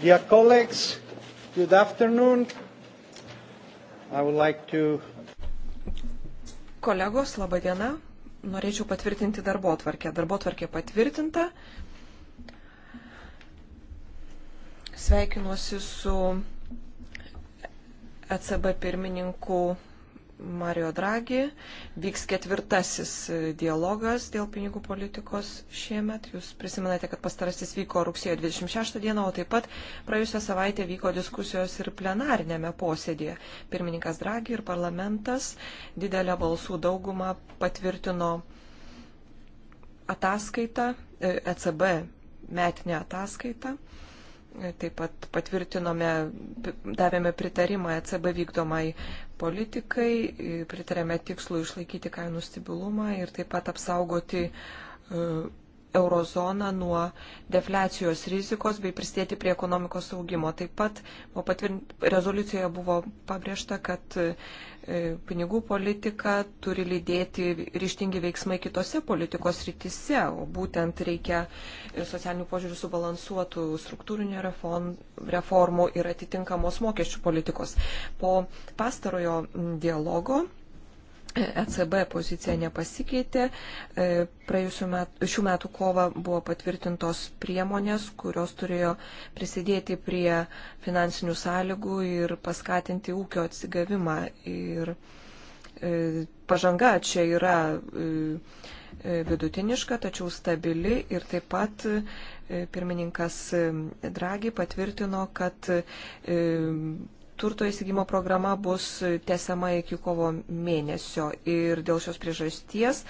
Dear colleagues, good afternoon. I would like to. Kolegos, laba diena. Norėčiau patvirtinti darbo atvarkę. Darbo atvarkė patvirtinta. Sveikinuosi su ECB pirmininku Mario Draghi. Vyks ketvirtasis e, dialogas dėl pinigų politikos šiemet. Jūs prisimenate, kad pastarasis vyko rugsėjo 26 dieną, o taip pat praėjusią savaitę vyko diskusijos ir plenarinėme posėdėje. Pirmininkas Draghi ir parlamentas didelę balsų daugumą patvirtino ataskaitą, ECB e metinę ataskaitą e, taip pat patvirtinome, davėme pritarimą ECB vykdomai politikai, e, pritarėme tikslu išlaikyti kainų stabilumą ir taip pat apsaugoti e, eurozoną nuo defliacijos rizikos bei prisidėti prie ekonomikos augimo. Taip pat buvo patvirtint, rezoliucijoje buvo pabrėžta, kad e, pinigų politika turi lydėti ryštingi veiksmai kitose politikos rytise, o būtent reikia socialinių požiūrių subalansuotų struktūrinių reformų ir atitinkamos mokesčių politikos. Po pastarojo dialogo ECB pozicija nepasikeitė. E, metų, šių metų kova buvo patvirtintos priemonės, kurios turėjo prisidėti prie finansinių sąlygų ir paskatinti ūkio atsigavimą. Ir e, pažanga čia yra e, vidutiniška, tačiau stabili ir taip pat pirmininkas Dragi patvirtino, kad turto įsigymo programa bus tęsiama iki kovo mėnesio ir dėl šios priežasties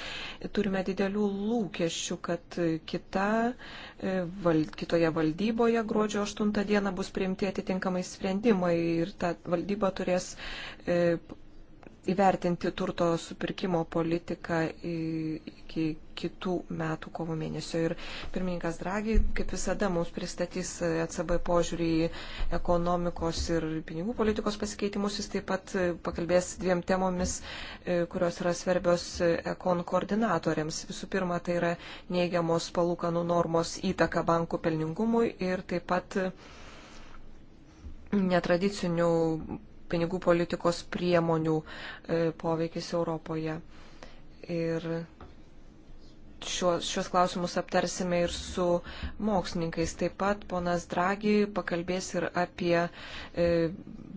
turime didelių lūkesčių, kad kita, e, val, kitoje valdyboje gruodžio 8 dieną bus priimti atitinkamai sprendimai ir ta valdyba turės e, įvertinti turto supirkimo politiką iki kitų metų kovo mėnesio. Ir pirmininkas Dragi, kaip visada, mums pristatys ECB požiūrį į ekonomikos ir pinigų politikos pasikeitimus. Jis taip pat pakalbės dviem temomis, e, kurios yra svarbios ekon koordinatoriams. Visų pirma, tai yra neigiamos palūkanų normos įtaka bankų pelningumui ir taip pat netradicinių pinigų politikos priemonių e, poveikis Europoje. Ir šios, šios klausimus aptarsime ir su mokslininkais. Taip pat ponas Dragi pakalbės ir apie e,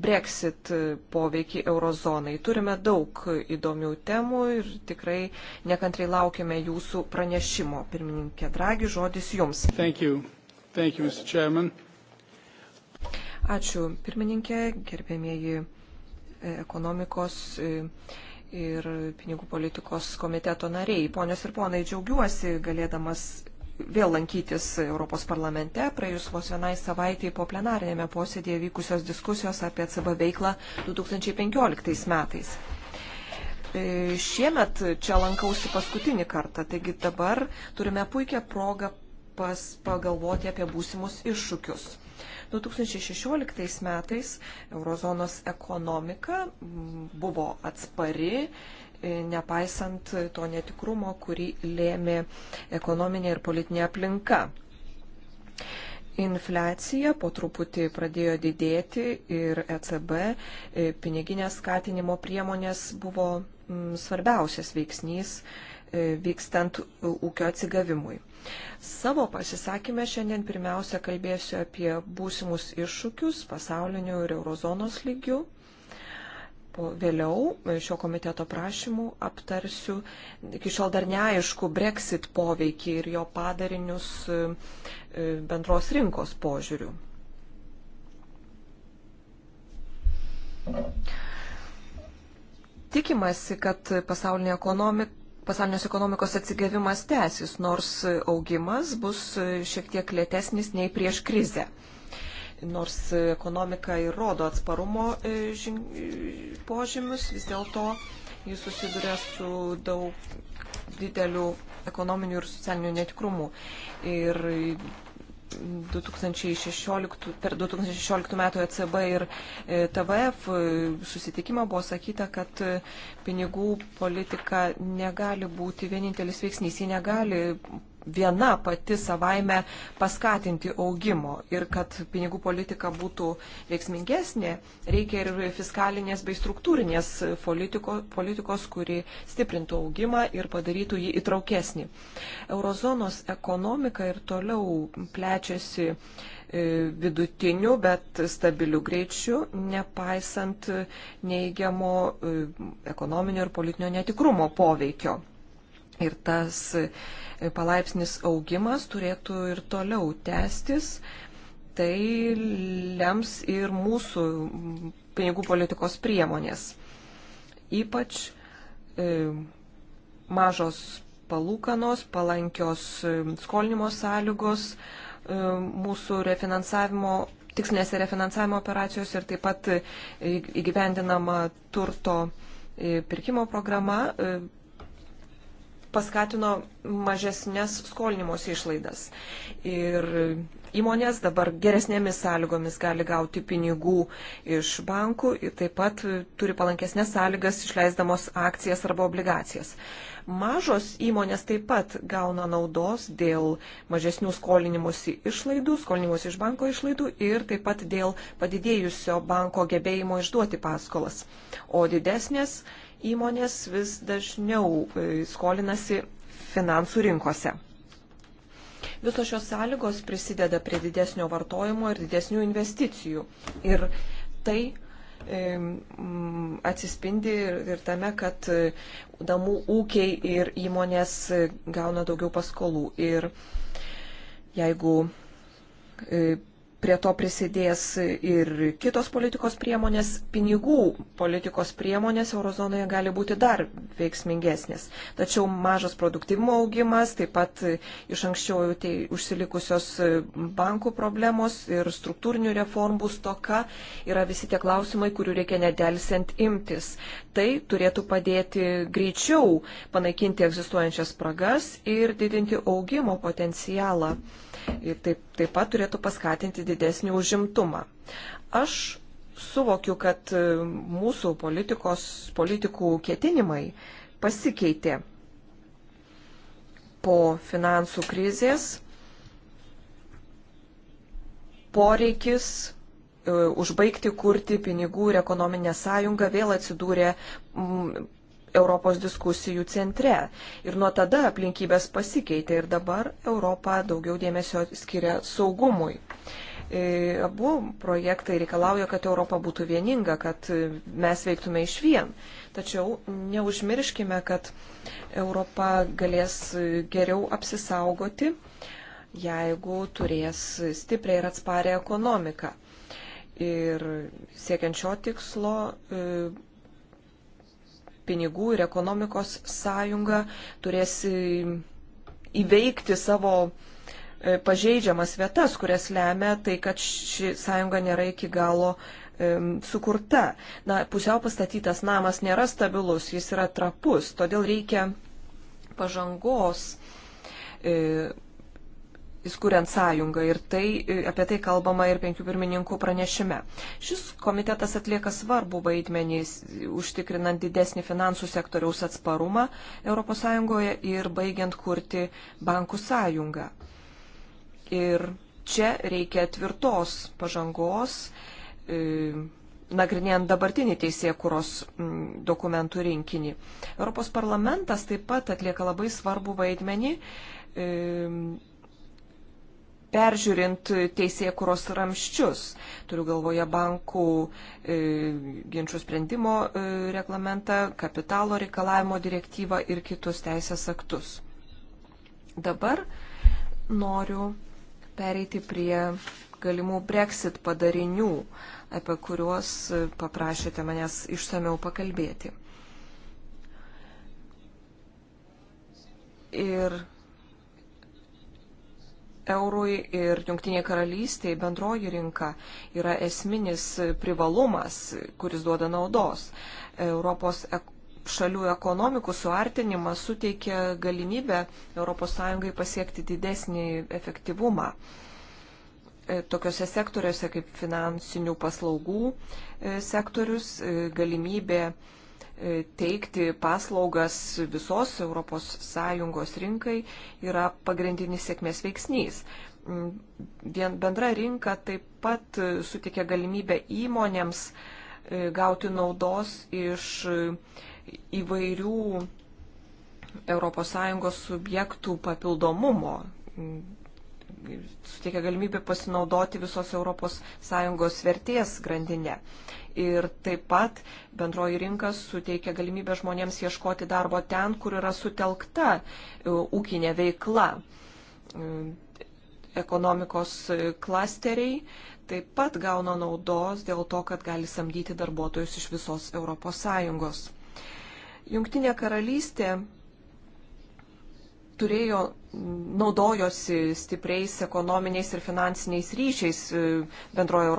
Brexit poveikį eurozonai. Turime daug įdomių temų ir tikrai nekantrai laukime jūsų pranešimo. Pirmininkė Dragi, žodis jums. Thank you. Thank you, Mr. Chairman. Ačiū pirmininkė, gerbėmėji e, ekonomikos e, ir pinigų politikos komiteto nariai. Ponios ir ponai, džiaugiuosi galėdamas vėl lankytis Europos parlamente. Praėjus vos vienai savaitai po plenarinėme posėdėje vykusios diskusijos apie CB veiklą 2015 metais. E, šiemet čia lankausi paskutinį kartą, taigi dabar turime puikią progą pagalvoti apie būsimus iššūkius. 2016 metais eurozonos ekonomika buvo atspari, e, nepaisant to netikrumo, kurį lėmė ekonominė ir politinė aplinka. Infliacija po truputį pradėjo didėti ir ECB e, piniginės skatinimo priemonės buvo svarbiausias veiksnys e, vykstant ūkio atsigavimui. Savo pasisakymę šiandien pirmiausia kalbėsiu apie būsimus iššūkius pasaulinių ir eurozonos lygių. Po vėliau šio komiteto prašymų aptarsiu iki šiol dar neaišku Brexit poveikį ir jo padarinius e, e, bendros rinkos požiūrių. Tikimasi, kad pasaulinė ekonomika pasaulinės ekonomikos atsigavimas tęsis, nors augimas bus šiek tiek lėtesnis nei prieš krizę. Nors ekonomika ir rodo atsparumo e, žin... E, požymius, vis dėlto jis susiduria su daug didelių ekonominių ir socialinių netikrumų. Ir 2016, per 2016 metų ECB ir e, TVF e, susitikimą buvo sakyta, kad e, pinigų politika negali būti vienintelis veiksnys, ji negali viena pati savaime paskatinti augimo ir kad pinigų politika būtų veiksmingesnė, reikia ir fiskalinės bei struktūrinės politiko, politikos, kuri stiprintų augimą ir padarytų jį įtraukesnį. Eurozonos ekonomika ir toliau plečiasi e, vidutiniu, bet stabiliu greičiu, nepaisant neigiamo e, ekonominio ir politinio netikrumo poveikio. Ir tas e, palaipsnis augimas turėtų ir toliau tęstis. Tai lems ir mūsų pinigų politikos priemonės. Ypač e, mažos palūkanos, palankios e, skolinimo sąlygos, e, mūsų refinansavimo, tikslinėse refinansavimo operacijos ir taip pat įgyvendinama turto pirkimo programa paskatino mažesnės skolinimos išlaidas. Ir įmonės dabar geresnėmis sąlygomis gali gauti pinigų iš bankų ir taip pat turi palankesnės sąlygas išleisdamos akcijas arba obligacijas. Mažos įmonės taip pat gauna naudos dėl mažesnių skolinimusi išlaidų, skolinimusi iš banko išlaidų ir taip pat dėl padidėjusio banko gebėjimo išduoti paskolas. O didesnės Įmonės vis dažniau e, skolinasi finansų rinkose. Visos šios sąlygos prisideda prie didesnio vartojimo ir didesnių investicijų. Ir tai e, atsispindi ir tame, kad e, namų ūkiai ir įmonės gauna daugiau paskolų. Ir jeigu prie to prisidės ir kitos politikos priemonės, pinigų politikos priemonės eurozonoje gali būti dar veiksmingesnės. Tačiau mažas produktivimo augimas, taip pat iš anksčiau tai užsilikusios bankų problemos ir struktūrinių reformų stoka yra visi tie klausimai, kurių reikia nedelsiant imtis. Tai turėtų padėti greičiau panaikinti egzistuojančias spragas ir didinti augimo potencialą. Thank you ir taip, taip pat turėtų paskatinti didesnį užimtumą. Aš suvokiu, kad e, mūsų politikos, politikų ketinimai pasikeitė po finansų krizės. Poreikis e, užbaigti kurti pinigų ir ekonominę sąjungą vėl atsidūrė Europos diskusijų centre. Ir nuo tada aplinkybės pasikeitė ir dabar Europa daugiau dėmesio skiria saugumui. E, abu projektai reikalauja, kad Europa būtų vieninga, kad mes veiktume iš vien. Tačiau neužmirškime, kad Europa galės geriau apsisaugoti, jeigu turės stiprią ir atsparę ekonomiką. Ir siekiant šio tikslo e, pinigų ir ekonomikos sąjunga turės įveikti savo e, pažeidžiamas vietas, kurias lemia tai, kad ši sąjunga nėra iki galo sukurta. Na, pusiau pastatytas namas nėra stabilus, jis yra trapus, todėl reikia pažangos e, įskūrent sąjungą ir tai, e, apie tai kalbama ir penkių pirmininkų pranešime. Šis komitetas atlieka svarbų vaidmenį, užtikrinant didesnį finansų sektoriaus atsparumą ES ir baigiant kurti bankų sąjungą. Ir čia reikia tvirtos pažangos, e, nagrinėjant dabartinį teisėkuros dokumentų rinkinį. Europos parlamentas taip pat atlieka labai svarbų vaidmenį e, peržiūrint teisėkuros ramščius. Turiu galvoje bankų e, ginčių sprendimo e, reglamentą, kapitalo reikalavimo direktyvą ir kitus teisės aktus. Dabar noriu pereiti prie galimų Brexit padarinių, apie kuriuos paprašėte manęs išsameu pakalbėti. Ir eurui ir Junktiniai karalystiai bendroji rinka yra esminis privalumas, kuris duoda naudos. Europos šalių ekonomikų suartinimas suteikia galimybę ES pasiekti didesnį efektyvumą e, tokiuose sektoriuose kaip finansinių paslaugų e, sektorius, e, galimybė teikti paslaugas visos ES rinkai yra pagrindinis sėkmės veiksnys. Mm, vien bendra rinka taip pat sutikė galimybę įmonėms e, gauti naudos iš įvairių ES subjektų papildomumo mm, suteikia galimybę pasinaudoti visos ES vertės grandinę ir taip pat bendroji rinka suteikia galimybę žmonėms ieškoti darbo ten, kur yra sutelkta e, ūkinė veikla. E, ekonomikos klasteriai taip pat gauna naudos dėl to, kad gali samdyti darbuotojus iš visos ES. Jungtinė karalystė turėjo naudojosi stipriais ekonominiais ir finansiniais ryšiais e, bendroje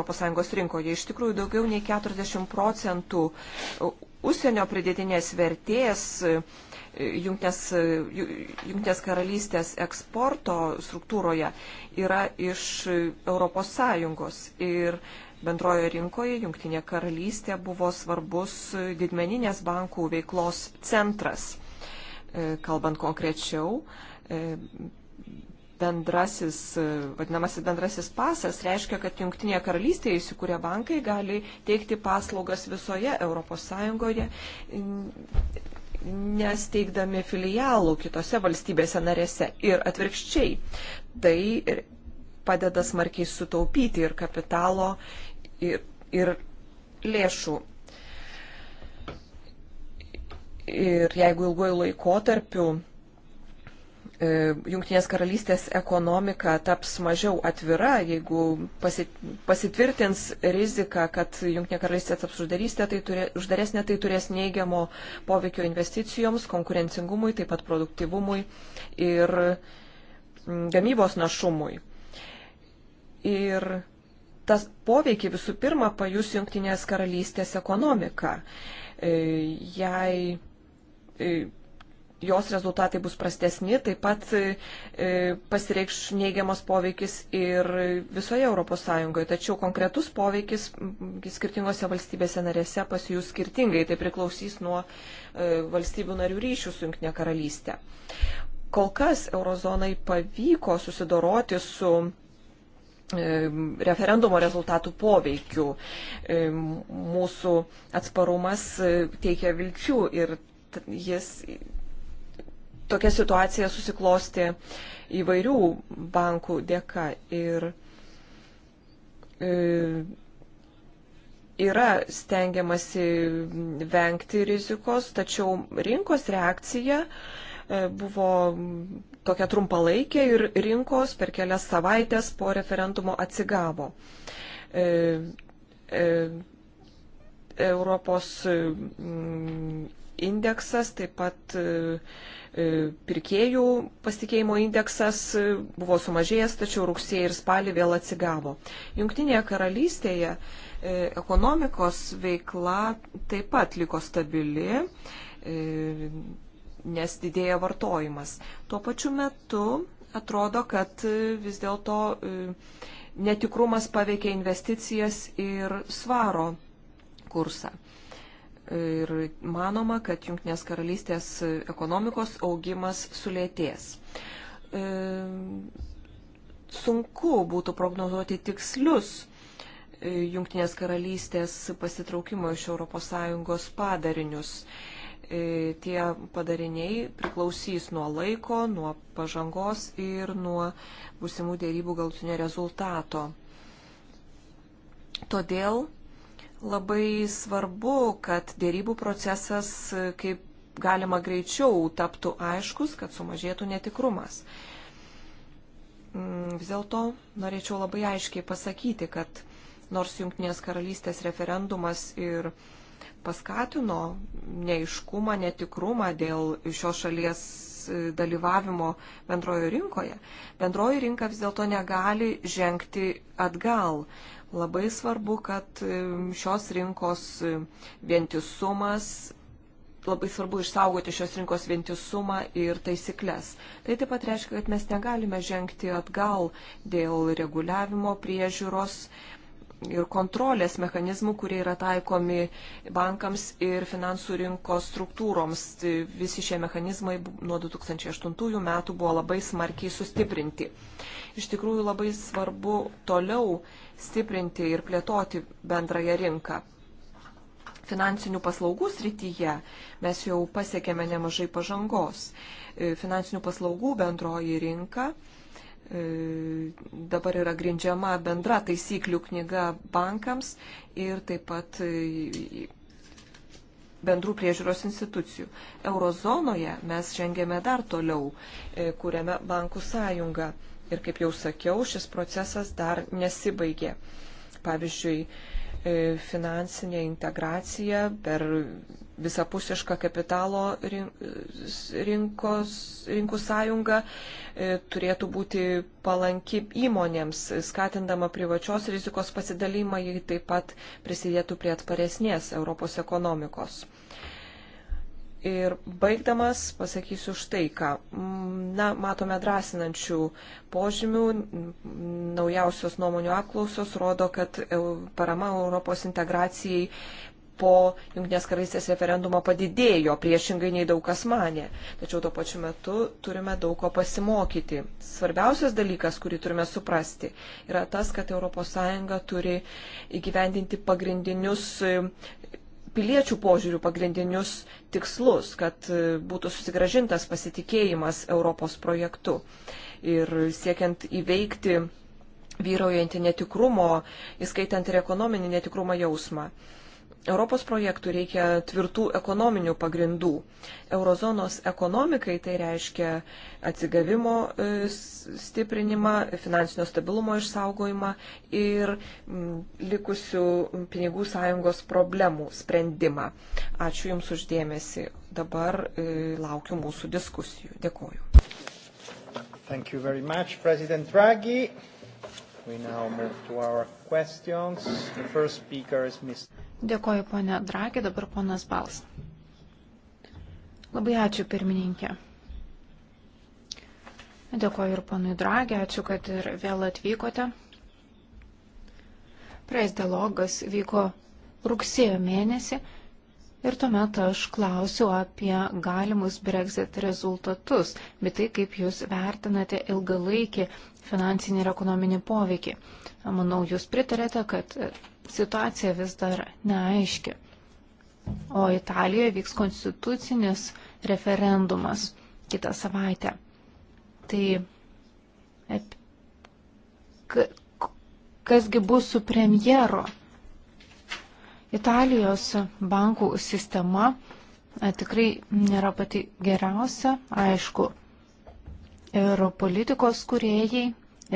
ES rinkoje. Iš tikrųjų, daugiau nei 40 procentų užsienio pridėtinės vertės e, Junktinės e, karalystės eksporto struktūroje yra iš ES. Ir bendroje rinkoje Junktinė karalystė buvo svarbus didmeninės bankų veiklos centras. Kalbant konkrečiau, E, bendrasis, e, vadinamasis bendrasis pasas reiškia, kad Junktinėje karalystėje įsikūrę bankai gali teikti paslaugas visoje ES, nesteigdami filialų kitose valstybėse narėse ir atvirkščiai. Tai padeda smarkiai sutaupyti ir kapitalo, ir, ir lėšų. Ir jeigu ilguoju laikotarpiu E, Junktinės karalystės ekonomika taps mažiau atvira, jeigu pasitvirtins rizika, kad Junktinė karalystė taps tai turė, uždaresnė, tai turės neigiamo poveikio investicijoms, konkurencingumui, taip pat produktivumui ir mm, gamybos našumui. Ir tas poveikį visų pirma pajus Junktinės karalystės ekonomika. E, Jei e, jos rezultatai bus prastesni, taip pat e, e, pasireikš neigiamas poveikis ir visoje ES. Tačiau konkretus poveikis skirtingose valstybėse narėse pasijūs skirtingai, tai priklausys nuo e, valstybių narių ryšių su Junktinė karalystė. Kol kas eurozonai pavyko susidoroti su referendumo rezultatų poveikių. Mūsų atsparumas teikia vilčių ir jis tokia situacija susiklosti įvairių bankų dėka. Ir e, yra stengiamasi vengti rizikos, tačiau rinkos reakcija e, buvo tokia trumpalaikė ir rinkos per kelias savaitės po referendumo atsigavo. E, e, Europos mm, indeksas taip pat e, E, pirkėjų pasitikėjimo indeksas e, buvo sumažėjęs, tačiau rugsėjai ir spalį vėl atsigavo. Junktinėje karalystėje e, ekonomikos veikla taip pat liko stabili, nes didėja vartojimas. Tuo pačiu metu atrodo, kad vis dėlto netikrumas paveikia investicijas ir svaro kursą ir manoma, kad Junktinės karalystės ekonomikos augimas sulėtės. E, sunku būtų prognozuoti tikslius e, Junktinės karalystės pasitraukimo iš ES padarinius. E, tie padariniai priklausys nuo laiko, nuo pažangos ir nuo būsimų dėrybų galutinio rezultato. Todėl Labai svarbu, kad dėrybų procesas kaip galima greičiau taptų aiškus, kad sumažėtų netikrumas. Mm, vis dėlto norėčiau labai aiškiai pasakyti, kad nors Junktinės karalystės referendumas ir paskatino neiškumą, netikrumą dėl šios šalies e, dalyvavimo bendrojo rinkoje, bendroji rinka vis dėlto negali žengti atgal. Labai svarbu, kad šios rinkos vientisumas labai svarbu išsaugoti šios rinkos vientisumą ir taisyklės. Tai taip pat reiškia, kad mes negalime žengti atgal dėl reguliavimo priežiūros, ir kontrolės mechanizmų, kurie yra taikomi bankams ir finansų rinkos struktūroms. Tai visi šie mechanizmai nuo 2008 metų buvo labai smarkiai sustiprinti. Iš tikrųjų labai svarbu toliau stiprinti ir plėtoti bendrąją rinką. Finansinių paslaugų srityje mes jau pasiekėme nemažai pažangos. E, finansinių paslaugų bendroji rinka E, dabar yra grindžiama bendra taisyklių knyga bankams ir taip pat e, bendrų priežiūros institucijų. Eurozonoje mes žengėme dar toliau, e, kuriame bankų sąjungą. Ir kaip jau sakiau, šis procesas dar nesibaigė. Pavyzdžiui, E, finansinė integracija per visapusišką kapitalo rinkos, rinkų sąjungą e, turėtų būti palanki įmonėms, skatindama privačios rizikos pasidalymą, jei taip pat prisidėtų prie atsparesnės Europos ekonomikos. Ir baigdamas pasakysiu štai ką. Na, matome drąsinančių požymių. Naujausios nuomonių apklausos rodo, kad parama Europos integracijai po Junktinės karalystės referendumo padidėjo, priešingai nei daug kas manė. Tačiau tuo pačiu metu turime daug ko pasimokyti. Svarbiausias dalykas, kurį turime suprasti, yra tas, kad ES turi įgyvendinti pagrindinius piliečių požiūrių pagrindinius tikslus, kad e, būtų susigražintas pasitikėjimas Europos projektu. Ir siekiant įveikti vyraujantį netikrumo, įskaitant ir ekonominį netikrumo jausmą. Europos projektui reikia tvirtų ekonominių pagrindų. Eurozonos ekonomikai tai reiškia atsigavimo e, stiprinimą, finansinio stabilumo išsaugojimą ir likusių pinigų sąjungos problemų sprendimą. Ačiū Jums uždėmesi. Dabar e, laukiu mūsų diskusijų. Dėkoju. Thank you very much, President Draghi. We now move to our questions. The first speaker is Mr. Dėkoju, ponė Drakė, dabar ponas Bals. Labai ačiū, pirmininkė. Dėkoju ir ponui Dragė, ačiū, kad ir vėl atvykote. Praeis dialogas vyko rugsėjo mėnesį Ir tuomet aš klausiu apie galimus Brexit rezultatus, bet tai, kaip jūs vertinate ilgalaikį finansinį ir ekonominį poveikį. Manau, jūs pritarėte, kad situacija vis dar neaiški. O Italijoje vyks konstitucinis referendumas kitą savaitę. Tai kasgi bus su premjero Italijos bankų sistema e, tikrai nėra pati geriausia, aišku. Ir politikos kuriejai,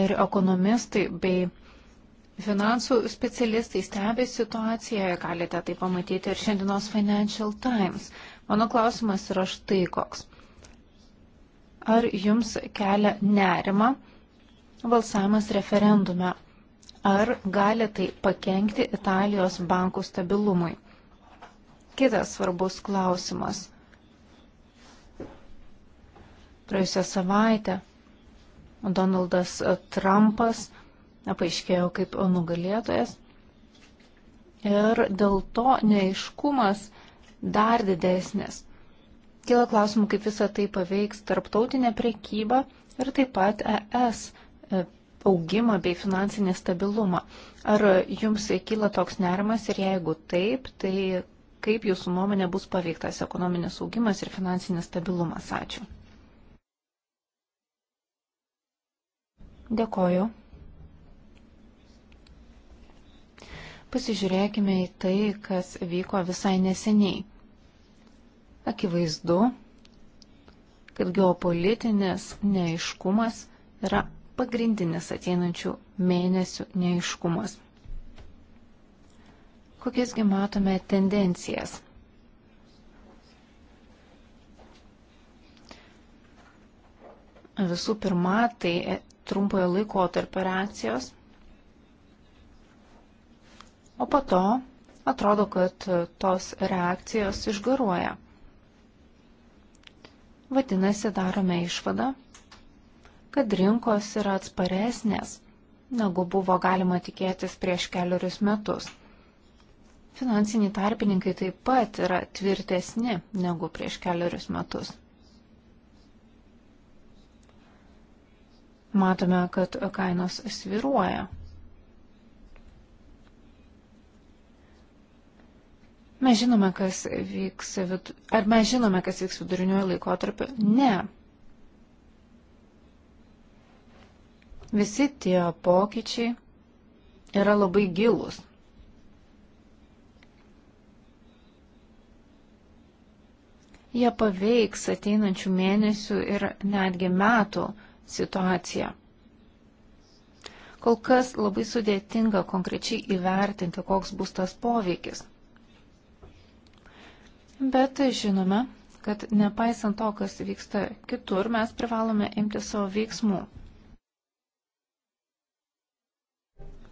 ir ekonomistai bei finansų specialistai stebė situaciją, galite tai pamatyti ir šiandienos Financial Times. Mano klausimas yra štai koks. Ar jums kelia nerima balsavimas referendume? ar gali tai pakengti Italijos bankų stabilumui. Kitas svarbus klausimas. Praėjusią savaitę Donaldas Trumpas paaiškėjo kaip nugalėtojas ir dėl to neiškumas dar didesnis. Kila klausimų, kaip visa tai paveiks tarptautinę priekybą ir taip pat ES augimą bei finansinį stabilumą. Ar jums kyla toks nerimas ir jeigu taip, tai kaip jūsų nuomonė bus paveiktas ekonominis augimas ir finansinis stabilumas? Ačiū. Dėkoju. Pasižiūrėkime į tai, kas vyko visai neseniai. Akivaizdu, kad geopolitinis neiškumas yra pagrindinis ateinančių mėnesių neiškumas. Kokiasgi matome tendencijas? Visų pirma, tai trumpojo laiko tarp reakcijos. O po to atrodo, kad tos reakcijos išgaruoja. Vadinasi, darome išvadą, kad rinkos yra atsparesnės, negu buvo galima tikėtis prieš keliarius metus. Finansiniai tarpininkai taip pat yra tvirtesni negu prieš keliarius metus. Matome, kad kainos sviruoja. Mes žinome, kas vyks, vid... ar mes žinome, kas vyks viduriniuoju laikotarpiu? Ne. Visi tie pokyčiai yra labai gilus. Jie paveiks ateinančių mėnesių ir netgi metų situaciją. Kol kas labai sudėtinga konkrečiai įvertinti, koks bus tas poveikis. Bet žinome, kad nepaisant to, kas vyksta kitur, mes privalome imti savo veiksmų.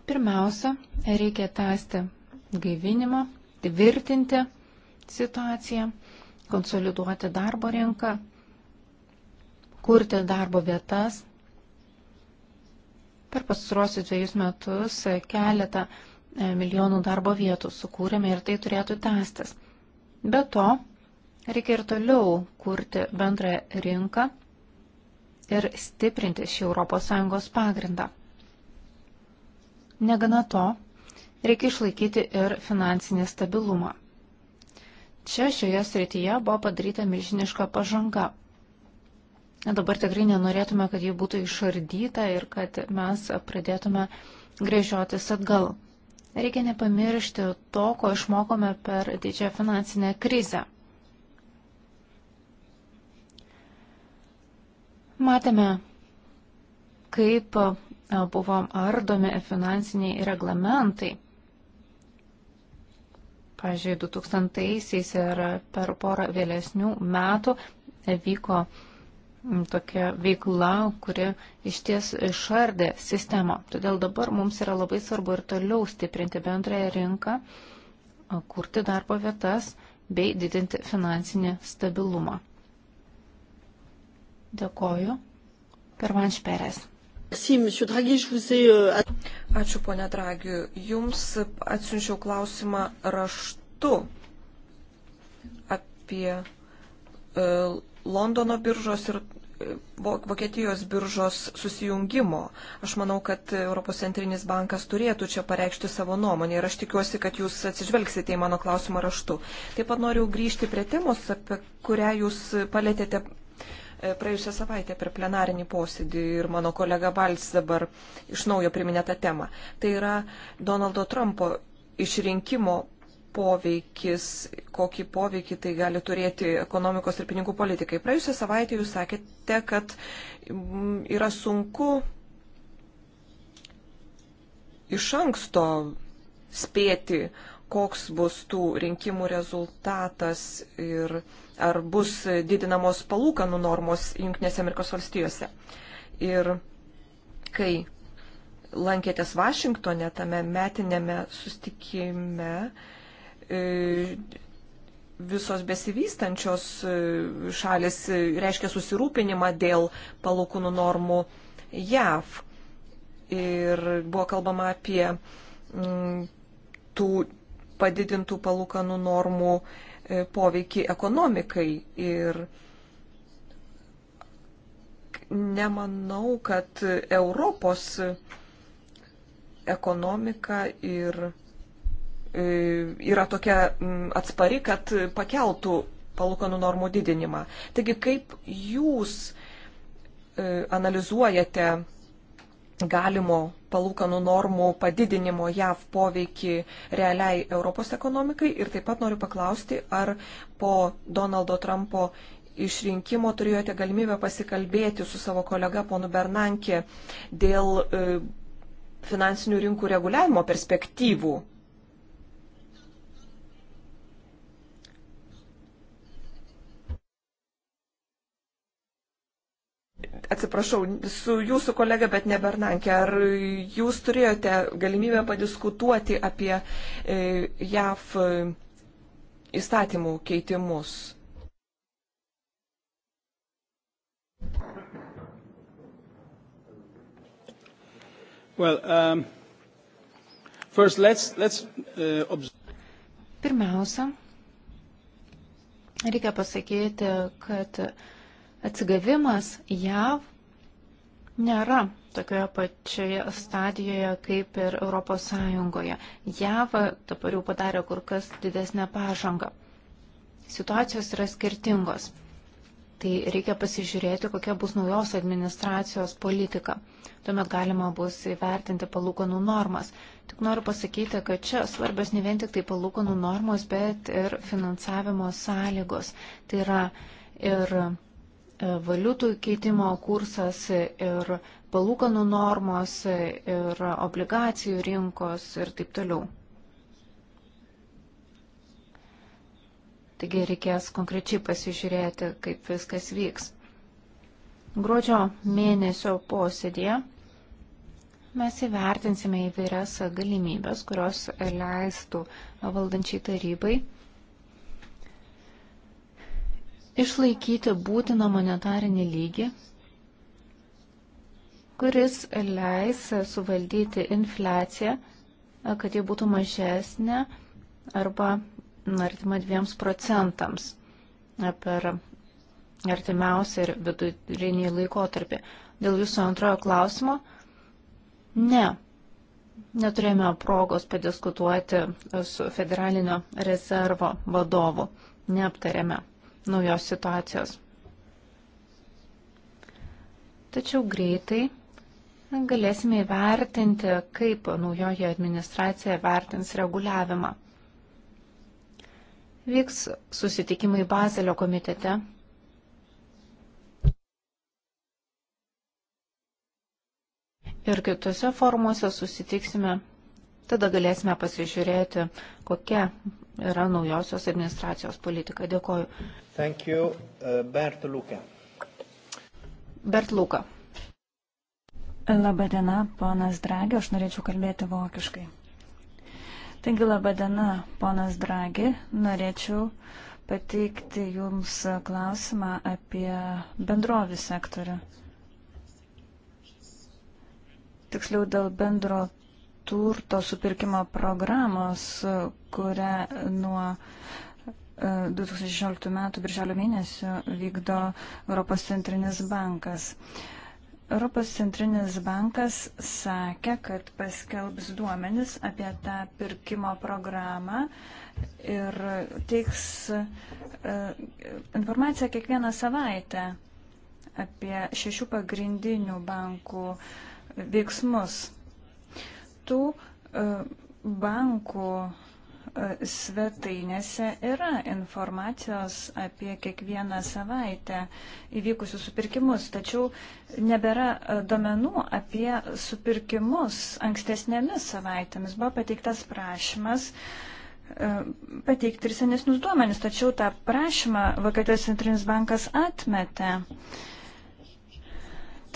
Pirmiausia, reikia tęsti gaivinimą, tvirtinti situaciją, konsoliduoti darbo rinką, kurti darbo vietas. Per pastaruosius dviejus metus keletą e, milijonų darbo vietų sukūrėme ir tai turėtų tęstis. Be to, reikia ir toliau kurti bendrąją rinką ir stiprinti šį ES pagrindą. Negana to, reikia išlaikyti ir finansinį stabilumą. Čia šioje srityje buvo padaryta milžiniška pažanga. Dabar tikrai nenorėtume, kad ji būtų išardyta ir kad mes pradėtume grėžiotis atgal. Reikia nepamiršti to, ko išmokome per didžiąją finansinę krizę. Matėme, kaip buvo ardomi finansiniai reglamentai. Pavyzdžiui, 2000-aisiais ir per porą vėlesnių metų vyko tokia veikla, kuri iš ties išardė sistemą. Todėl dabar mums yra labai svarbu ir toliau stiprinti bendrąją rinką, kurti darbo vietas bei didinti finansinį stabilumą. Dėkoju. Pervanš Perės. Euh, Ačiū, ponė Dragi. Jums atsiunčiau klausimą raštu apie e, Londono biržos ir e, Vokietijos biržos susijungimo. Aš manau, kad Europos centrinis bankas turėtų čia pareikšti savo nuomonę ir aš tikiuosi, kad jūs atsižvelgsite į mano klausimą raštu. Taip pat noriu grįžti prie temos, apie kurią jūs palėtėte E, praėjusią savaitę per plenarinį posėdį ir mano kolega Bals dabar iš naujo priminė tą temą. Tai yra Donaldo Trumpo išrinkimo poveikis, kokį poveikį tai gali turėti ekonomikos ir pinigų politikai. Praėjusią savaitę jūs sakėte, kad mm, yra sunku iš anksto spėti, koks bus tų rinkimų rezultatas ir ar bus didinamos palūkanų normos Junktinėse Amerikos valstijose. Ir kai lankėtės Vašingtone tame metinėme sustikime, e, visos besivystančios e, šalis reiškia susirūpinimą dėl palūkanų normų JAV. Ir buvo kalbama apie mm, tų padidintų palūkanų normų e, poveikį ekonomikai. Ir nemanau, kad Europos ekonomika ir e, yra tokia atspari, kad pakeltų palūkanų normų didinimą. Taigi, kaip jūs e, analizuojate galimo palūkanų normų padidinimo JAV poveikį realiai Europos ekonomikai ir taip pat noriu paklausti, ar po Donaldo Trumpo išrinkimo turėjote galimybę pasikalbėti su savo kolega ponu Bernankė dėl e, finansinių rinkų reguliavimo perspektyvų atsiprašau, su jūsų kolega, bet ne Bernankė, ar jūs turėjote galimybę padiskutuoti apie e, JAV e, įstatymų keitimus? Well, um, first, let's, let's, uh, Pirmiausia, reikia pasakyti, kad uh, Atsigavimas JAV nėra tokioje pačioje stadijoje kaip ir ES. JAV dabar jau padarė kur kas didesnę pažangą. Situacijos yra skirtingos. Tai reikia pasižiūrėti, kokia bus naujos administracijos politika. Tuomet galima bus įvertinti palūkanų normas. Tik noriu pasakyti, kad čia svarbios ne vien tik tai palūkanų normos, bet ir finansavimo sąlygos. Tai yra ir E, valiutų keitimo kursas ir palūkanų normos ir obligacijų rinkos ir taip toliau. Taigi reikės konkrečiai pasižiūrėti, kaip viskas vyks. Gruodžio mėnesio posėdėje mes įvertinsime įvairias galimybės, kurios leistų valdančiai tarybai išlaikyti būtiną monetarinį lygį, kuris leis suvaldyti infliaciją, kad ji būtų mažesnė arba artima dviems procentams per artimiausią ir vidurinį laikotarpį. Dėl jūsų antrojo klausimo, ne, neturėjome progos padiskutuoti su Federalinio rezervo vadovu, neaptarėme naujos situacijos. Tačiau greitai galėsime įvertinti, kaip naujoji administracija vertins reguliavimą. Vyks susitikimai Bazelio komitete. Ir kitose formuose susitiksime, tada galėsime pasižiūrėti, kokia yra naujosios administracijos politika. Dėkoju. Thank you, uh, Bert Luka. Bert Luka. Labadiena, ponas Dragi, aš norėčiau kalbėti vokiškai. Taigi, labadiena, ponas Dragi, norėčiau pateikti Jums klausimą apie bendrovį sektorių. Tiksliau dėl bendro turto supirkimo programos, kurią nuo 2016 e, metų birželio mėnesio vykdo Europos centrinis bankas. Europos centrinis bankas sakė, kad paskelbs duomenis apie tą pirkimo programą ir teiks e, informaciją kiekvieną savaitę apie šešių pagrindinių bankų veiksmus tų e, bankų e, svetainėse yra informacijos apie kiekvieną savaitę įvykusius supirkimus, tačiau nebėra e, domenų apie supirkimus ankstesnėmis savaitėmis. Buvo pateiktas prašymas pateikti ir senesnius duomenis, tačiau tą prašymą Vokietijos centrinis bankas atmetė.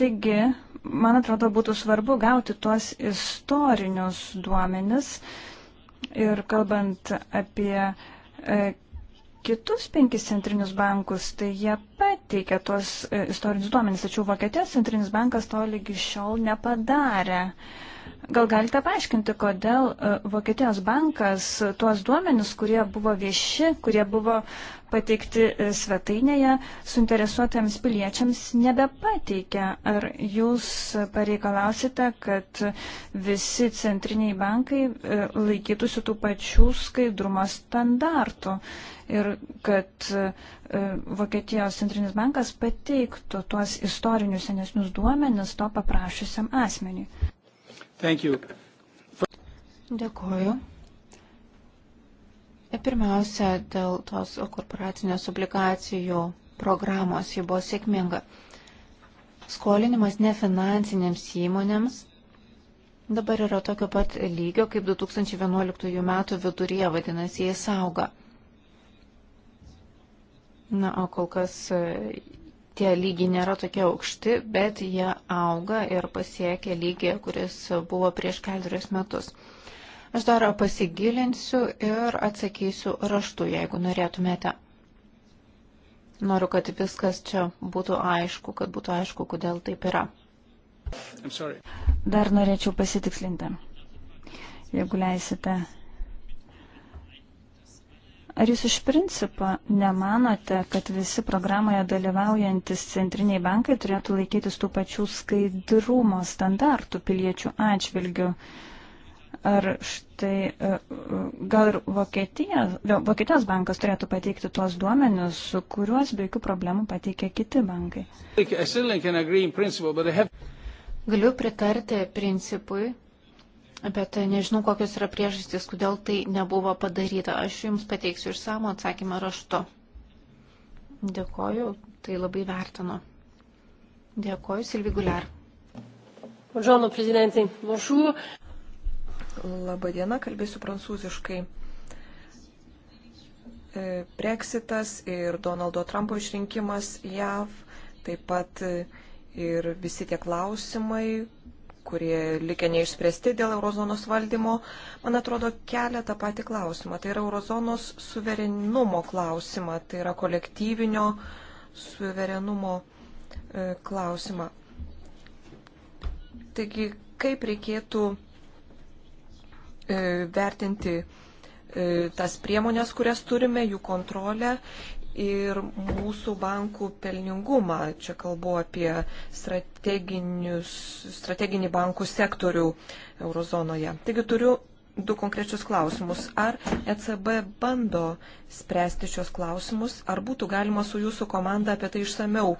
Taigi, man atrodo, būtų svarbu gauti tuos istorinius duomenis ir kalbant apie e, kitus penkis centrinius bankus, tai jie pateikia tuos e, istorinius duomenis, tačiau Vokietijos centrinis bankas to lygi šiol nepadarė. E, Gal galite paaiškinti, kodėl e, Vokietijos bankas tuos duomenis, kurie buvo vieši, kurie buvo pateikti e, svetainėje, suinteresuotams piliečiams nebepateikia? Ar jūs pareikalausite, kad visi centriniai bankai e, laikytųsi tų pačių skaidrumo standartų ir kad Vokietijos centrinis bankas pateiktų tuos istorinius senesnius duomenis to paprašysiam asmeniui? Dėkuoju. E, pirmiausia, dėl tos korporacinės obligacijų programos ji buvo sėkminga. Skolinimas nefinansinėms įmonėms dabar yra tokio pat lygio, kaip 2011 metų viduryje, vadinasi, jis auga. Na, o kol kas tie lygiai nėra tokie aukšti, bet jie auga ir pasiekia lygį, kuris buvo prieš keturis metus. Aš dar pasigilinsiu ir atsakysiu raštu, jeigu norėtumėte. Noriu, kad viskas čia būtų aišku, kad būtų aišku, kodėl taip yra. Dar norėčiau pasitikslinti, jeigu leisite. Ar jūs iš principo nemanote, kad visi programoje dalyvaujantis centriniai bankai turėtų laikytis tų pačių skaidrumo standartų piliečių atžvilgių? Ar štai e, e, gal ir Vokietija, Vokietijos bankas turėtų pateikti tuos duomenius, kuriuos be jokių problemų pateikia kiti bankai? Galiu pritarti principui, Bet e, nežinau, kokios yra priežastys, kodėl tai nebuvo padaryta. Aš Jums pateiksiu išsamų atsakymą raštu. Dėkoju, tai labai vertinu. Dėkoju, Silvi Guliar. Buongiorno, prezidentai. Bonjour. Labadiena, kalbėsiu prancūziškai. E, Brexitas ir Donaldo Trumpo išrinkimas JAV, taip pat e, ir visi tie klausimai, kurie likę neišspręsti dėl eurozonos valdymo, man atrodo, kelia tą patį klausimą. Tai yra eurozonos suverenumo klausimą, tai yra kolektyvinio suverenumo e, klausimą. Taigi, kaip reikėtų e, vertinti e, tas priemonės, kurias turime, jų kontrolę ir mūsų bankų pelningumą. Čia kalbu apie strateginį bankų sektorių eurozonoje. Taigi turiu du konkrečius klausimus. Ar ECB bando spręsti šios klausimus, ar būtų galima su jūsų komanda apie tai išsameu e,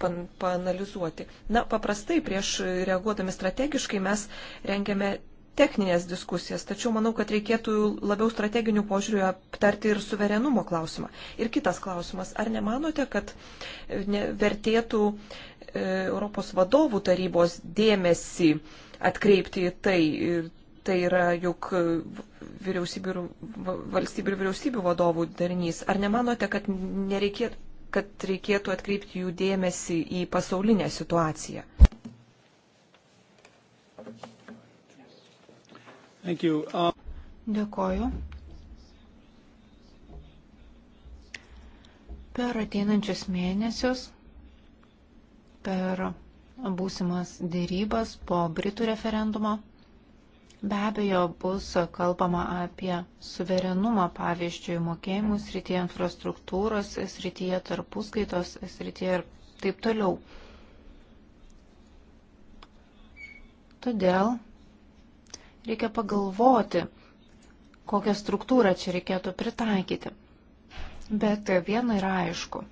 pan, panalizuoti? Na, paprastai prieš reaguodami strategiškai mes rengiame techninės diskusijas, tačiau manau, kad reikėtų labiau strateginių požiūrių aptarti ir suverenumo klausimą. Ir kitas klausimas, ar nemanote, kad e, vertėtų e, Europos vadovų tarybos dėmesį atkreipti į tai? E, tai yra juk vyriausybių ir valstybių ir vyriausybių vadovų darinys. Ar nemanote, kad, nereikėt, kad reikėtų atkreipti jų dėmesį į pasaulinę situaciją? Um... Dėkoju. Per ateinančius mėnesius, per būsimas dėrybas po Britų referendumo, be abejo bus kalbama apie suverenumą, pavyzdžiui, mokėjimų srityje, infrastruktūros srityje, tarpuskaitos srityje ir taip toliau. Todėl reikia pagalvoti, kokią struktūrą čia reikėtų pritaikyti. Bet viena yra aišku.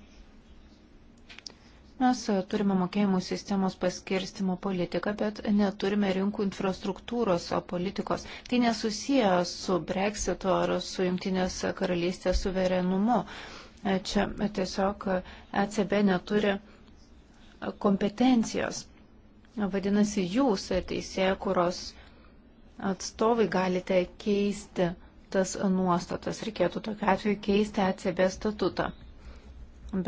Mes turime mokėjimų sistemos paskirstimo politiką, bet neturime rinkų infrastruktūros politikos. Tai nesusiję su breksitu ar su jungtinės karalystės suverenumu. Čia tiesiog ECB neturi kompetencijos. Vadinasi, jūs teisėkuros atstovai galite keisti tas nuostatas. Reikėtų tokiu atveju keisti ECB statutą.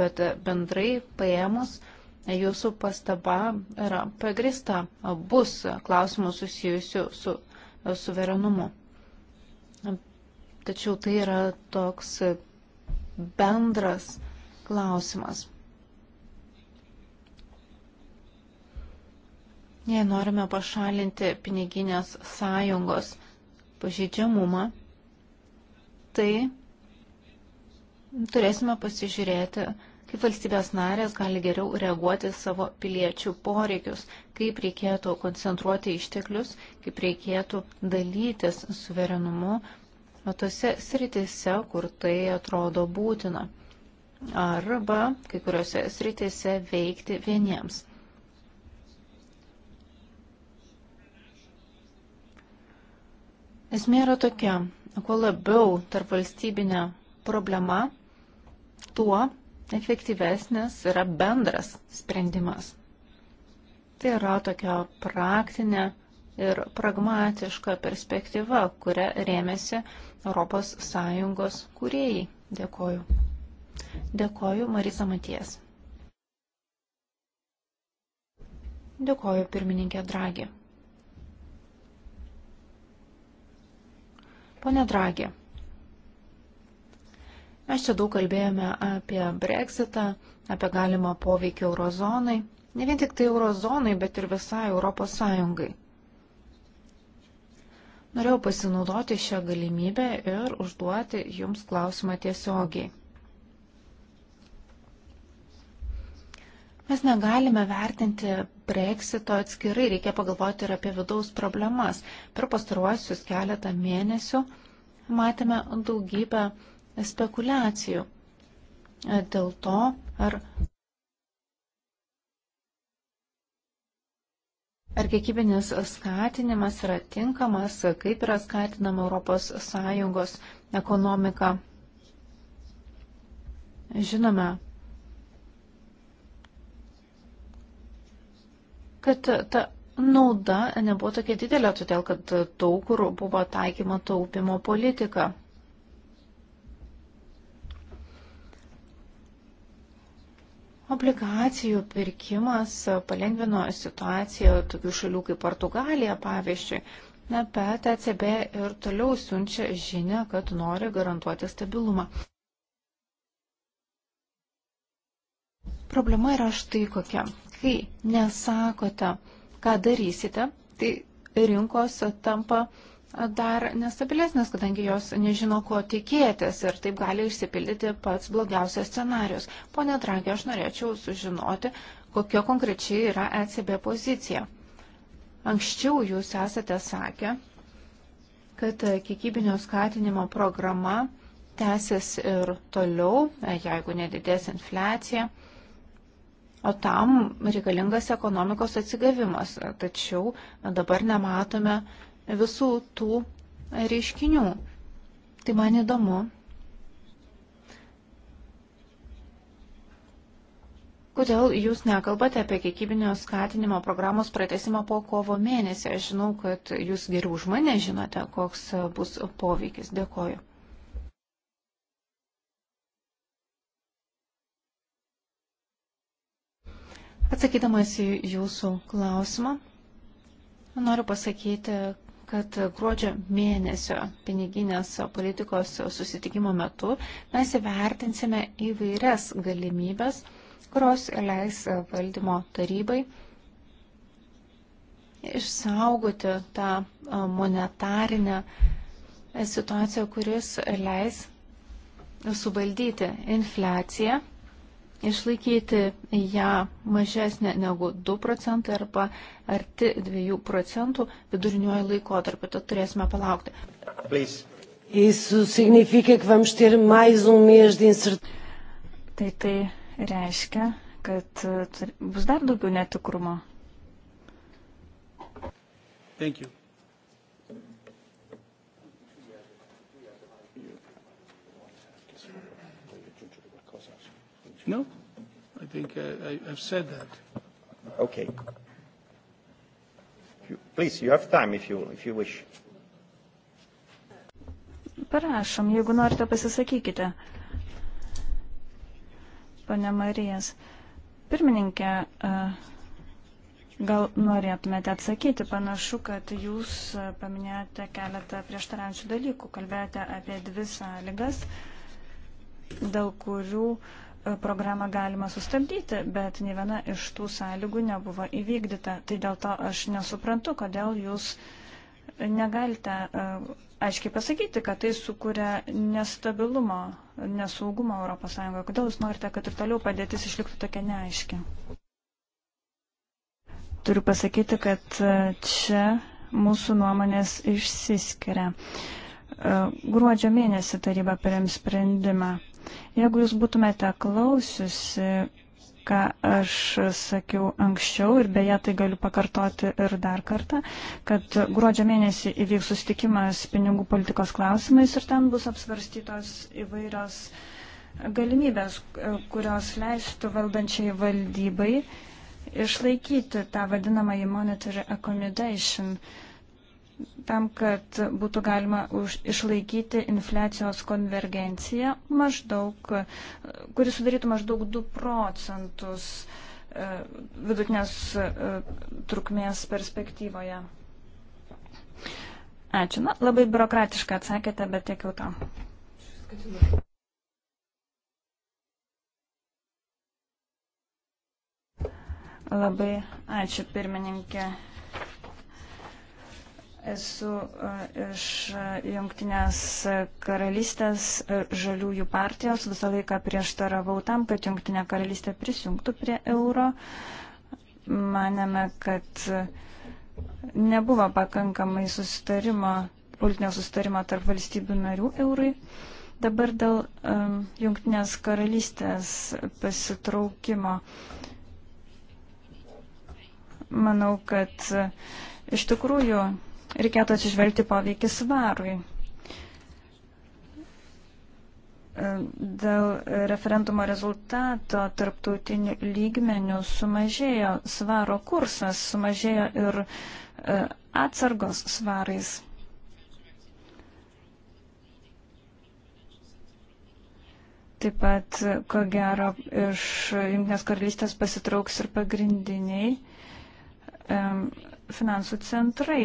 Bet bendrai paėmus, jūsų pastaba yra pagrista. Bus klausimų susijusių su suverenumu. Tačiau tai yra toks bendras klausimas. Jei norime pašalinti piniginės sąjungos pažeidžiamumą, tai turėsime pasižiūrėti, kaip valstybės narės gali geriau reaguoti savo piliečių poreikius, kaip reikėtų koncentruoti išteklius, kaip reikėtų dalytis suverenumu tose sritise, kur tai atrodo būtina, arba kai kuriuose sritise veikti vieniems. Esmė yra tokia, kuo labiau tarp valstybinė problema, tuo efektyvesnis yra bendras sprendimas. Tai yra tokia praktinė ir pragmatiška perspektyva, kuria rėmėsi ES kūrėjai. Dėkoju. Dėkoju, Marisa Maties. Dėkoju, pirmininkė Dragi. Pone Dragė, mes čia daug kalbėjome apie Brexitą, apie galimą poveikį eurozonai, ne vien tik tai eurozonai, bet ir visai Europos Sąjungai. Norėjau pasinaudoti šią galimybę ir užduoti Jums klausimą tiesiogiai. Mes negalime vertinti breksito atskirai, reikia pagalvoti ir apie vidaus problemas. Per pastaruosius keletą mėnesių matėme daugybę spekulacijų dėl to, ar, ar kiekybinis skatinimas yra tinkamas, kaip yra skatinama ES ekonomika. Žinome, kad ta nauda nebuvo tokia didelė, todėl kad daug kur buvo taikyma taupimo politika. Obligacijų pirkimas palengvino situaciją tokių šalių kaip Portugalija, pavyzdžiui, na, bet ECB ir toliau siunčia žinę, kad nori garantuoti stabilumą. Problema yra štai kokia. Kai nesakote, ką darysite, tai rinkos tampa dar nestabilesnės, kadangi jos nežino, ko tikėtis ir taip gali išsipildyti pats blogiausias scenarius. Pone Dragė, aš norėčiau sužinoti, kokia konkrečiai yra ECB pozicija. Anksčiau jūs esate sakę, kad kiekybinio skatinimo programa tęsis ir toliau, jeigu nedidės infliacija o tam reikalingas ekonomikos atsigavimas. Tačiau dabar nematome visų tų reiškinių. Tai man įdomu. Kodėl jūs nekalbate apie kiekybinio skatinimo programos pratesimą po kovo mėnesį? Aš žinau, kad jūs geriau už mane žinote, koks bus poveikis. Dėkoju. Atsakydamas į jūsų klausimą, noriu pasakyti, kad gruodžio mėnesio piniginės politikos susitikimo metu mes įvertinsime įvairias galimybės, kurios leis valdymo tarybai išsaugoti tą monetarinę situaciją, kuris leis suvaldyti infliaciją išlaikyti ją mažesnę negu 2 procentai arba arti 2 procentų viduriniuoju laikotarpiu. Tad turėsime palaukti. Um tai tai reiškia, kad uh, bus dar daugiau netikrumo. Thank you. No? I think I, uh, I, I've said that. Okay. Please, you have time if you, if you wish. Parašom, jeigu norite, pasisakykite. Pane Marijas, pirmininkė, e, gal norėtumėte atsakyti, panašu, kad jūs paminėjote keletą prieštarančių dalykų, kalbėjote apie dvi sąlygas, dėl kurių uh, programą galima sustabdyti, bet ne viena iš tų sąlygų nebuvo įvykdyta. Tai dėl to aš nesuprantu, kodėl jūs negalite e, aiškiai pasakyti, kad tai sukuria nestabilumo, nesaugumo ES. Kodėl jūs norite, kad ir toliau padėtis išliktų tokia neaiški? Turiu pasakyti, kad e, čia mūsų nuomonės išsiskiria. E, gruodžio mėnesį taryba priims sprendimą Jeigu jūs būtumėte klausiusi, ką aš sakiau anksčiau ir beje tai galiu pakartoti ir dar kartą, kad gruodžio mėnesį įvyks sustikimas pinigų politikos klausimais ir ten bus apsvarstytos įvairios galimybės, kurios leistų valdančiai valdybai išlaikyti tą vadinamąjį monetary accommodation. Uh, tam, kad būtų galima už, išlaikyti infliacijos konvergenciją, maždaug, kuris sudarytų maždaug 2 procentus e, vidutinės e, trukmės perspektyvoje. Ačiū. Na, labai biurokratiškai atsakėte, bet tiek jau tam. Labai ačiū pirmininkė. Esu e, iš e, Junktinės karalystės e, žaliųjų partijos. Visą laiką prieštaravau tam, kad Junktinė karalystė prisijungtų prie euro. Manėme, kad nebuvo pakankamai susitarimo, politinio susitarimo tarp valstybių narių eurui. Dabar dėl um, Junktinės karalystės pasitraukimo. Manau, kad uh, iš tikrųjų reikėtų atsižvelgti poveikį svarui. Dėl referendumo rezultato tarptautinių lygmenių sumažėjo svaro kursas, sumažėjo ir e, atsargos svarais. Taip pat, ko gero, iš Junktinės karalystės pasitrauks ir pagrindiniai um, finansų centrai.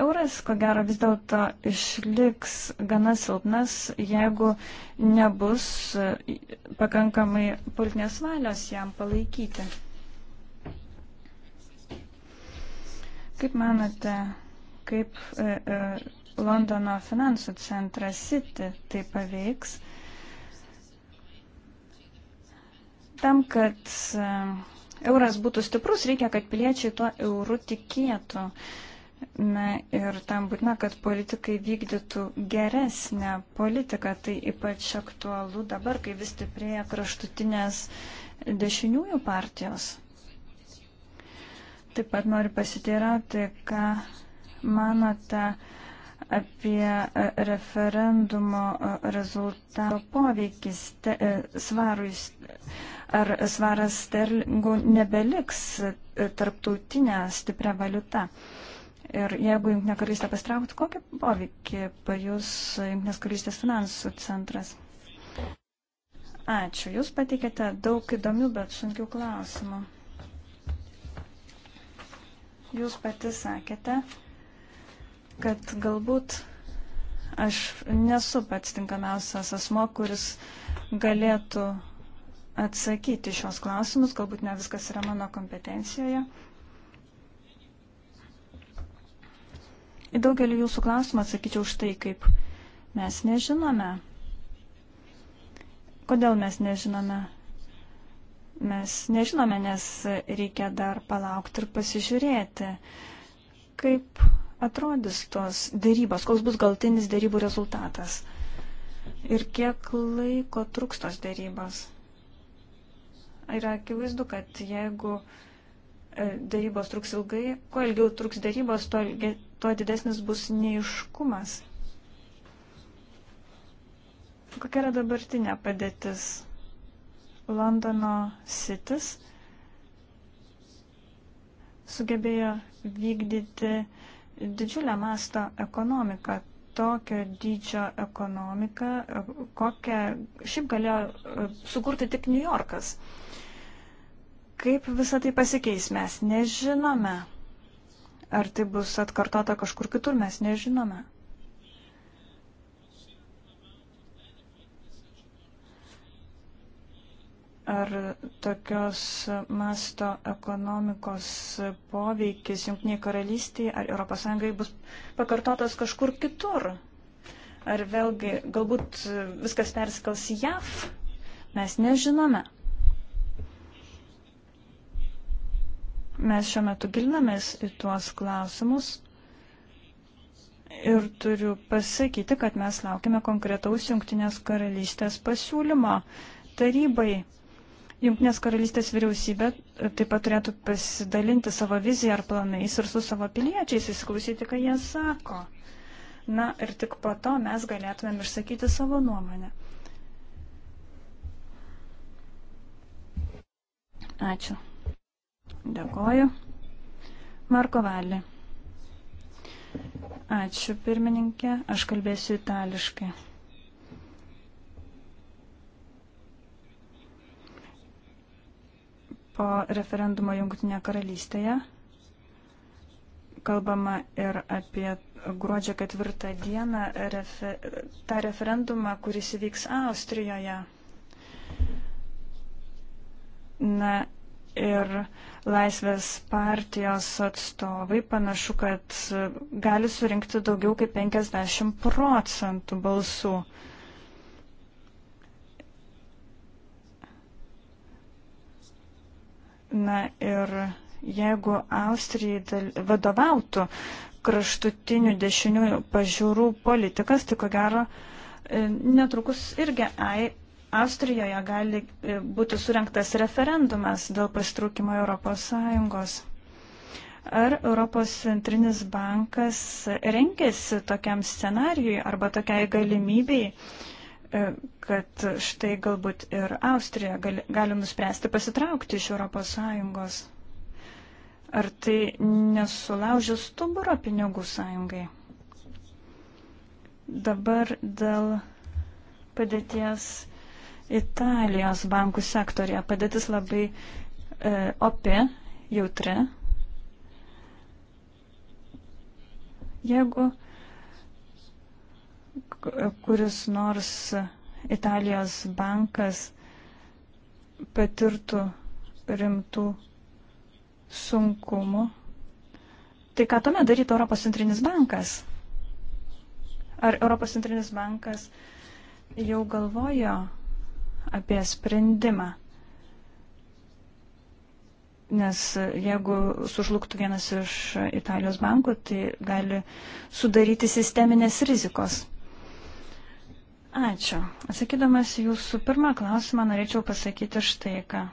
Euras, ko gero, vis dėlto išliks gana silpnas, jeigu nebus e, pakankamai politinės valios jam palaikyti. Kaip manote, kaip e, e, Londono finansų centras City tai paveiks? Tam, kad e, euras būtų stiprus, reikia, kad piliečiai tuo euru tikėtų. E, Na ir tam būtina, kad politikai vykdytų geresnę politiką. Tai ypač aktualu dabar, kai vis stiprėja kraštutinės dešiniųjų partijos. Taip pat noriu pasiteirauti, ką manote apie e, referendumo e, rezultato poveikį e, svarui, ar svaras sterlingų nebeliks tarptautinę stiprią valiutą. Ir jeigu Junktinė karalystė pasitrauktų, kokį poveikį pajus Junktinės karalystės finansų centras? Ačiū. Jūs pateikėte daug įdomių, bet sunkių klausimų. Jūs pati sakėte, kad galbūt aš nesu pats tinkamiausias asmo, kuris galėtų atsakyti šios klausimus, galbūt ne viskas yra mano kompetencijoje. Į daugelį jūsų klausimą atsakyčiau štai kaip. Mes nežinome. Kodėl mes nežinome? Mes nežinome, nes reikia dar palaukti ir pasižiūrėti, kaip atrodys tos dėrybos, koks bus galtinis dėrybų rezultatas ir kiek laiko truks tos dėrybos. Yra akivaizdu, kad jeigu uh, E, darybos truks ilgai, kuo ilgiau truks darybos, tuo, ilgi, tuo didesnis bus neiškumas. Kokia yra dabartinė padėtis? Londono sitis sugebėjo vykdyti didžiulę masto ekonomiką, tokio dydžio ekonomiką, e, kokią šiaip galėjo e, sukurti tik New Yorkas. Kaip visą tai pasikeis, mes nežinome. Ar tai bus atkartota kažkur kitur, mes nežinome. Ar tokios masto ekonomikos poveikis Junktiniai karalystiai ar ES bus pakartotas kažkur kitur? Ar vėlgi galbūt viskas persikels į JAV? Mes nežinome. Mes šiuo metu gilinamės į tuos klausimus ir turiu pasakyti, kad mes laukime konkretaus Junktinės karalystės pasiūlymo tarybai. Junktinės karalystės vyriausybė taip pat turėtų pasidalinti savo viziją ar planais ir su savo piliečiais įsiklausyti, ką jie sako. Na ir tik po to mes galėtumėm išsakyti savo nuomonę. Ačiū. Dėkoju. Marko Valį. Ačiū, pirmininkė. Aš kalbėsiu itališkai. Po referendumo Jungtinėje karalystėje kalbama ir apie gruodžio ketvirtą dieną refer, tą referendumą, kuris įvyks Austrijoje. Na, ir Laisvės partijos atstovai panašu, kad gali surinkti daugiau kaip 50 procentų balsų. Na ir jeigu Austrijai vadovautų kraštutinių dešiniųjų pažiūrų politikas, tai ko gero e, netrukus irgi ai, Austrijoje gali e, būti surinktas referendumas dėl pastraukimo Europos Sąjungos. Ar Europos centrinis bankas renkėsi tokiam scenarijui arba tokiai galimybei, e, kad štai galbūt ir Austrija gali, gali nuspręsti pasitraukti iš Europos Sąjungos? Ar tai nesulaužė stuburo pinigų sąjungai? Dabar dėl padėties Italijos bankų sektorija padėtis labai e, opi, jautri. Jeigu kuris nors Italijos bankas patirtų rimtų sunkumų, tai ką tuomet darytų Europos centrinis bankas? Ar Europos centrinis bankas jau galvojo apie sprendimą. Nes jeigu sužlugtų vienas iš Italijos bankų, tai gali sudaryti sisteminės rizikos. Ačiū. Atsakydamas jūsų pirmą klausimą, norėčiau pasakyti štai ką.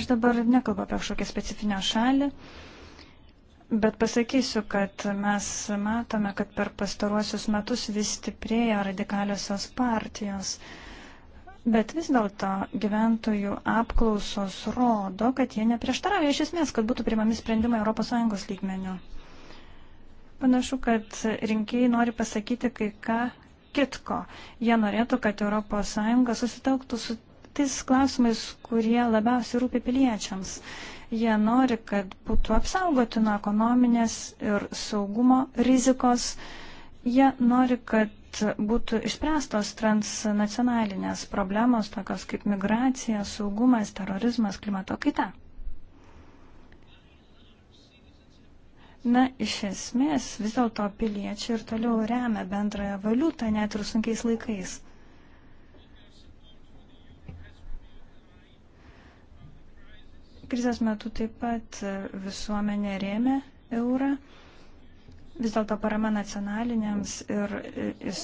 Aš dabar nekalbu apie kažkokią specifinę šalį. Uh, Bet pasakysiu, kad mes matome, kad per pastaruosius metus vis stiprėjo radikaliosios partijos. Bet vis dėlto gyventojų apklausos rodo, kad jie neprieštarauja iš esmės, kad būtų primami sprendimai ES lygmenių. Panašu, kad rinkėjai nori pasakyti kai ką kitko. Jie norėtų, kad ES susitelktų su tais klausimais, kurie labiausiai rūpi piliečiams. Uh, Jie nori, kad būtų apsaugoti nuo ekonominės ir saugumo rizikos. Jie nori, kad būtų išspręstos transnacionalinės problemos, tokios kaip migracija, saugumas, terorizmas, klimato kaita. Na, iš esmės, vis dėlto piliečiai ir toliau remia bendrąją valiutą, net ir sunkiais laikais. Krizės metu taip pat visuomenė rėmė eurą. Vis dėlto parama nacionalinėms ir is,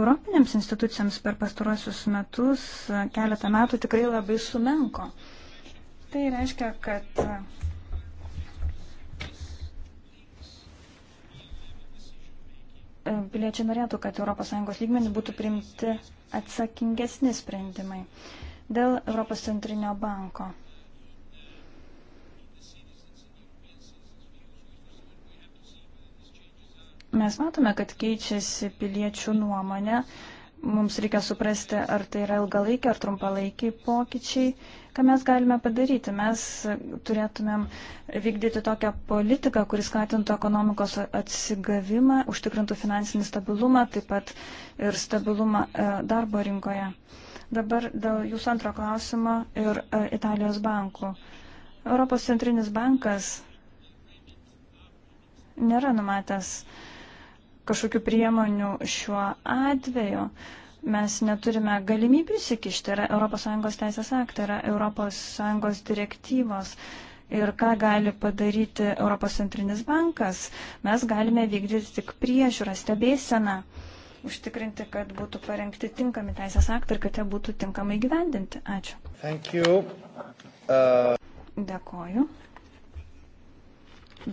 europinėms institucijams per pastaruosius metus, keletą metų tikrai labai sumenko. Tai reiškia, kad piliečiai norėtų, kad ES lygmenį būtų priimti atsakingesni sprendimai. Uh, dėl Europos centrinio banko. Mes matome, kad keičiasi piliečių nuomonė. Mums reikia suprasti, ar tai yra ilgalaikiai ar trumpalaikiai pokyčiai. Ką mes galime padaryti? Mes turėtumėm vykdyti tokią politiką, kuris skatintų ekonomikos atsigavimą, užtikrintų finansinį stabilumą, taip pat ir stabilumą e, darbo rinkoje. Dabar dėl jūsų antro klausimo ir e, Italijos bankų. Europos centrinis bankas nėra numatęs kažkokių priemonių šiuo atveju. Mes neturime galimybių įsikišti, yra ES teisės aktai, yra ES direktyvos. Ir ką gali padaryti Europos centrinis bankas? Mes galime vykdyti tik priežiūrą, stebėseną užtikrinti, kad būtų parengti tinkami teisės aktai ir kad jie būtų tinkamai gyvendinti. Ačiū. Uh... Dėkoju.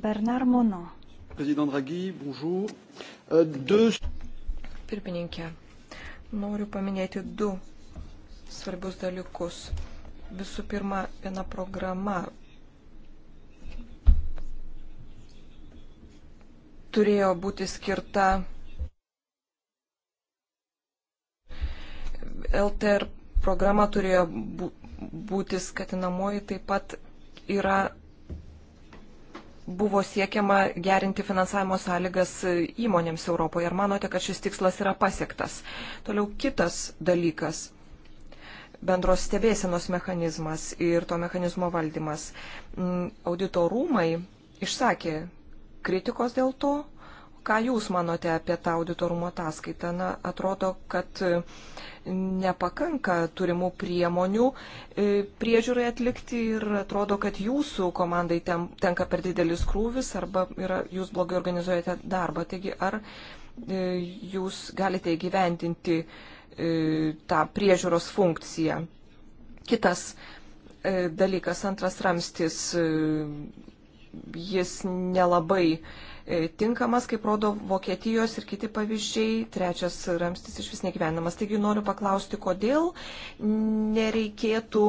Bernard Mono. Prezident Draghi, bonjour. Uh, de... Pirmininkė, noriu paminėti du svarbius dalykus. Visų pirma, viena programa turėjo būti skirta LTR programa turėjo būti skatinamoji, taip pat yra, buvo siekiama gerinti finansavimo sąlygas įmonėms Europoje. Ar manote, kad šis tikslas yra pasiektas? Toliau kitas dalykas bendros stebėsenos mechanizmas ir to mechanizmo valdymas. Mm, auditorumai išsakė kritikos dėl to, Ką Jūs manote apie tą auditorumo ataskaitą? Na, atrodo, kad nepakanka turimų priemonių e, priežiūrai atlikti ir atrodo, kad Jūsų komandai tenka per didelis krūvis arba yra, Jūs blogai organizuojate darbą. Taigi, ar e, Jūs galite įgyvendinti e, tą priežiūros funkciją? Kitas dalykas, antras ramstis, jis nelabai E, tinkamas, kaip rodo Vokietijos ir kiti pavyzdžiai. Trečias ramstis iš vis negyvenamas. Taigi noriu paklausti, kodėl nereikėtų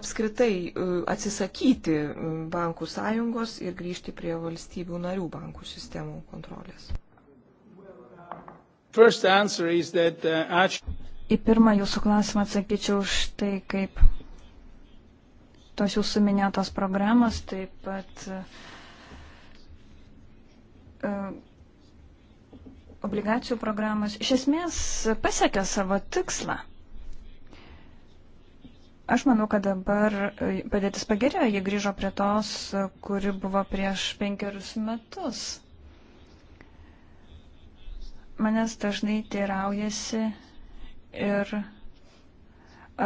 apskritai e, atsisakyti bankų sąjungos ir grįžti prie valstybių narių bankų sistemų kontrolės. That, uh, Į pirmą jūsų klausimą atsakyčiau už tai, kaip tos jūsų minėtos programos, taip pat uh, E, obligacijų programos iš esmės pasiekė savo tikslą. Aš manau, kad dabar e, padėtis pagerėjo, jie grįžo prie tos, kuri buvo prieš penkerius metus. Manęs dažnai teiraujasi ir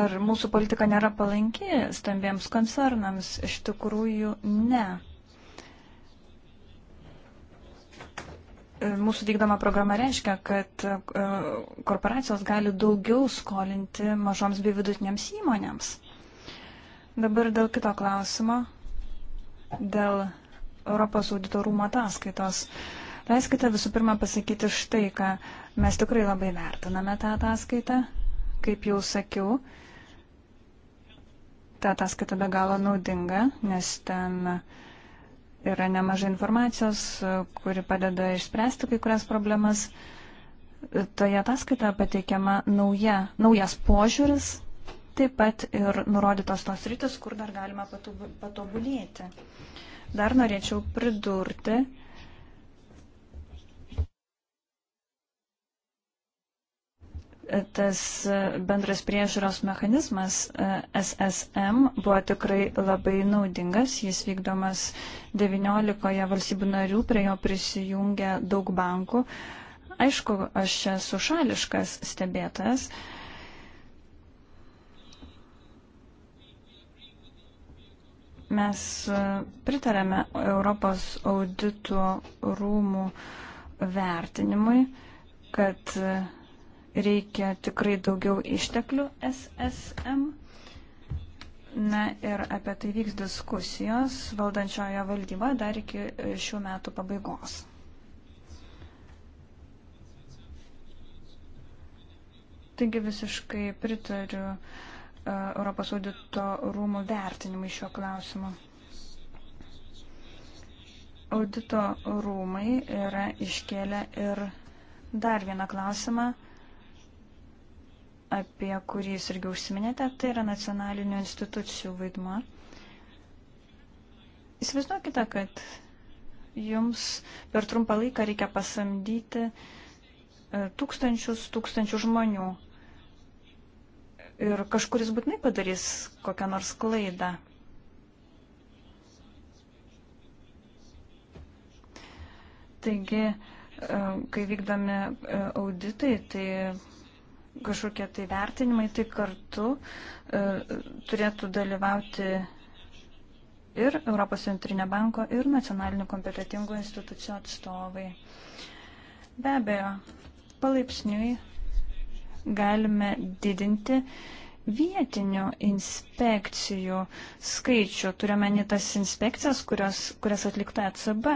ar mūsų politika nėra palanki stambiems koncernams? Iš tikrųjų, ne. mūsų vykdoma programa reiškia, kad e, korporacijos gali daugiau skolinti mažoms bei vidutinėms įmonėms. Dabar dėl kito klausimo, dėl Europos auditorumo ataskaitos. Leiskite visų pirma pasakyti štai, ką mes tikrai labai vertiname tą ataskaitą, kaip jau sakiau. Ta ataskaita be galo naudinga, nes ten uh, yra nemažai informacijos, kuri padeda išspręsti kai kurias problemas. Toje ataskaitoje pateikiama nauja, naujas požiūris, taip pat ir nurodytos tos rytis, kur dar galima patobulėti. Dar norėčiau pridurti, tas e, bendras priežiūros mechanizmas e, SSM buvo tikrai labai naudingas. Jis vykdomas 19 valstybių narių, prie jo prisijungia daug bankų. Aišku, aš esu šališkas stebėtas. Mes e, pritarėme Europos audito rūmų vertinimui, kad reikia tikrai daugiau išteklių SSM. Na ir apie tai vyks diskusijos valdančioje valdyboje dar iki e, šių metų pabaigos. Taigi visiškai pritariu uh, Europos audito rūmų vertinimui šio klausimo. Audito rūmai yra iškėlę ir dar vieną klausimą. Uh, apie kurį jūs irgi užsiminėte, tai yra nacionalinių institucijų vaidmo. Įsivaizduokite, kad jums per trumpą laiką reikia pasamdyti e, tūkstančius, tūkstančių žmonių. Ir kažkuris būtinai padarys kokią nors klaidą. Taigi, e, kai vykdomi e, auditai, tai kažkokie tai vertinimai, tai kartu e, turėtų dalyvauti ir Europos centrinio banko, ir nacionalinių kompetitingų institucijų atstovai. Be abejo, palaipsniui galime didinti vietinių inspekcijų skaičių, turime ne tas inspekcijas, kurios, kurias atlikta ECB.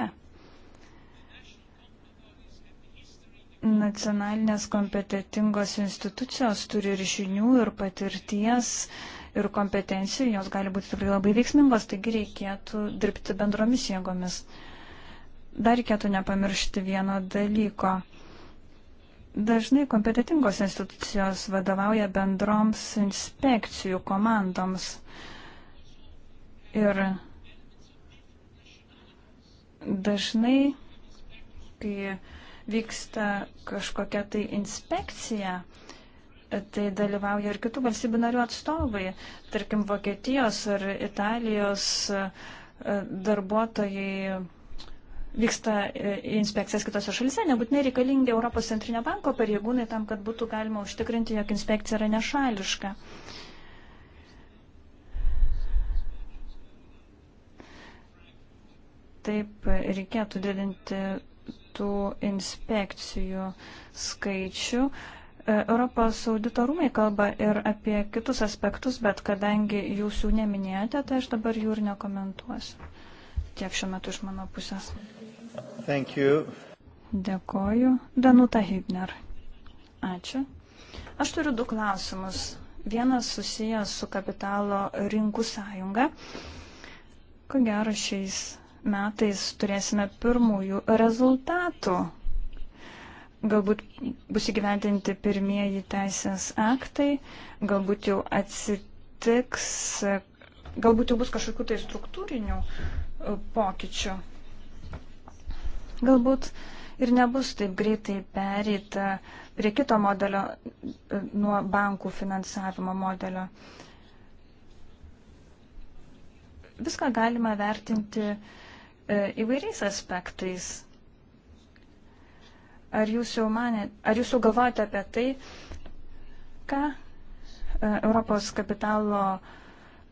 nacionalinės kompetitingos institucijos turi ir žinių, ir patirties, ir kompetencijų, jos gali būti tikrai labai veiksmingos, taigi reikėtų dirbti bendromis jėgomis. Dar reikėtų nepamiršti vieno dalyko. Dažnai kompetitingos institucijos vadovauja bendroms inspekcijų komandoms. Ir dažnai, kai vyksta kažkokia tai inspekcija, tai dalyvauja ir kitų valstybių narių atstovai, tarkim Vokietijos ar Italijos e, darbuotojai vyksta e, inspekcijas kitose šalise, nebūtinai reikalingi Europos centrinio banko pareigūnai tam, kad būtų galima užtikrinti, jog inspekcija yra nešališka. Taip reikėtų didinti tų inspekcijų skaičių. E, Europos audito rūmai kalba ir apie kitus aspektus, bet kadangi jūs jų neminėjote, tai aš dabar jų ir nekomentuosiu. Tiek šiuo metu iš mano pusės. Thank you. Dėkoju. Danuta Hübner. Ačiū. Aš turiu du klausimus. Vienas susijęs su kapitalo rinkų sąjunga. Ko gero šiais metais turėsime pirmųjų rezultatų. Galbūt bus įgyventinti pirmieji teisės aktai, galbūt jau atsitiks, galbūt jau bus kažkokių tai struktūrinių e, pokyčių. Galbūt ir nebus taip greitai pereita prie kito modelio, e, nuo bankų finansavimo modelio. Viską galima vertinti uh, E, įvairiais aspektais. Ar jūs jau, manė, ar jūs jau galvojate apie tai, ką e, Europos kapitalo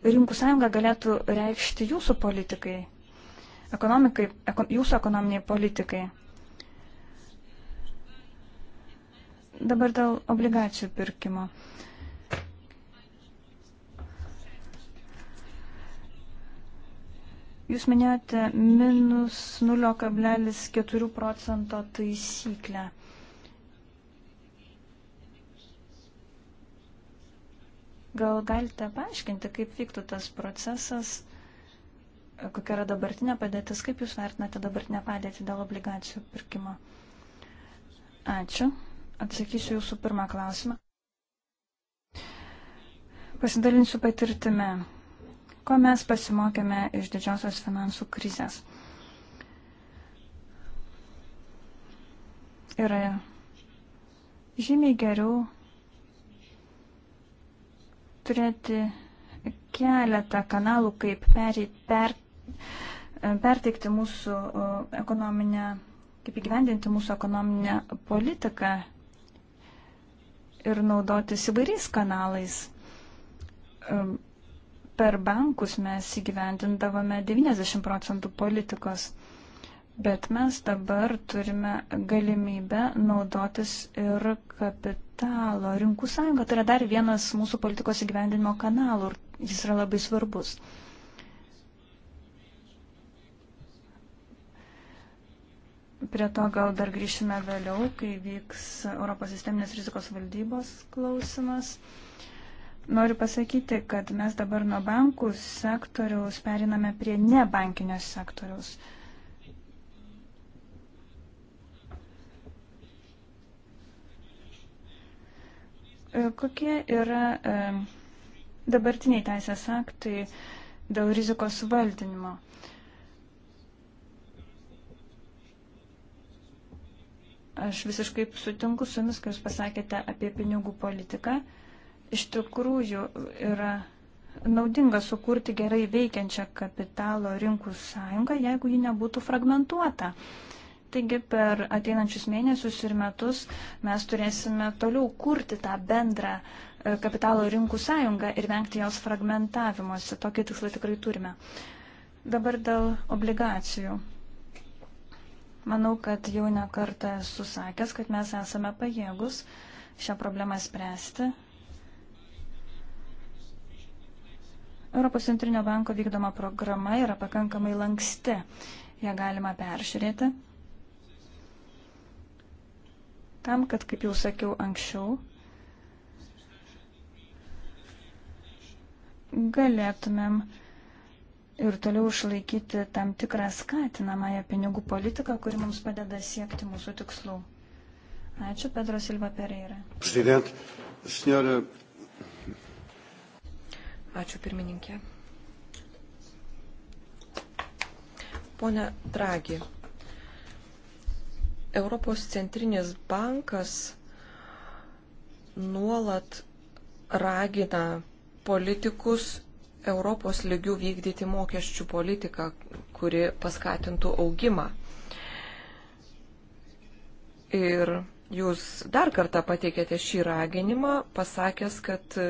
rinkų sąjunga galėtų reikšti jūsų politikai, ekonomikai, eko, jūsų ekonominiai politikai? Dabar dėl obligacijų pirkimo. Uh, Jūs minėjote minus 0,4 procento taisyklę. Gal galite paaiškinti, kaip vyktų tas procesas, kokia yra dabartinė padėtis, kaip jūs vertinate dabartinę padėtį dėl obligacijų pirkimo? Ačiū. Atsakysiu jūsų pirmą klausimą. Pasidalinsiu patirtime ko mes pasimokėme iš didžiosios finansų krizės. Yra žymiai geriau turėti keletą kanalų, kaip perį, per, perteikti mūsų ekonominę, kaip įgyvendinti mūsų ekonominę politiką ir naudotis įvairiais kanalais per bankus mes įgyvendindavome 90 procentų politikos, bet mes dabar turime galimybę naudotis ir kapitalo rinkų sąjunga. Tai yra dar vienas mūsų politikos įgyvendinimo kanalų ir jis yra labai svarbus. Prie to gal dar grįšime vėliau, kai vyks Europos sisteminės rizikos valdybos klausimas. Uh, Noriu pasakyti, kad mes dabar nuo bankų sektoriaus periname prie nebankinio sektoriaus. E, kokie yra e, dabartiniai teisės aktai dėl rizikos valdinimo? Aš visiškai sutinku su jumis, kai jūs pasakėte apie pinigų politiką iš tikrųjų yra naudinga sukurti gerai veikiančią kapitalo rinkų sąjungą, jeigu ji nebūtų fragmentuota. Taigi per ateinančius mėnesius ir metus mes turėsime toliau kurti tą bendrą e, kapitalo rinkų sąjungą ir vengti jos fragmentavimuose. Tokį tikslą tikrai turime. Dabar dėl obligacijų. Manau, kad jau nekartą esu sakęs, kad mes esame pajėgus šią problemą spręsti Europos centrinio banko vykdoma programa yra pakankamai lanksti. Ja galima peržiūrėti. Tam, kad, kaip jau sakiau anksčiau, galėtumėm ir toliau išlaikyti tam tikrą skatinamąją pinigų politiką, kuri mums padeda siekti mūsų tikslų. Ačiū, Pedro Silva Pereira. Presidente, senhora Ačiū pirmininkė. Pone Dragi, Europos centrinis bankas nuolat ragina politikus Europos lygių vykdyti mokesčių politiką, kuri paskatintų augimą. Ir Jūs dar kartą pateikėte šį raginimą, pasakęs, kad e,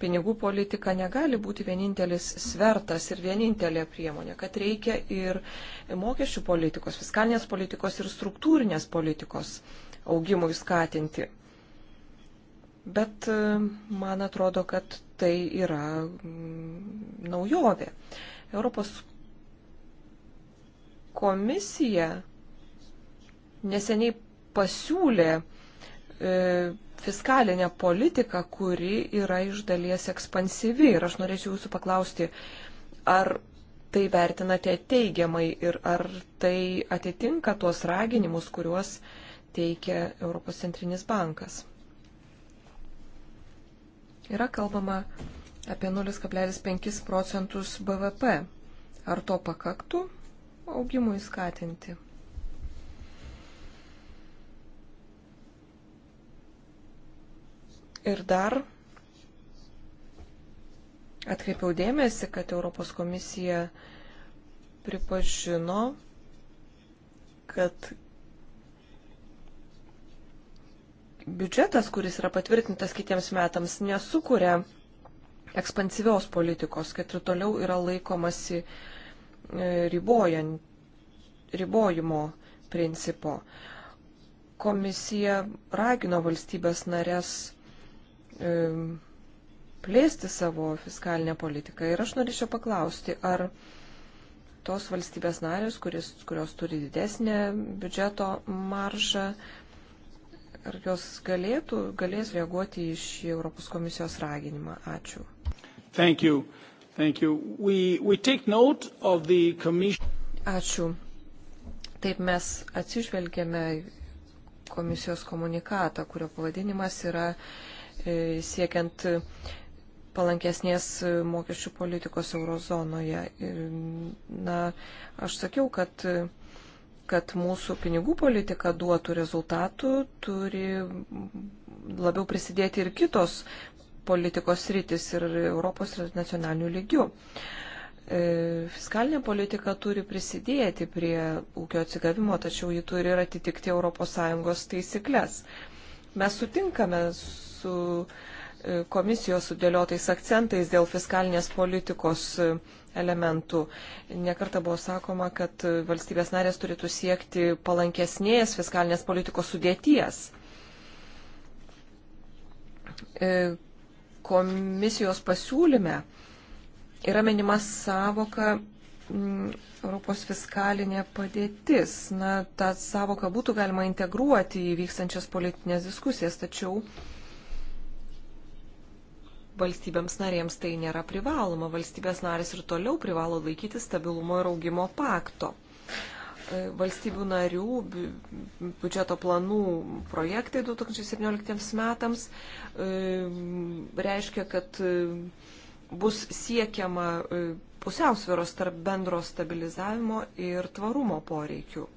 pinigų politika negali būti vienintelis svertas ir vienintelė priemonė, kad reikia ir mokesčių politikos, fiskalinės politikos ir struktūrinės politikos augimui skatinti. Bet e, man atrodo, kad tai yra mm, naujovė. Europos komisija neseniai pasiūlė e, fiskalinę politiką, kuri yra iš dalies ekspansyvi. Ir aš norėčiau jūsų paklausti, ar tai vertinate teigiamai ir ar tai atitinka tuos raginimus, kuriuos teikia Europos centrinis bankas. Yra kalbama apie 0,5 procentus BVP. Ar to pakaktų augimui skatinti? Ir dar atkreipiau dėmesį, kad Europos komisija pripažino, kad biudžetas, kuris yra patvirtintas kitiems metams, nesukuria ekspansyvios politikos, kad ir toliau yra laikomasi e, ribojant, ribojimo principo. Komisija ragino valstybės narės plėsti savo fiskalinę politiką. Ir aš norėčiau paklausti, ar tos valstybės narės, kuris, kurios turi didesnę biudžeto maržą, ar jos galėtų, galės reaguoti iš Europos komisijos raginimą. Ačiū. Thank you. Thank you. We, we take note of the commission. Ačiū. Taip mes atsižvelgėme komisijos komunikatą, kurio pavadinimas yra uh, E, siekiant palankesnės mokesčių politikos eurozonoje. Ir, na, aš sakiau, kad, kad mūsų pinigų politika duotų rezultatų, turi labiau prisidėti ir kitos politikos rytis ir Europos ir nacionalinių lygių. E, fiskalinė politika turi prisidėti prie ūkio atsigavimo, tačiau ji turi ir atitikti ES taisyklės. Mes sutinkame su e, komisijos sudėliotais akcentais dėl fiskalinės politikos e, elementų. Nekarta buvo sakoma, kad valstybės narės turėtų siekti palankesnės fiskalinės politikos sudėties. E, komisijos pasiūlyme yra minima savoka mm, Europos fiskalinė padėtis. Na, tą savoką būtų galima integruoti į vykstančias politinės diskusijas, tačiau valstybėms narėms tai nėra privaloma. Valstybės narės ir toliau privalo laikyti stabilumo ir augimo pakto. E, valstybių narių biudžeto planų projektai 2017 metams e, reiškia, kad e, bus siekiama pusiausvėros tarp bendro stabilizavimo ir tvarumo poreikių.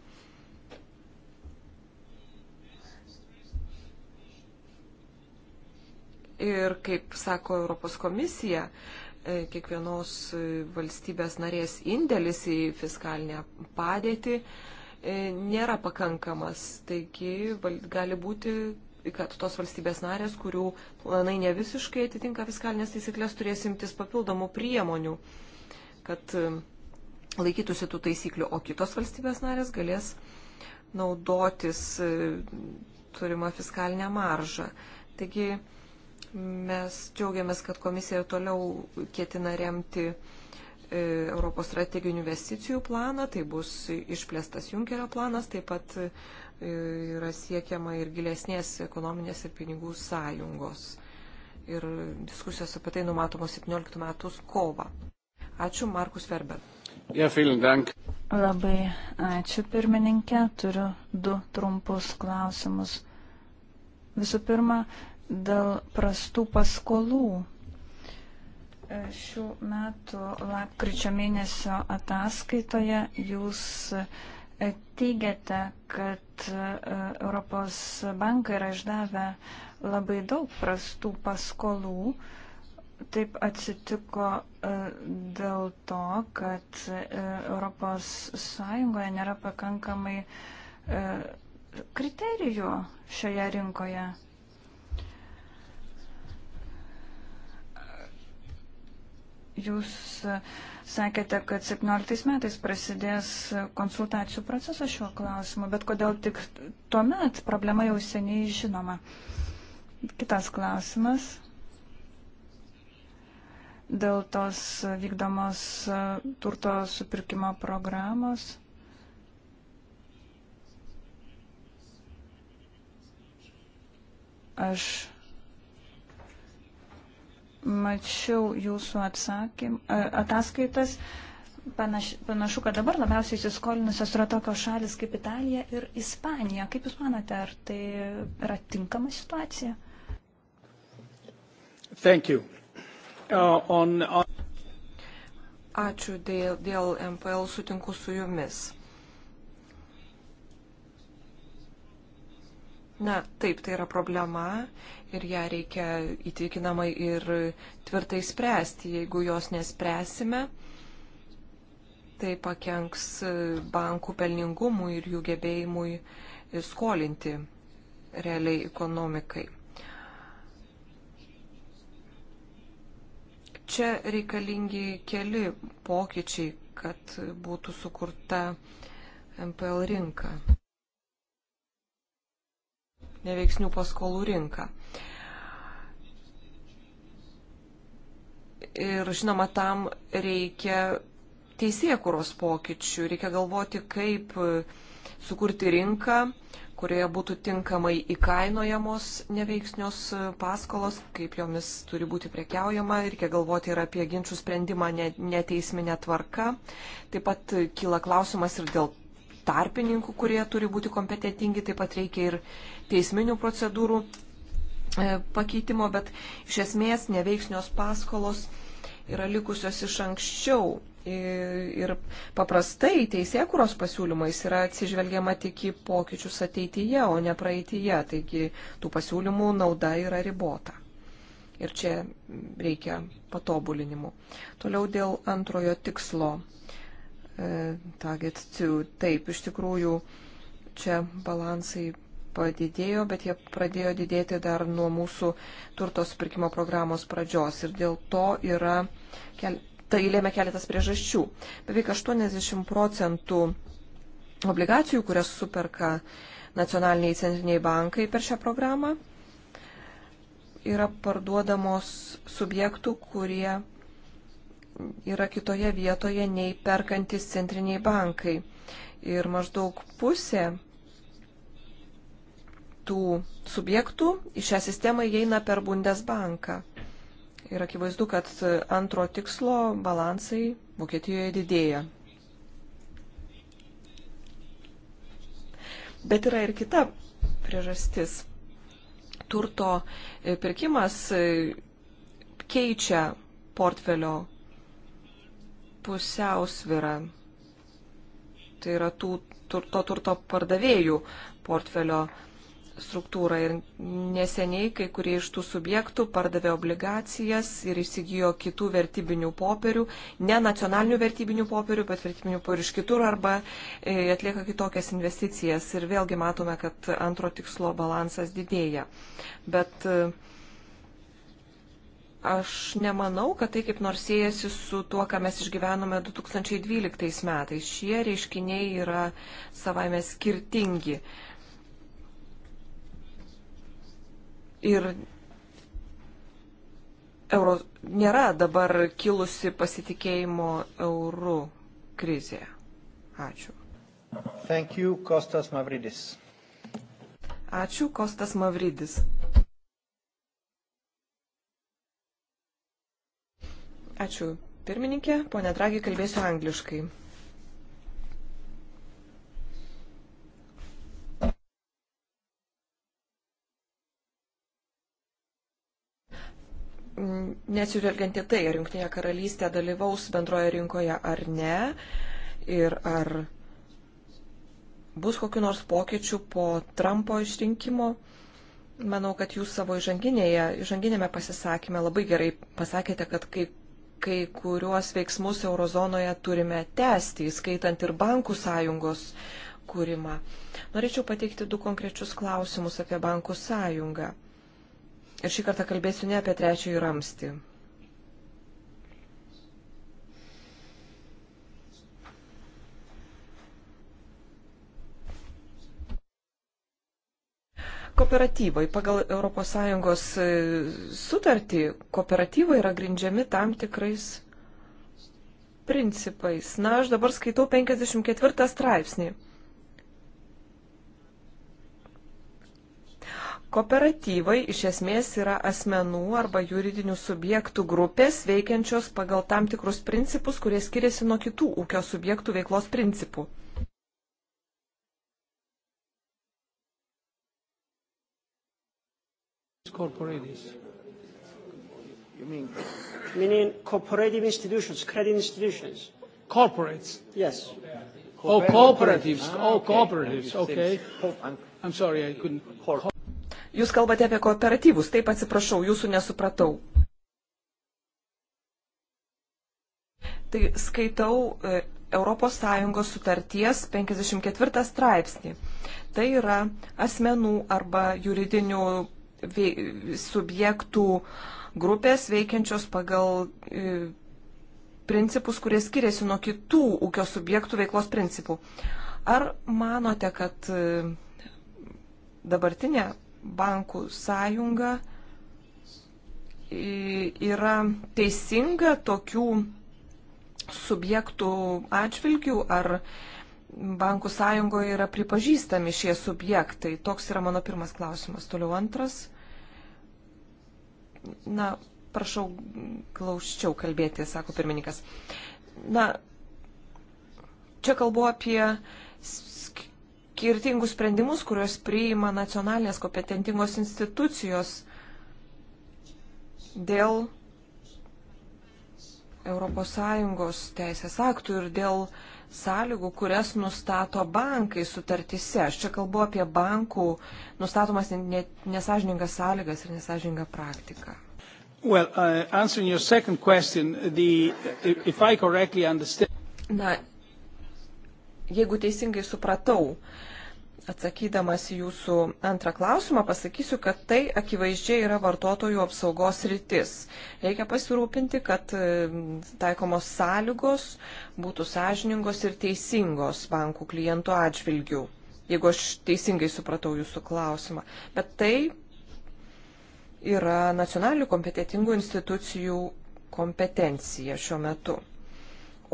Ir kaip sako Europos komisija, e, kiekvienos valstybės narės indėlis į fiskalinę padėtį e, nėra pakankamas. Taigi gali būti, kad tos valstybės narės, kurių planai ne visiškai atitinka fiskalinės taisyklės, turės imtis papildomų priemonių, kad e, laikytųsi tų taisyklių, o kitos valstybės narės galės naudotis turimą fiskalinę maržą. Taigi, Mes džiaugiamės, kad komisija toliau ketina remti e, Europos strateginių investicijų planą, tai bus išplėstas Junkerio planas, taip pat e, yra siekiama ir gilesnės ekonominės ir pinigų sąjungos. Ir diskusijos apie tai numatomos 17 metus kovą. Ačiū, Markus Verber. Ja, Labai ačiū, pirmininkė. Turiu du trumpus klausimus. Visų pirma, dėl prastų paskolų. E, šių metų lapkričio mėnesio ataskaitoje jūs e, teigiate, kad e, Europos bankai yra išdavę labai daug prastų paskolų. Taip atsitiko dėl to, kad Europos Sąjungoje nėra pakankamai kriterijų šioje rinkoje. Jūs e, sakėte, kad 17 metais prasidės konsultacijų procesas šiuo klausimu, bet kodėl tik tuomet problema jau seniai žinoma. Kitas klausimas. Dėl tos vykdomos e, turto supirkimo programos. Aš mačiau jūsų atsakym, ataskaitas. Panaš, panašu, kad dabar labiausiai įsiskolinusios yra tokios šalis kaip Italija ir Ispanija. Kaip Jūs manote, ar tai yra tinkama situacija? Thank you. Uh, on, on... Ačiū dėl, dėl MPL sutinku su Jumis. Na, taip, tai yra problema ir ją reikia įtikinamai ir tvirtai spręsti. Jeigu jos nespręsime, tai pakenks bankų pelningumui ir jų gebėjimui skolinti realiai ekonomikai. Čia reikalingi keli pokyčiai, kad būtų sukurta MPL rinka neveiksnių paskolų rinką. Ir žinoma, tam reikia teisėkuros pokyčių, reikia galvoti, kaip sukurti rinką, kurioje būtų tinkamai įkainojamos neveiksnios paskolos, kaip jomis turi būti prekiaujama, reikia galvoti ir apie ginčių sprendimą neteisminę tvarką. Taip pat kyla klausimas ir dėl tarpininkų, kurie turi būti kompetitingi, taip pat reikia ir teisminių procedūrų e, pakeitimo, bet iš esmės neveiksnios paskolos yra likusios iš anksčiau. Ir paprastai teisėkuros pasiūlymais yra atsižvelgiama tik į pokyčius ateityje, o ne praeitįje. Taigi tų pasiūlymų nauda yra ribota. Ir čia reikia patobulinimų. Toliau dėl antrojo tikslo E, target 2. Taip, iš tikrųjų, čia balansai padidėjo, bet jie pradėjo didėti dar nuo mūsų turto supirkimo programos pradžios. Ir dėl to yra, kel... tai lėmė keletas priežasčių. Beveik 80 procentų obligacijų, kurias superka nacionaliniai centriniai bankai per šią programą, yra parduodamos subjektų, kurie yra kitoje vietoje nei perkantis centriniai bankai. Ir maždaug pusė tų subjektų į šią sistemą įeina per Bundesbanką. Ir akivaizdu, kad antro tikslo balansai Vokietijoje didėja. Bet yra ir kita priežastis. Turto pirkimas keičia portfelio pusiausvyrą. Tai yra tų, tur, to turto pardavėjų portfelio struktūrą. Ir neseniai kai kurie iš tų subjektų pardavė obligacijas ir įsigijo kitų vertybinių popierių, ne nacionalinių vertybinių popierių, bet vertybinių popierių iš kitur arba e, atlieka kitokias investicijas. Ir vėlgi matome, kad antro tikslo balansas didėja. Bet uh, Aš nemanau, kad tai kaip nors siejasi su tuo, ką mes išgyvenome 2012 metais. Šie reiškiniai yra savaime skirtingi. Ir euro, nėra dabar kilusi pasitikėjimo eurų krizė. Ačiū. Thank you, Kostas Mavridis. Ačiū, Kostas Mavridis. Ačiū pirmininkė, ponė Dragi, kalbėsiu angliškai. Nesižvelgiant į tai, ar Junktinė karalystė dalyvaus bendroje rinkoje ar ne, ir ar bus kokiu nors pokyčių po Trumpo išrinkimo, manau, kad jūs savo įžanginėje, įžanginėme pasisakymė labai gerai pasakėte, kad kaip kai kuriuos veiksmus eurozonoje turime tęsti, įskaitant ir bankų sąjungos kūrimą. Norėčiau pateikti du konkrečius klausimus apie bankų sąjungą. Ir šį kartą kalbėsiu ne apie trečiąjį ramstį. kooperatyvai. Pagal ES e, sutartį kooperatyvai yra grindžiami tam tikrais principais. Na, aš dabar skaitau 54 straipsnį. Kooperatyvai iš esmės yra asmenų arba juridinių subjektų grupės veikiančios pagal tam tikrus principus, kurie skiriasi nuo kitų ūkio subjektų veiklos principų. corporates? You mean? Meaning cooperative institutions, credit institutions. Corporates? Yes. Oh, cooperatives. Ah, oh, cooperatives. Okay. I'm sorry, I couldn't. Jūs kalbate apie kooperatyvus, taip atsiprašau, jūsų nesupratau. Tai skaitau ES sutarties 54 straipsnį. Tai yra asmenų arba juridinių subjektų grupės veikiančios pagal e, principus, kurie skiriasi nuo kitų ūkio subjektų veiklos principų. Ar manote, kad e, dabartinė bankų sąjunga e, yra teisinga tokių subjektų atžvilgių, ar bankų sąjungoje yra pripažįstami šie subjektai? Toks yra mano pirmas klausimas. Toliau antras. Na, prašau glaučiau kalbėti, sako pirmininkas. Na, čia kalbu apie skirtingus sprendimus, kuriuos priima nacionalinės kompetentingos institucijos dėl ES teisės aktų ir dėl uh, sąlygų, kurias nustato bankai sutartise. Aš čia kalbu apie bankų nustatomas nesažiningas sąlygas ir nesažininką praktiką. Well, uh, answering your second question, the, if I correctly understand. Na, jeigu teisingai supratau, uh, Atsakydamas jūsų antrą klausimą, pasakysiu, kad tai akivaizdžiai yra vartotojų apsaugos rytis. Reikia pasirūpinti, kad e, taikomos sąlygos būtų sąžiningos ir teisingos bankų klientų atžvilgių, jeigu aš teisingai supratau jūsų klausimą. Bet tai yra nacionalinių kompetitingų institucijų kompetencija šiuo metu.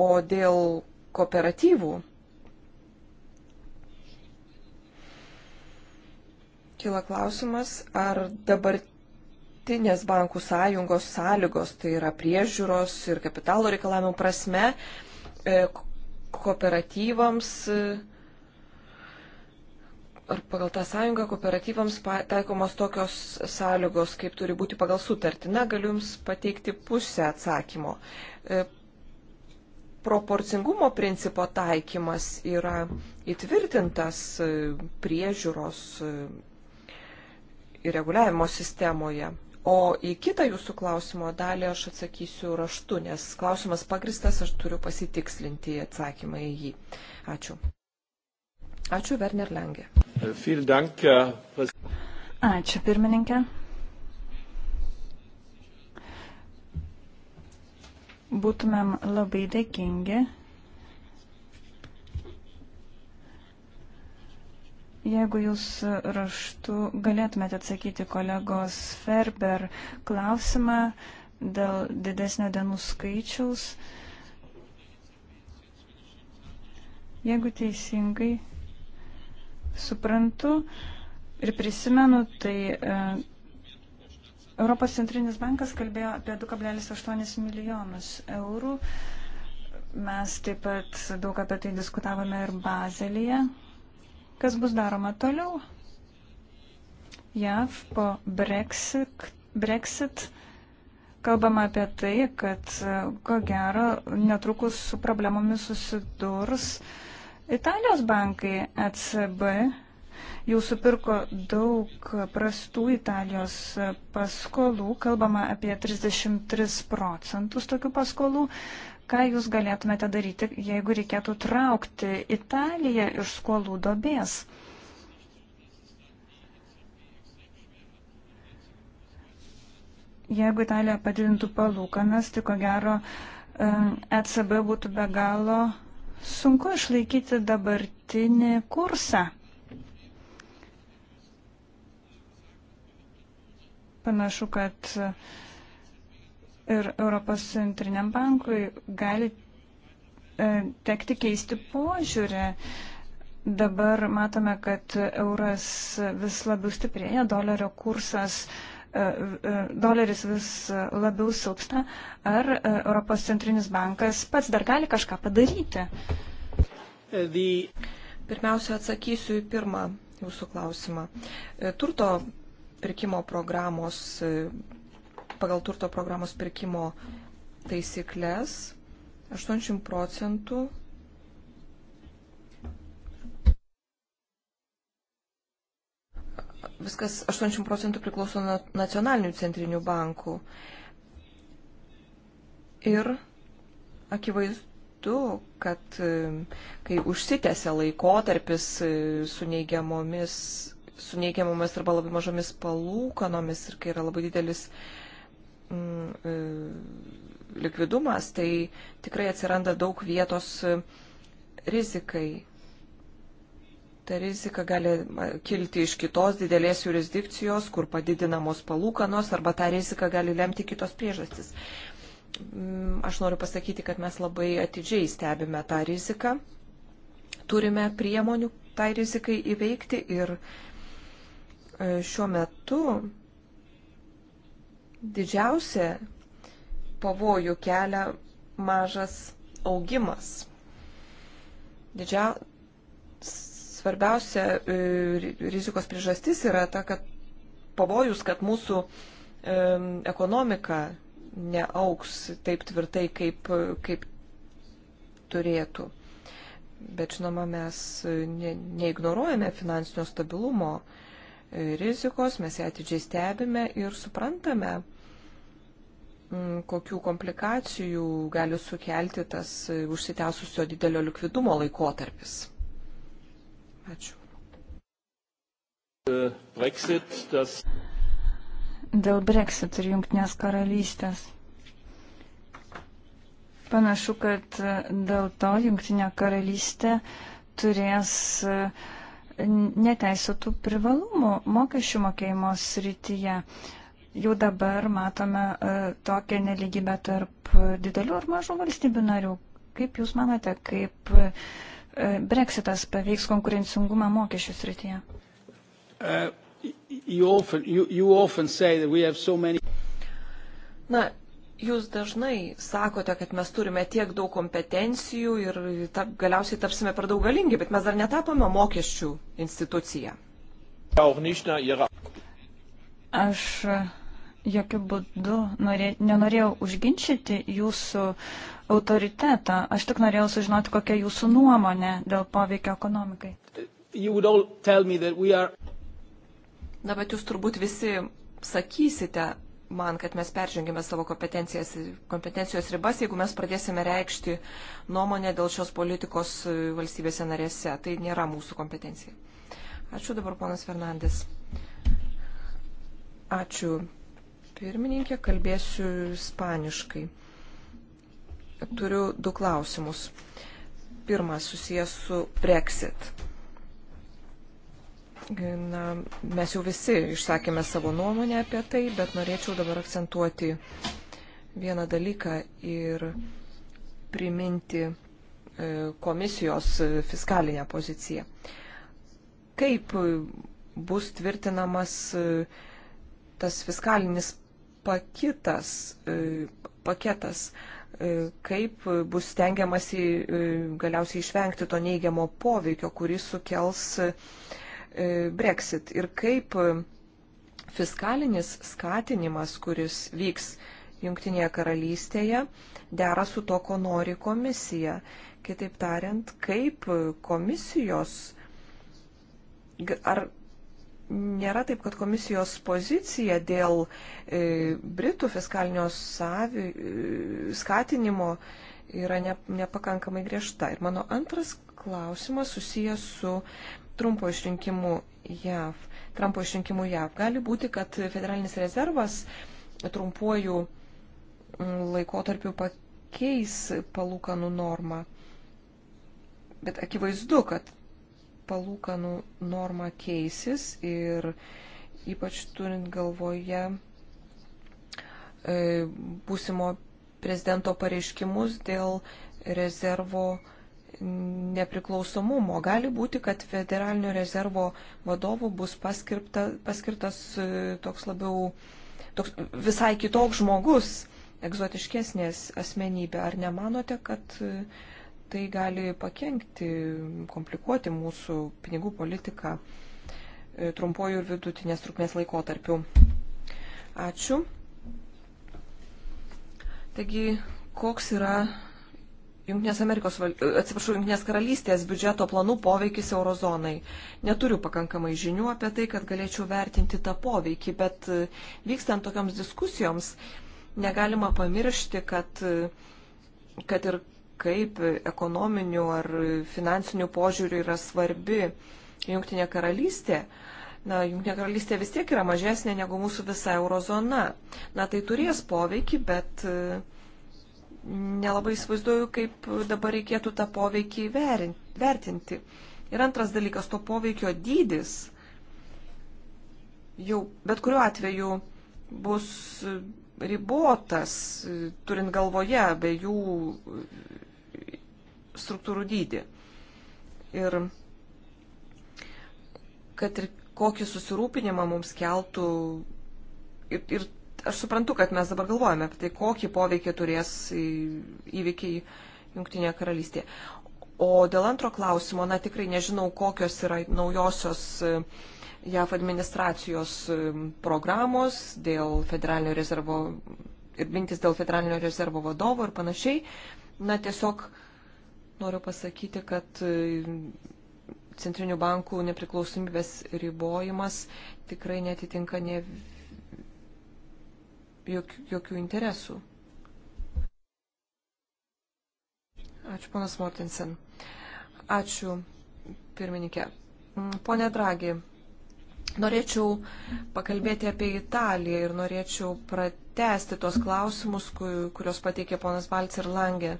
O dėl kooperatyvų Kila klausimas, ar dabartinės bankų sąjungos sąlygos, tai yra priežiūros ir kapitalo reikalavimų prasme, e, kooperatyvams e, ar pagal tą sąjungą kooperatyvams taikomos tokios sąlygos, kaip turi būti pagal sutartį. Na, galiu Jums pateikti pusę atsakymo. E, proporcingumo principo taikymas yra įtvirtintas priežiūros reguliavimo sistemoje. O į kitą jūsų klausimo dalį aš atsakysiu raštu, nes klausimas pagristas, aš turiu pasitikslinti atsakymą į jį. Ačiū. Ačiū, Werner Lengė. Ačiū, pirmininkė. Būtumėm labai dėkingi, Jeigu jūs raštu galėtumėte atsakyti kolegos Ferber klausimą dėl didesnio dienų skaičiaus, jeigu teisingai suprantu ir prisimenu, tai e, Europos centrinis bankas kalbėjo apie 2,8 milijonus eurų. Mes taip pat daug apie tai diskutavome ir Bazelyje. Kas bus daroma toliau? JAV po Brexit, Brexit kalbama apie tai, kad e, ko gero netrukus su problemomis susidurs Italijos bankai ECB jau supirko daug prastų Italijos paskolų, kalbama apie 33 procentus tokių paskolų. Ką jūs galėtumėte daryti, jeigu reikėtų traukti Italiją iš skolų dobės? Jeigu Italija padidintų palūkanas, tai ko gero ECB e būtų be galo sunku išlaikyti dabartinį kursą. Panašu, kad uh, ir Europos centriniam bankui gali e, tekti keisti požiūrį. Dabar matome, kad euras vis labiau stiprėja, dolerio kursas, e, e, doleris vis labiau silpsta. Ar Europos centrinis bankas pats dar gali kažką padaryti? Pirmiausia, atsakysiu į pirmą jūsų klausimą. Turto pirkimo programos pagal turto programos pirkimo taisyklės 80 procentų viskas 80 procentų priklauso nuo nacionalinių centrinių bankų. Ir akivaizdu, kad e, kai užsitęsia laikotarpis e, su neigiamomis, su neigiamomis arba labai mažomis palūkanomis ir kai yra labai didelis Mm, e, likvidumas, tai tikrai atsiranda daug vietos e, rizikai. Ta rizika gali e, kilti iš kitos didelės jurisdikcijos, kur padidinamos palūkanos, arba tą riziką gali lemti kitos priežastys. Mm, aš noriu pasakyti, kad mes labai atidžiai stebime tą riziką, turime priemonių tai rizikai įveikti ir šiuo metu didžiausia pavojų kelia mažas augimas. Didžia... Svarbiausia e, rizikos priežastis yra ta, kad pavojus, kad mūsų e, ekonomika neauks taip tvirtai, kaip, kaip turėtų. Bet žinoma, mes e, neignoruojame finansinio stabilumo uh, rizikos, mes ją atidžiai stebime ir suprantame, mm, kokių komplikacijų gali sukelti tas užsitęsusio didelio likvidumo laikotarpis. Ačiū. Brexit, das... Dėl Brexit ir Junktinės karalystės. Panašu, kad dėl to Junktinė karalystė turės uh, neteisėtų privalumų mokesčių mokėjimo srityje. Jau dabar matome e, tokią neligybę tarp didelių ar mažų valstybių narių. Kaip Jūs manote, kaip e, Brexitas paveiks konkurencingumą mokesčių srityje? Uh, you often, you, you often so many... Na, Jūs dažnai sakote, kad mes turime tiek daug kompetencijų ir ta, galiausiai tapsime per daug galingi, bet mes dar netapome mokesčių instituciją. Aš e, jokių būdų norė, nenorėjau užginčyti jūsų autoritetą. Aš tik norėjau sužinoti, kokia jūsų nuomonė dėl poveikio ekonomikai. Are... Na, bet jūs turbūt visi sakysite, man, kad mes peržengėme savo kompetencijos ribas, jeigu mes pradėsime reikšti nuomonę dėl šios politikos e, valstybėse narėse. Tai nėra mūsų kompetencija. Ačiū dabar, ponas Fernandės. Ačiū. Pirmininkė, kalbėsiu ispaniškai. Turiu du klausimus. Pirmas susijęs su Brexit Na, mes jau visi išsakėme savo nuomonę apie tai, bet norėčiau dabar akcentuoti vieną dalyką ir priminti e, komisijos fiskalinę poziciją. Kaip bus tvirtinamas e, tas fiskalinis pakitas, e, paketas, kaip bus stengiamasi galiausiai išvengti to neigiamo poveikio, kuris sukels E, Brexit ir kaip fiskalinis skatinimas, kuris vyks Junktinėje karalystėje, dera su to, ko nori komisija. Kitaip tariant, kaip komisijos, ar nėra taip, kad komisijos pozicija dėl e, Britų fiskalinio savi, e, skatinimo yra ne, nepakankamai griežta. Ir mano antras klausimas susijęs su Trumpo išrinkimų JAV, Trumpo išrinkimų JAV. Gali būti, kad federalinis rezervas trumpuoju mm, laikotarpiu pakeis palūkanų normą. Bet akivaizdu, kad palūkanų norma keisis ir ypač turint galvoje e, būsimo prezidento pareiškimus dėl rezervo nepriklausomumo. Gali būti, kad federalinio rezervo vadovu bus paskirta, paskirtas e, toks labiau toks, visai kitoks žmogus, egzotiškesnės asmenybė. Ar nemanote, kad e, tai gali pakengti, komplikuoti mūsų pinigų politiką e, trumpojų ir vidutinės trukmės laikotarpių? Ačiū. Taigi, koks yra Junktinės Amerikos, atsiprašau, Junktinės karalystės biudžeto planų poveikis eurozonai. Neturiu pakankamai žinių apie tai, kad galėčiau vertinti tą poveikį, bet e, vykstant tokiams diskusijoms negalima pamiršti, kad, e, kad ir kaip ekonominių ar finansinių požiūrių yra svarbi Junktinė karalystė, na, Junktinė karalystė vis tiek yra mažesnė negu mūsų visa eurozona. Na, tai turės poveikį, bet uh, nelabai įsivaizduoju, kaip dabar reikėtų tą poveikį vertinti. Ir antras dalykas, to poveikio dydis jau bet kuriuo atveju bus ribotas, turint galvoje be jų struktūrų dydį. Ir kad ir kokį susirūpinimą mums keltų ir, ir Aš suprantu, kad mes dabar galvojame apie tai, kokį poveikį turės įvykiai Junktinėje karalystėje. O dėl antro klausimo, na tikrai nežinau, kokios yra naujosios e, JAF administracijos e, programos dėl federalinio rezervo ir mintis dėl federalinio rezervo vadovo ir panašiai. Na tiesiog noriu pasakyti, kad e, centrinių bankų nepriklausomybės ribojimas tikrai netitinka ne jokių, jokių interesų. Ačiū, panas Mortensen. Ačiū, pirmininkė. Mm, pone Dragi, norėčiau pakalbėti apie Italiją ir norėčiau pratesti tos klausimus, kuriuos pateikė ponas Balc ir Langė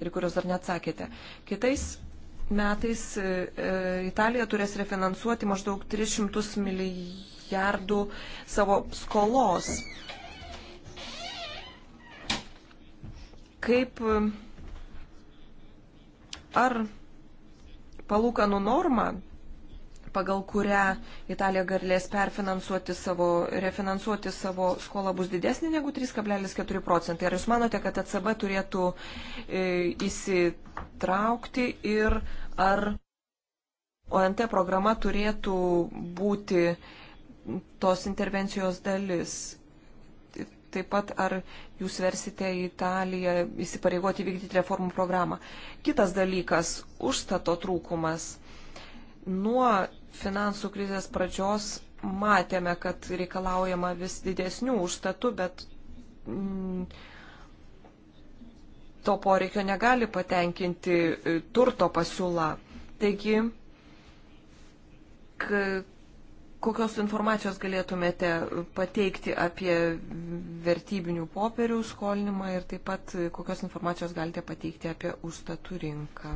ir kuriuos dar neatsakėte. Kitais metais e, e, Italija turės refinansuoti maždaug 300 milijardų savo skolos. kaip e, ar palūkanų norma, pagal kurią Italija galės perfinansuoti savo, refinansuoti savo skolą bus didesnė negu 3,4 procentai. Ar jūs manote, kad ECB turėtų e, įsitraukti ir ar ONT programa turėtų būti tos intervencijos dalis? taip pat ar jūs versite Italiją įsipareigoti vykdyti reformų programą. Kitas dalykas - užstato trūkumas. Nuo finansų krizės pradžios matėme, kad reikalaujama vis didesnių užstatų, bet mm, to poreikio negali patenkinti e, turto pasiūla. Taigi, Kokios informacijos galėtumėte pateikti apie vertybinių popierių skolinimą ir taip pat kokios informacijos galite pateikti apie užstatų rinką?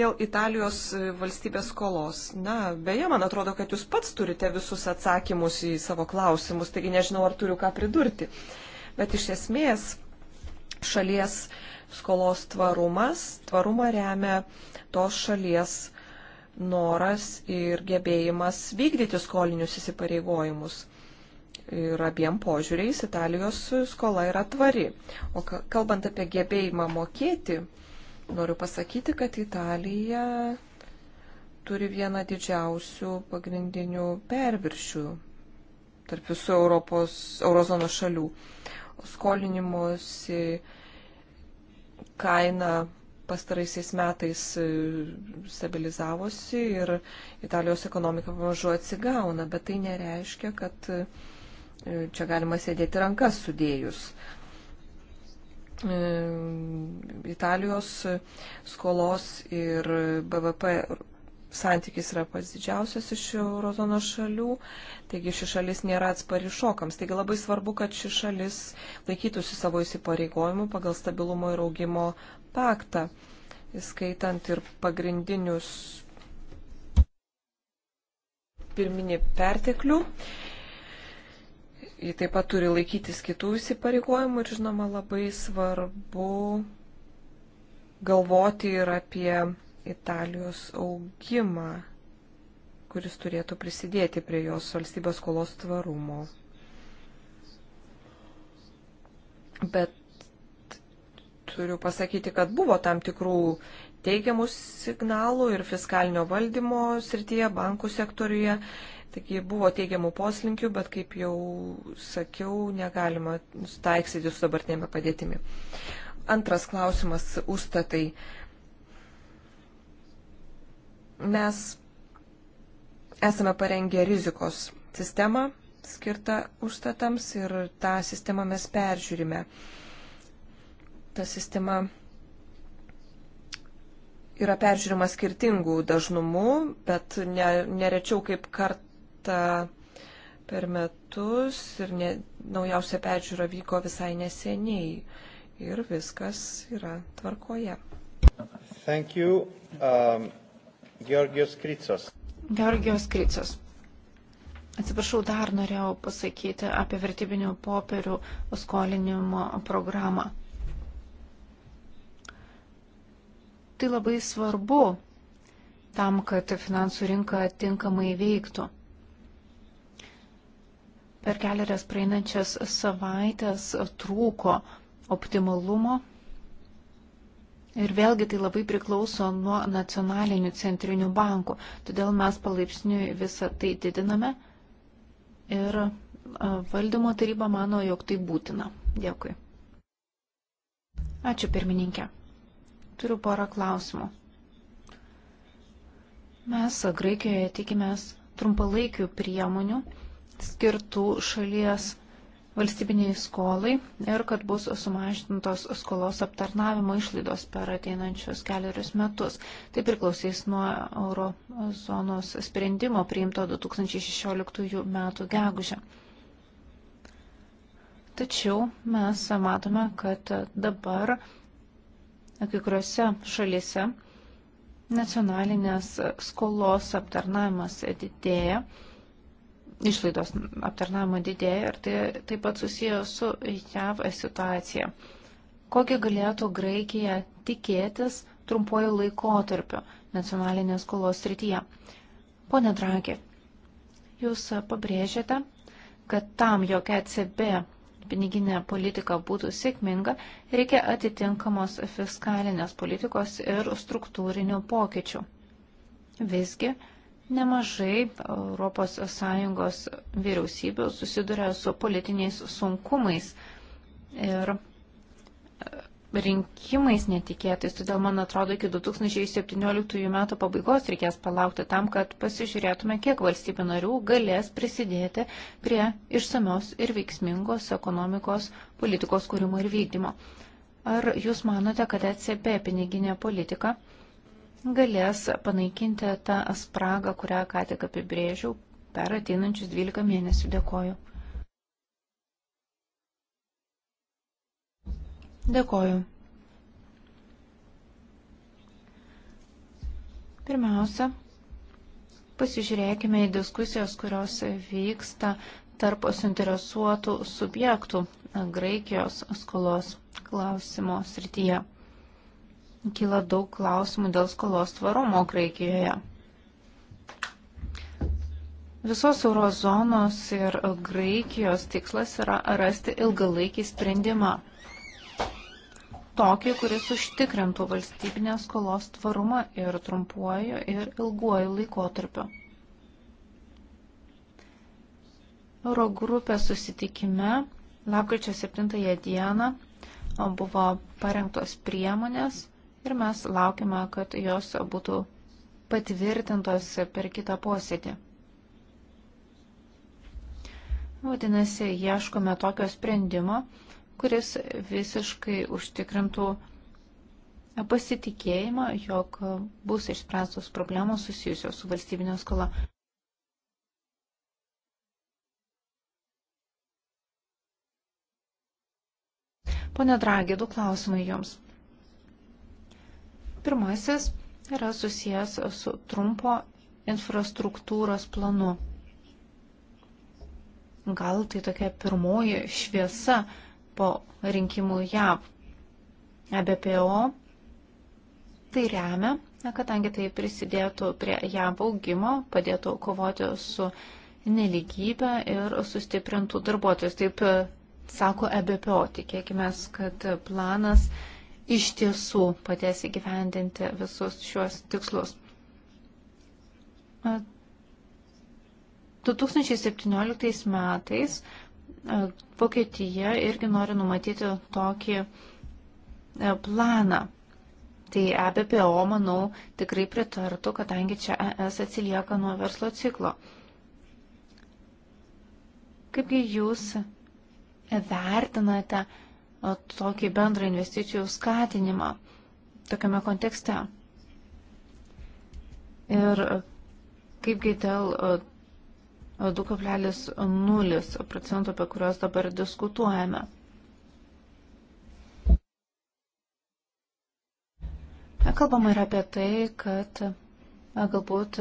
Dėl Italijos e, valstybės skolos. Na, beje, man atrodo, kad jūs pats turite visus atsakymus į savo klausimus, taigi nežinau, ar turiu ką pridurti. Bet iš esmės šalies skolos tvarumas, tvarumą remia tos šalies noras ir gebėjimas vykdyti skolinius įsipareigojimus. Ir abiem požiūriais Italijos skola yra tvari. O kalbant apie gebėjimą mokėti, noriu pasakyti, kad Italija turi vieną didžiausių pagrindinių perviršių tarp visų Europos, eurozonos šalių. Skolinimuose kaina pastaraisiais metais e, stabilizavosi ir Italijos ekonomika pamažu atsigauna, bet tai nereiškia, kad e, čia galima sėdėti rankas sudėjus. E, Italijos skolos ir BVP santykis yra pats didžiausias iš eurozonos šalių, taigi ši šalis nėra atspari šokams. Taigi labai svarbu, kad ši šalis laikytųsi savo įsipareigojimų pagal stabilumo ir augimo paktą, įskaitant ir pagrindinius pirminį perteklių. Ji taip pat turi laikytis kitų įsipareigojimų ir, žinoma, labai svarbu galvoti ir apie Italijos augimą, kuris turėtų prisidėti prie jos valstybės skolos tvarumo. Bet turiu pasakyti, kad buvo tam tikrų teigiamų signalų ir fiskalinio valdymo srityje, bankų sektoriuje. Taigi buvo teigiamų poslinkių, bet kaip jau sakiau, negalima staiksyti su dabartinėme padėtimi. Antras klausimas - užstatai. Mes esame parengę rizikos sistemą skirtą užstatams ir tą sistemą mes peržiūrime. Uh, ta sistema yra peržiūrima skirtingų dažnumų, bet ne, nerečiau kaip kartą per metus ir ne, naujausia peržiūra vyko visai neseniai ir viskas yra tvarkoje. Thank you. Um, Georgios Kricos. Georgios Kricos. Atsiprašau, dar norėjau pasakyti apie vertybinių popierių skolinimo programą. tai labai svarbu tam, kad finansų rinka tinkamai veiktų. Per kelias praeinančias savaitės trūko optimalumo Ir vėlgi tai labai priklauso nuo nacionalinių centrinių bankų. Todėl mes palaipsniui visą tai didiname. Ir valdymo taryba mano, jog tai būtina. Dėkui. Ačiū pirmininkė. Turiu porą klausimų. Mes Graikijoje tikimės trumpalaikių priemonių skirtų šalies valstybiniai skolai ir kad bus sumažintos skolos aptarnavimo išlaidos per ateinančius keliarius metus. Tai priklausys nuo eurozonos sprendimo priimto 2016 m. gegužę. Tačiau mes matome, kad dabar Kai kuriuose šalyse nacionalinės skolos aptarnavimas didėja, išlaidos aptarnavimo didėja ir tai taip pat susiję su JAV situacija. Kokią galėtų Graikija tikėtis trumpuoju laikotarpiu nacionalinės skolos srityje? Pone Dragi, jūs pabrėžėte, kad tam, jog ECB piniginė politika būtų sėkminga, reikia atitinkamos fiskalinės politikos ir struktūrinių pokyčių. Visgi, nemažai ES vyriausybių susiduria su politiniais sunkumais ir rinkimais netikėtais, todėl man atrodo, iki 2017 metų pabaigos reikės palaukti tam, kad pasižiūrėtume, kiek valstybių narių galės prisidėti prie išsamios ir veiksmingos ekonomikos politikos kūrimo ir vykdymo. Ar jūs manote, kad ECB piniginė politika galės panaikinti tą spragą, kurią ką tik apibrėžiau per ateinančius 12 mėnesių? Dėkoju. Dėkoju. Pirmiausia, pasižiūrėkime į diskusijas, kurios vyksta tarp suinteresuotų subjektų Graikijos skolos klausimo srityje. Kyla daug klausimų dėl skolos tvarumo Graikijoje. Visos eurozonos ir Graikijos tikslas yra rasti ilgalaikį sprendimą tokį, kuris užtikrintų valstybinės skolos tvarumą ir trumpuoju, ir ilguoju laikotarpiu. Eurogrupės susitikime lapkričio 7 dieną buvo parengtos priemonės ir mes laukime, kad jos būtų patvirtintos per kitą posėdį. Vadinasi, ieškome tokio sprendimo, kuris visiškai užtikrintų pasitikėjimą, jog bus išspręstos problemos susijusios su valstybinio skola. Pone Dragė, du klausimai jums. Pirmasis yra susijęs su trumpo infrastruktūros planu. Gal tai tokia pirmoji šviesa po rinkimų JAV. ABPO e tai remia, kadangi tai prisidėtų prie JAV augimo, padėtų kovoti su neligybė ir sustiprintų darbuotojus. Taip e, sako EBPO. Tikėkime, kad planas iš tiesų padės įgyvendinti visus šiuos tikslus. 2017 e, metais E, Vokietija irgi nori numatyti tokį e, planą. Tai EBPO, manau, tikrai pritartų, kadangi čia ES atsilieka nuo verslo ciklo. Kaipgi jūs vertinate e, tokį bendrą investicijų skatinimą tokiame kontekste? Ir kaipgi dėl 2,0 procentų, apie kuriuos dabar diskutuojame. Kalbama ir apie tai, kad galbūt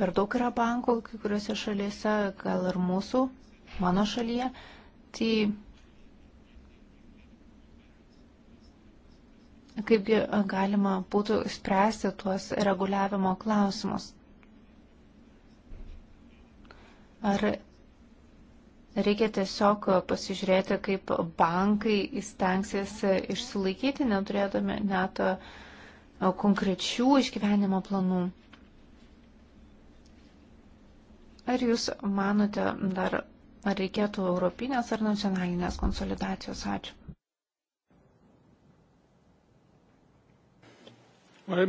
per daug yra bankų kai kuriuose šalyse, gal ir mūsų, mano šalyje. Tai kaipgi galima būtų spręsti tuos reguliavimo klausimus. Ar reikia tiesiog pasižiūrėti, kaip bankai įstengsis išsilaikyti, neturėdami net konkrečių išgyvenimo planų? Ar jūs manote dar, ar reikėtų europinės ar nacionalinės konsolidacijos? Ačiū. Uh,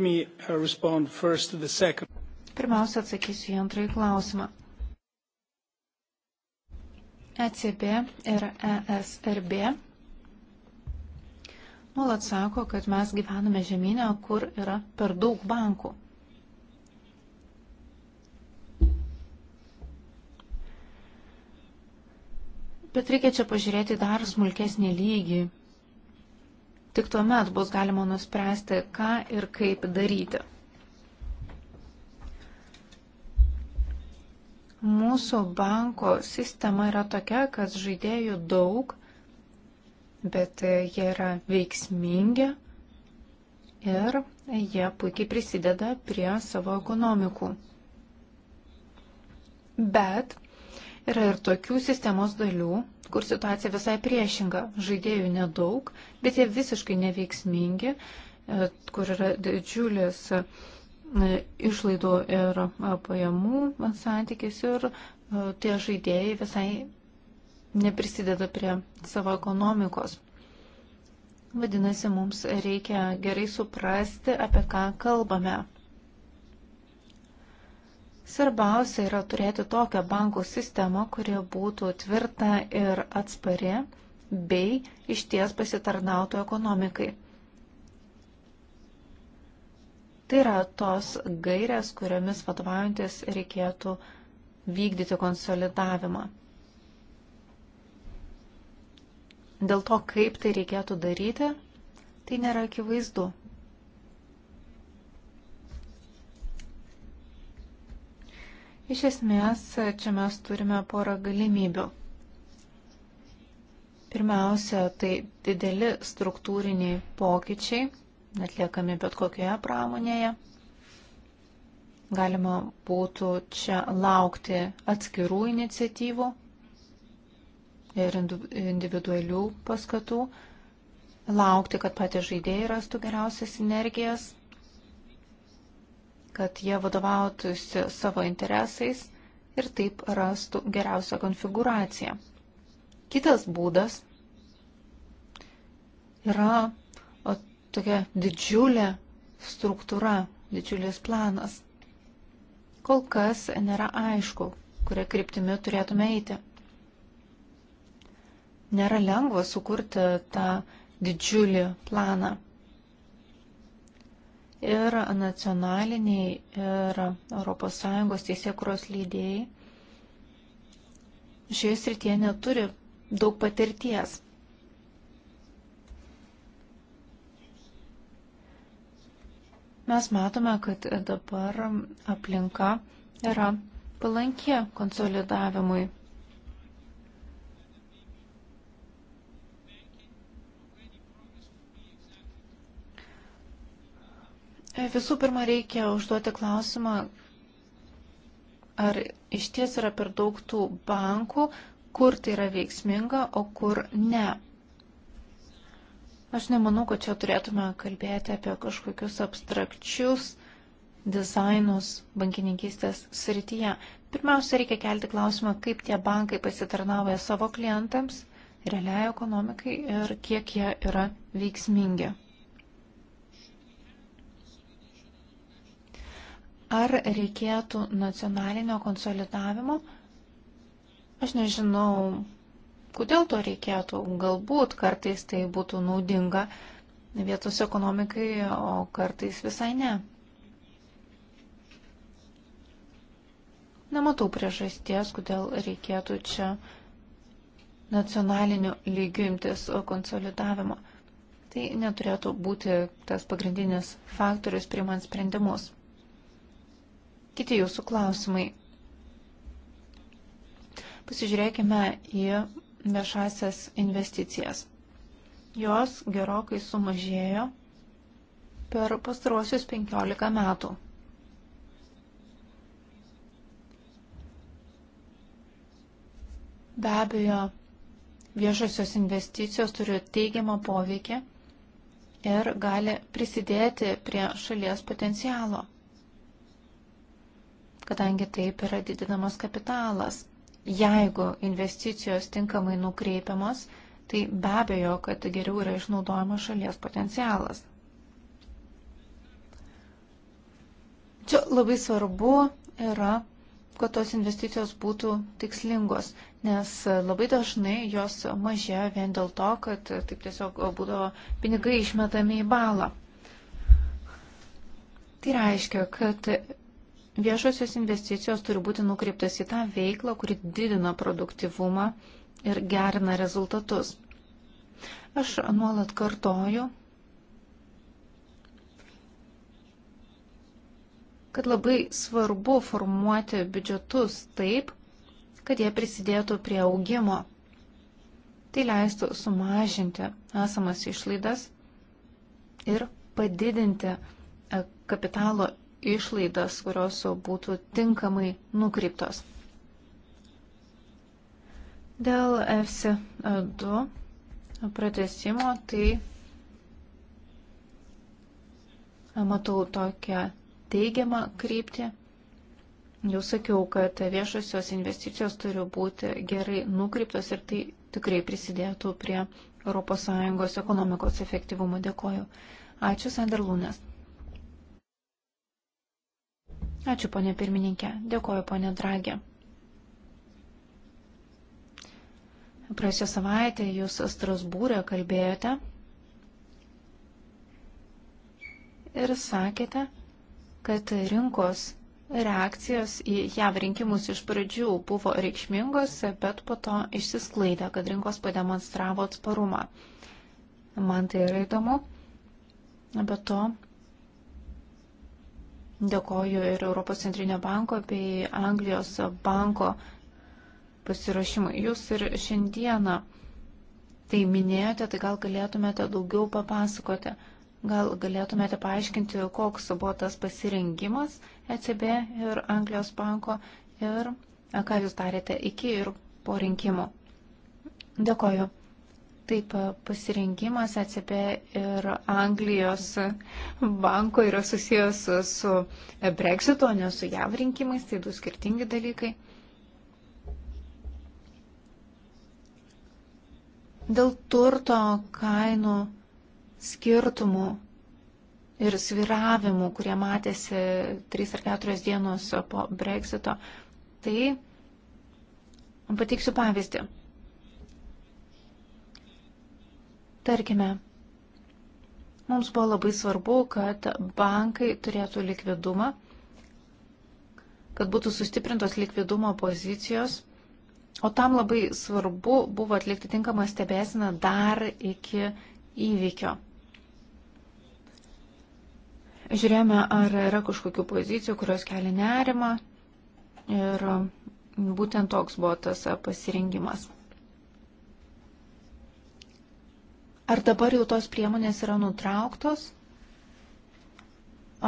Pirmiausia, atsakysiu į antrąjį klausimą. ECB ir ESRB nuolat sako, kad mes gyvename žemynę, kur yra per daug bankų. Bet reikia čia pažiūrėti dar smulkesnį lygį. Tik tuomet bus galima nuspręsti, ką ir kaip daryti. Mūsų banko sistema yra tokia, kad žaidėjų daug, bet jie yra veiksmingi ir jie puikiai prisideda prie savo ekonomikų. Bet yra ir tokių sistemos dalių, kur situacija visai priešinga. Žaidėjų nedaug, bet jie visiškai neveiksmingi, e, kur yra didžiulis uh, išlaidų ir pajamų santykis ir tie žaidėjai visai neprisideda prie savo ekonomikos. Vadinasi, mums reikia gerai suprasti, apie ką kalbame. Svarbiausia yra turėti tokią bankų sistemą, kuri būtų tvirta ir atspari bei išties pasitarnautų ekonomikai. Tai yra tos gairės, kuriomis vadovaujantis reikėtų vykdyti konsolidavimą. Dėl to, kaip tai reikėtų daryti, tai nėra akivaizdu. Iš esmės, čia mes turime porą galimybių. Pirmiausia, tai dideli struktūriniai pokyčiai atliekami bet kokioje pramonėje. Galima būtų čia laukti atskirų iniciatyvų ir individualių paskatų, laukti, kad patys žaidėjai rastų geriausias energijas, kad jie vadovautųsi savo interesais ir taip rastų geriausią konfiguraciją. Kitas būdas yra tokia didžiulė struktūra, didžiulis planas. Kol kas nėra aišku, kuria kryptimi turėtume eiti. Nėra lengva sukurti tą didžiulį planą. Ir nacionaliniai, ir ES teisėkuros lydėjai šioje srityje neturi daug patirties. Mes matome, kad dabar aplinka yra palanki konsolidavimui. Visų pirma, reikia užduoti klausimą, ar iš ties yra per daug tų bankų, kur tai yra veiksminga, o kur ne. Aš nemanau, kad čia turėtume kalbėti apie kažkokius abstrakčius dizainus bankininkystės srityje. Pirmiausia, reikia kelti klausimą, kaip tie bankai pasitarnauja savo klientams, realiai ekonomikai ir kiek jie yra veiksmingi. Ar reikėtų nacionalinio konsolidavimo? Aš nežinau, Kodėl to reikėtų? Galbūt kartais tai būtų naudinga vietos ekonomikai, o kartais visai ne. Nematau priežasties, kodėl reikėtų čia nacionaliniu lygiu imtis konsolidavimo. Tai neturėtų būti tas pagrindinis faktorius priimant sprendimus. Kiti jūsų klausimai. Pasižiūrėkime į viešasias investicijas. Jos gerokai sumažėjo per pastarosius 15 metų. Be abejo, viešosios investicijos turi teigiamą poveikį ir gali prisidėti prie šalies potencialo, kadangi taip yra didinamas kapitalas. Jeigu investicijos tinkamai nukreipiamos, tai be abejo, kad geriau yra išnaudojamas šalies potencialas. Čia labai svarbu yra, kad tos investicijos būtų tikslingos, nes labai dažnai jos mažėja vien dėl to, kad taip tiesiog būdavo pinigai išmetami į balą. Tai reiškia, kad Viešosios investicijos turi būti nukreiptas į tą veiklą, kuri didina produktivumą ir gerina rezultatus. Aš nuolat kartoju, kad labai svarbu formuoti biudžetus taip, kad jie prisidėtų prie augimo. Tai leistų sumažinti esamas išlaidas ir padidinti e, kapitalo išlaidas, kurios būtų tinkamai nukryptos. Dėl FC2 pratesimo, tai matau tokią teigiamą kryptį. Jau sakiau, kad viešosios investicijos turi būti gerai nukryptos ir tai tikrai prisidėtų prie ES ekonomikos efektyvumo. Dėkoju. Ačiū, Sanderlūnas. Ačiū, ponė pirmininkė. Dėkoju, ponė Dragė. Praėjusią savaitę jūs Strasbūrė kalbėjote ir sakėte, kad rinkos reakcijos į JAV rinkimus iš pradžių buvo reikšmingos, bet po to išsisklaidė, kad rinkos pademonstravo atsparumą. Man tai yra įdomu. Be to, Dėkoju ir Europos centrinio banko bei Anglijos banko pasirašymui. Jūs ir šiandieną tai minėjote, tai gal galėtumėte daugiau papasakoti. Gal galėtumėte paaiškinti, koks buvo tas pasirengimas ECB ir Anglijos banko ir ką jūs darėte iki ir po rinkimų. Dėkoju. Taip, pasirinkimas ECB ir Anglijos banko yra susijęs su Brexito, ne su JAV rinkimais, tai du skirtingi dalykai. Dėl turto kainų skirtumų ir sviravimų, kurie matėsi 3 ar 4 dienos po Brexito, tai pateiksiu pavyzdį. Tarkime, mums buvo labai svarbu, kad bankai turėtų likvidumą, kad būtų sustiprintos likvidumo pozicijos, o tam labai svarbu buvo atlikti tinkamą stebėsiną dar iki įvykio. Žiūrėjome, ar yra kažkokių pozicijų, kurios kelia nerimą ir būtent toks buvo tas pasirinkimas. Ar dabar jau tos priemonės yra nutrauktos?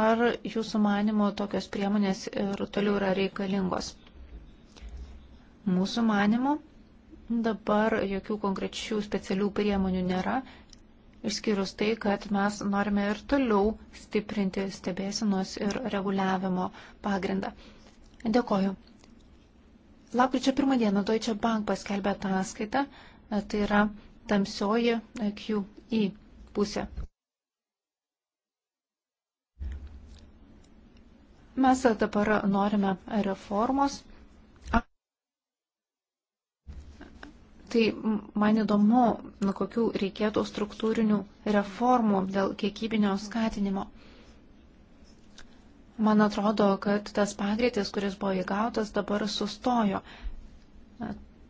Ar jūsų manimo tokios priemonės ir toliau yra reikalingos? Mūsų manimo dabar jokių konkrečių specialių priemonių nėra, išskyrus tai, kad mes norime ir toliau stiprinti stebėsinos ir reguliavimo pagrindą. Dėkoju. Lapkričio pirmą dieną Deutsche Bank paskelbė ataskaitą, tai yra tamsioji e, QI pusė. Mes dabar norime reformos. Tai man įdomu, nu, kokių reikėtų struktūrinių reformų dėl kiekybinio skatinimo. Man atrodo, kad tas pagreitis, kuris buvo įgautas, dabar sustojo.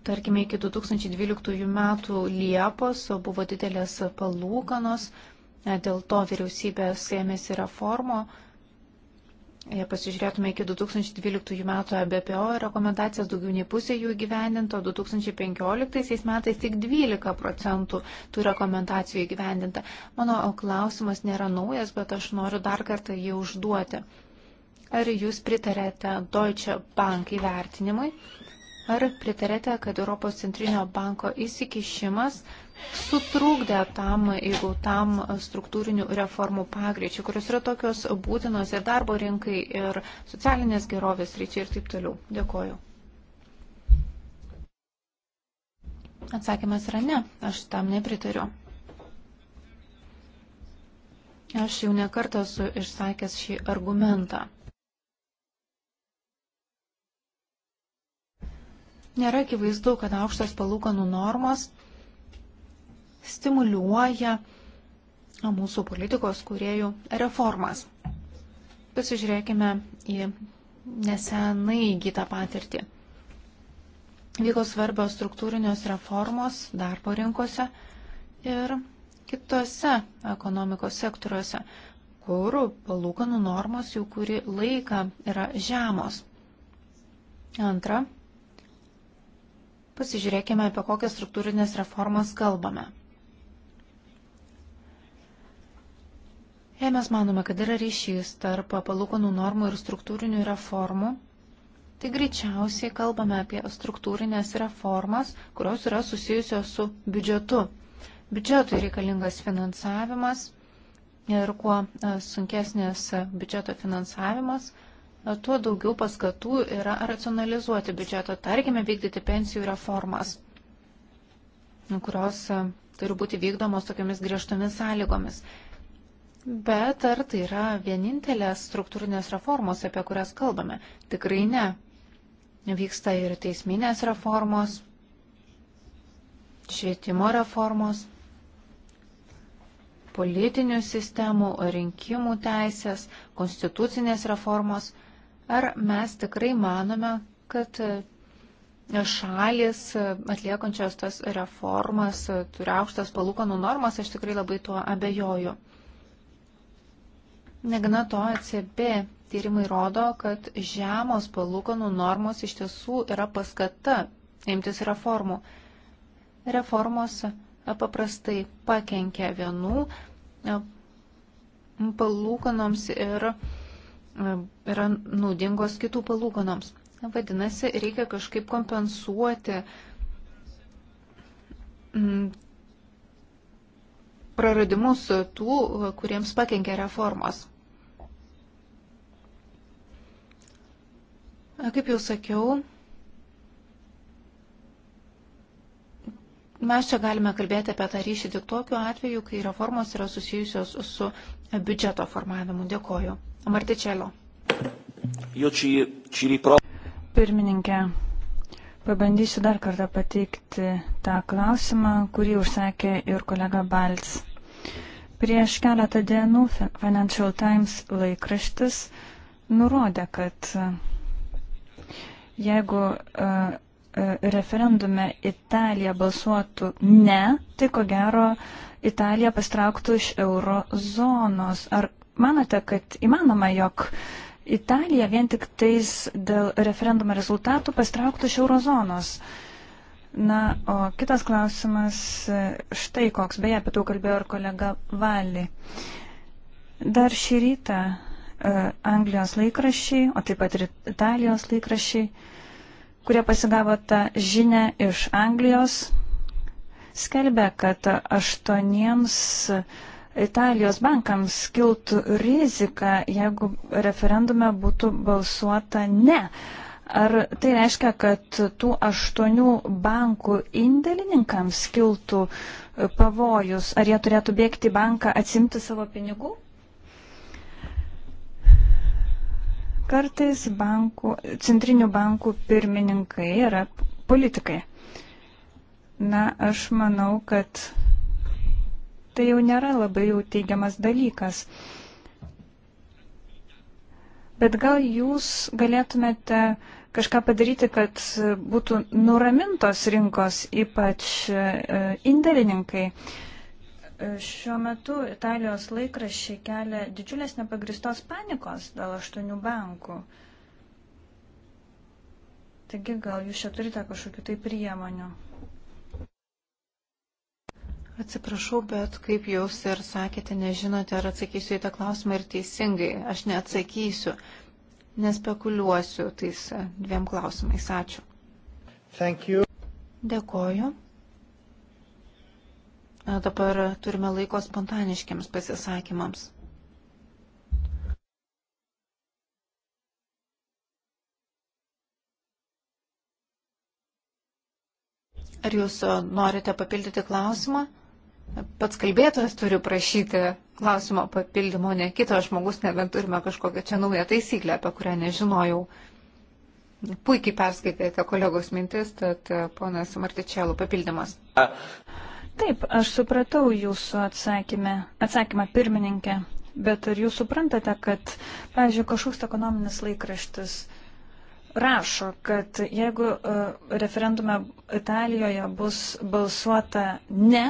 Tarkime, iki 2012 metų Liepos buvo didelės palūkanos, e, dėl to vyriausybės ėmėsi reformo. Jei pasižiūrėtume iki 2012 metų ABPO e rekomendacijas, daugiau nei pusė jų įgyvendinta, 2015 metais tik 12 procentų tų rekomendacijų įgyvendinta. Mano klausimas nėra naujas, bet aš noriu dar kartą jį užduoti. Ar jūs pritarėte Deutsche Bank įvertinimui Ar pritarėte, kad Europos centrinio banko įsikišimas sutrūkdė tam, jeigu tam struktūrinių reformų pagreičių, kurios yra tokios būtinos ir darbo rinkai, ir socialinės gerovės ryčiai ir taip toliau? Dėkoju. Atsakymas yra ne, aš tam nepritariu. Aš jau nekartą esu išsakęs šį argumentą. nėra akivaizdu, kad aukštos palūkanų normos stimuliuoja mūsų politikos kuriejų reformas. Pasižiūrėkime į nesenai įgytą patirtį. Vyko svarbios struktūrinės reformos darbo rinkose ir kitose ekonomikos sektoriuose, kur palūkanų normos jau kuri laika yra žemos. Antra, Pasižiūrėkime, apie kokias struktūrinės reformas kalbame. Jei mes manome, kad yra ryšys tarp palūkanų normų ir struktūrinių reformų, tai greičiausiai kalbame apie struktūrinės reformas, kurios yra susijusios su biudžetu. Biudžetui reikalingas finansavimas ir kuo e, sunkesnės biudžeto finansavimas, tuo daugiau paskatų yra racionalizuoti biudžetą, tarkime, vykdyti pensijų reformas, kurios e, turi būti vykdomos tokiamis griežtomis sąlygomis. Bet ar tai yra vienintelės struktūrinės reformos, apie kurias kalbame? Tikrai ne. Vyksta ir teisminės reformos, švietimo reformos politinių sistemų, rinkimų teisės, konstitucinės reformos. Ar mes tikrai manome, kad e, šalis e, atliekančios tas reformas e, turi aukštas palūkanų normas, aš tikrai labai tuo abejoju. Negana to, ECB tyrimai rodo, kad žemos palūkanų normos iš tiesų yra paskata imtis reformų. Reformos paprastai pakenkia vienų palūkanoms ir uh, E, yra naudingos kitų palūkanoms. Vadinasi, reikia kažkaip kompensuoti praradimus tų, kuriems pakenkė reformos. E, kaip jau sakiau, mes čia galime kalbėti apie tą ryšį tik tokiu atveju, kai reformos yra susijusios su biudžeto formavimu. Dėkoju. Marticello. Pirmininkė, pabandysiu dar kartą pateikti tą klausimą, kurį užsakė ir kolega Balts. Prieš keletą dienų Financial Times laikraštis nurodė, kad jeigu e, e, referendume Italija balsuotų ne, tai ko gero Italija pastrauktų iš euro zonos. Ar manote, kad įmanoma, jog Italija vien tik tais dėl referendumo rezultatų pastrauktų iš eurozonos? Na, o kitas klausimas štai koks, beje, apie tai kalbėjo ir kolega Vali. Dar šį rytą uh, Anglijos laikrašiai, o taip pat ir Italijos laikrašiai, kurie pasigavo tą žinę iš Anglijos, skelbė, kad aštuoniems uh, Italijos bankams kiltų rizika, jeigu referendume būtų balsuota ne. Ar tai reiškia, kad tų aštuonių bankų indėlininkams kiltų pavojus, ar jie turėtų bėgti į banką atsimti savo pinigų? Kartais bankų, centrinių bankų pirmininkai yra politikai. Na, aš manau, kad tai jau nėra labai jau teigiamas dalykas. Bet gal jūs galėtumėte kažką padaryti, kad būtų nuramintos rinkos, ypač e, indėlininkai. E, šiuo metu Italijos laikrašiai kelia didžiulės nepagristos panikos dėl aštuonių bankų. Taigi gal jūs čia turite kažkokiu tai priemoniu. Atsiprašau, bet kaip jūs ir sakėte, nežinote, ar atsakysiu į tą klausimą ir teisingai. Aš neatsakysiu, nespekuliuosiu tais dviem klausimais. Ačiū. Dėkoju. A, dabar turime laiko spontaniškiams pasisakymams. Ar jūs norite papildyti klausimą? pats kalbėtojas turi prašyti klausimo papildymo, ne kitas žmogus, nebent turime kažkokią čia naują taisyklę, apie kurią nežinojau. Puikiai perskaitėte kolegos mintis, tad e, ponas Martičėlų papildymas. Taip, aš supratau jūsų atsakymę, atsakymą pirmininkę, bet ar jūs suprantate, kad, pavyzdžiui, kažkoks ekonominis laikraštis rašo, kad jeigu e, referendume Italijoje bus balsuota ne,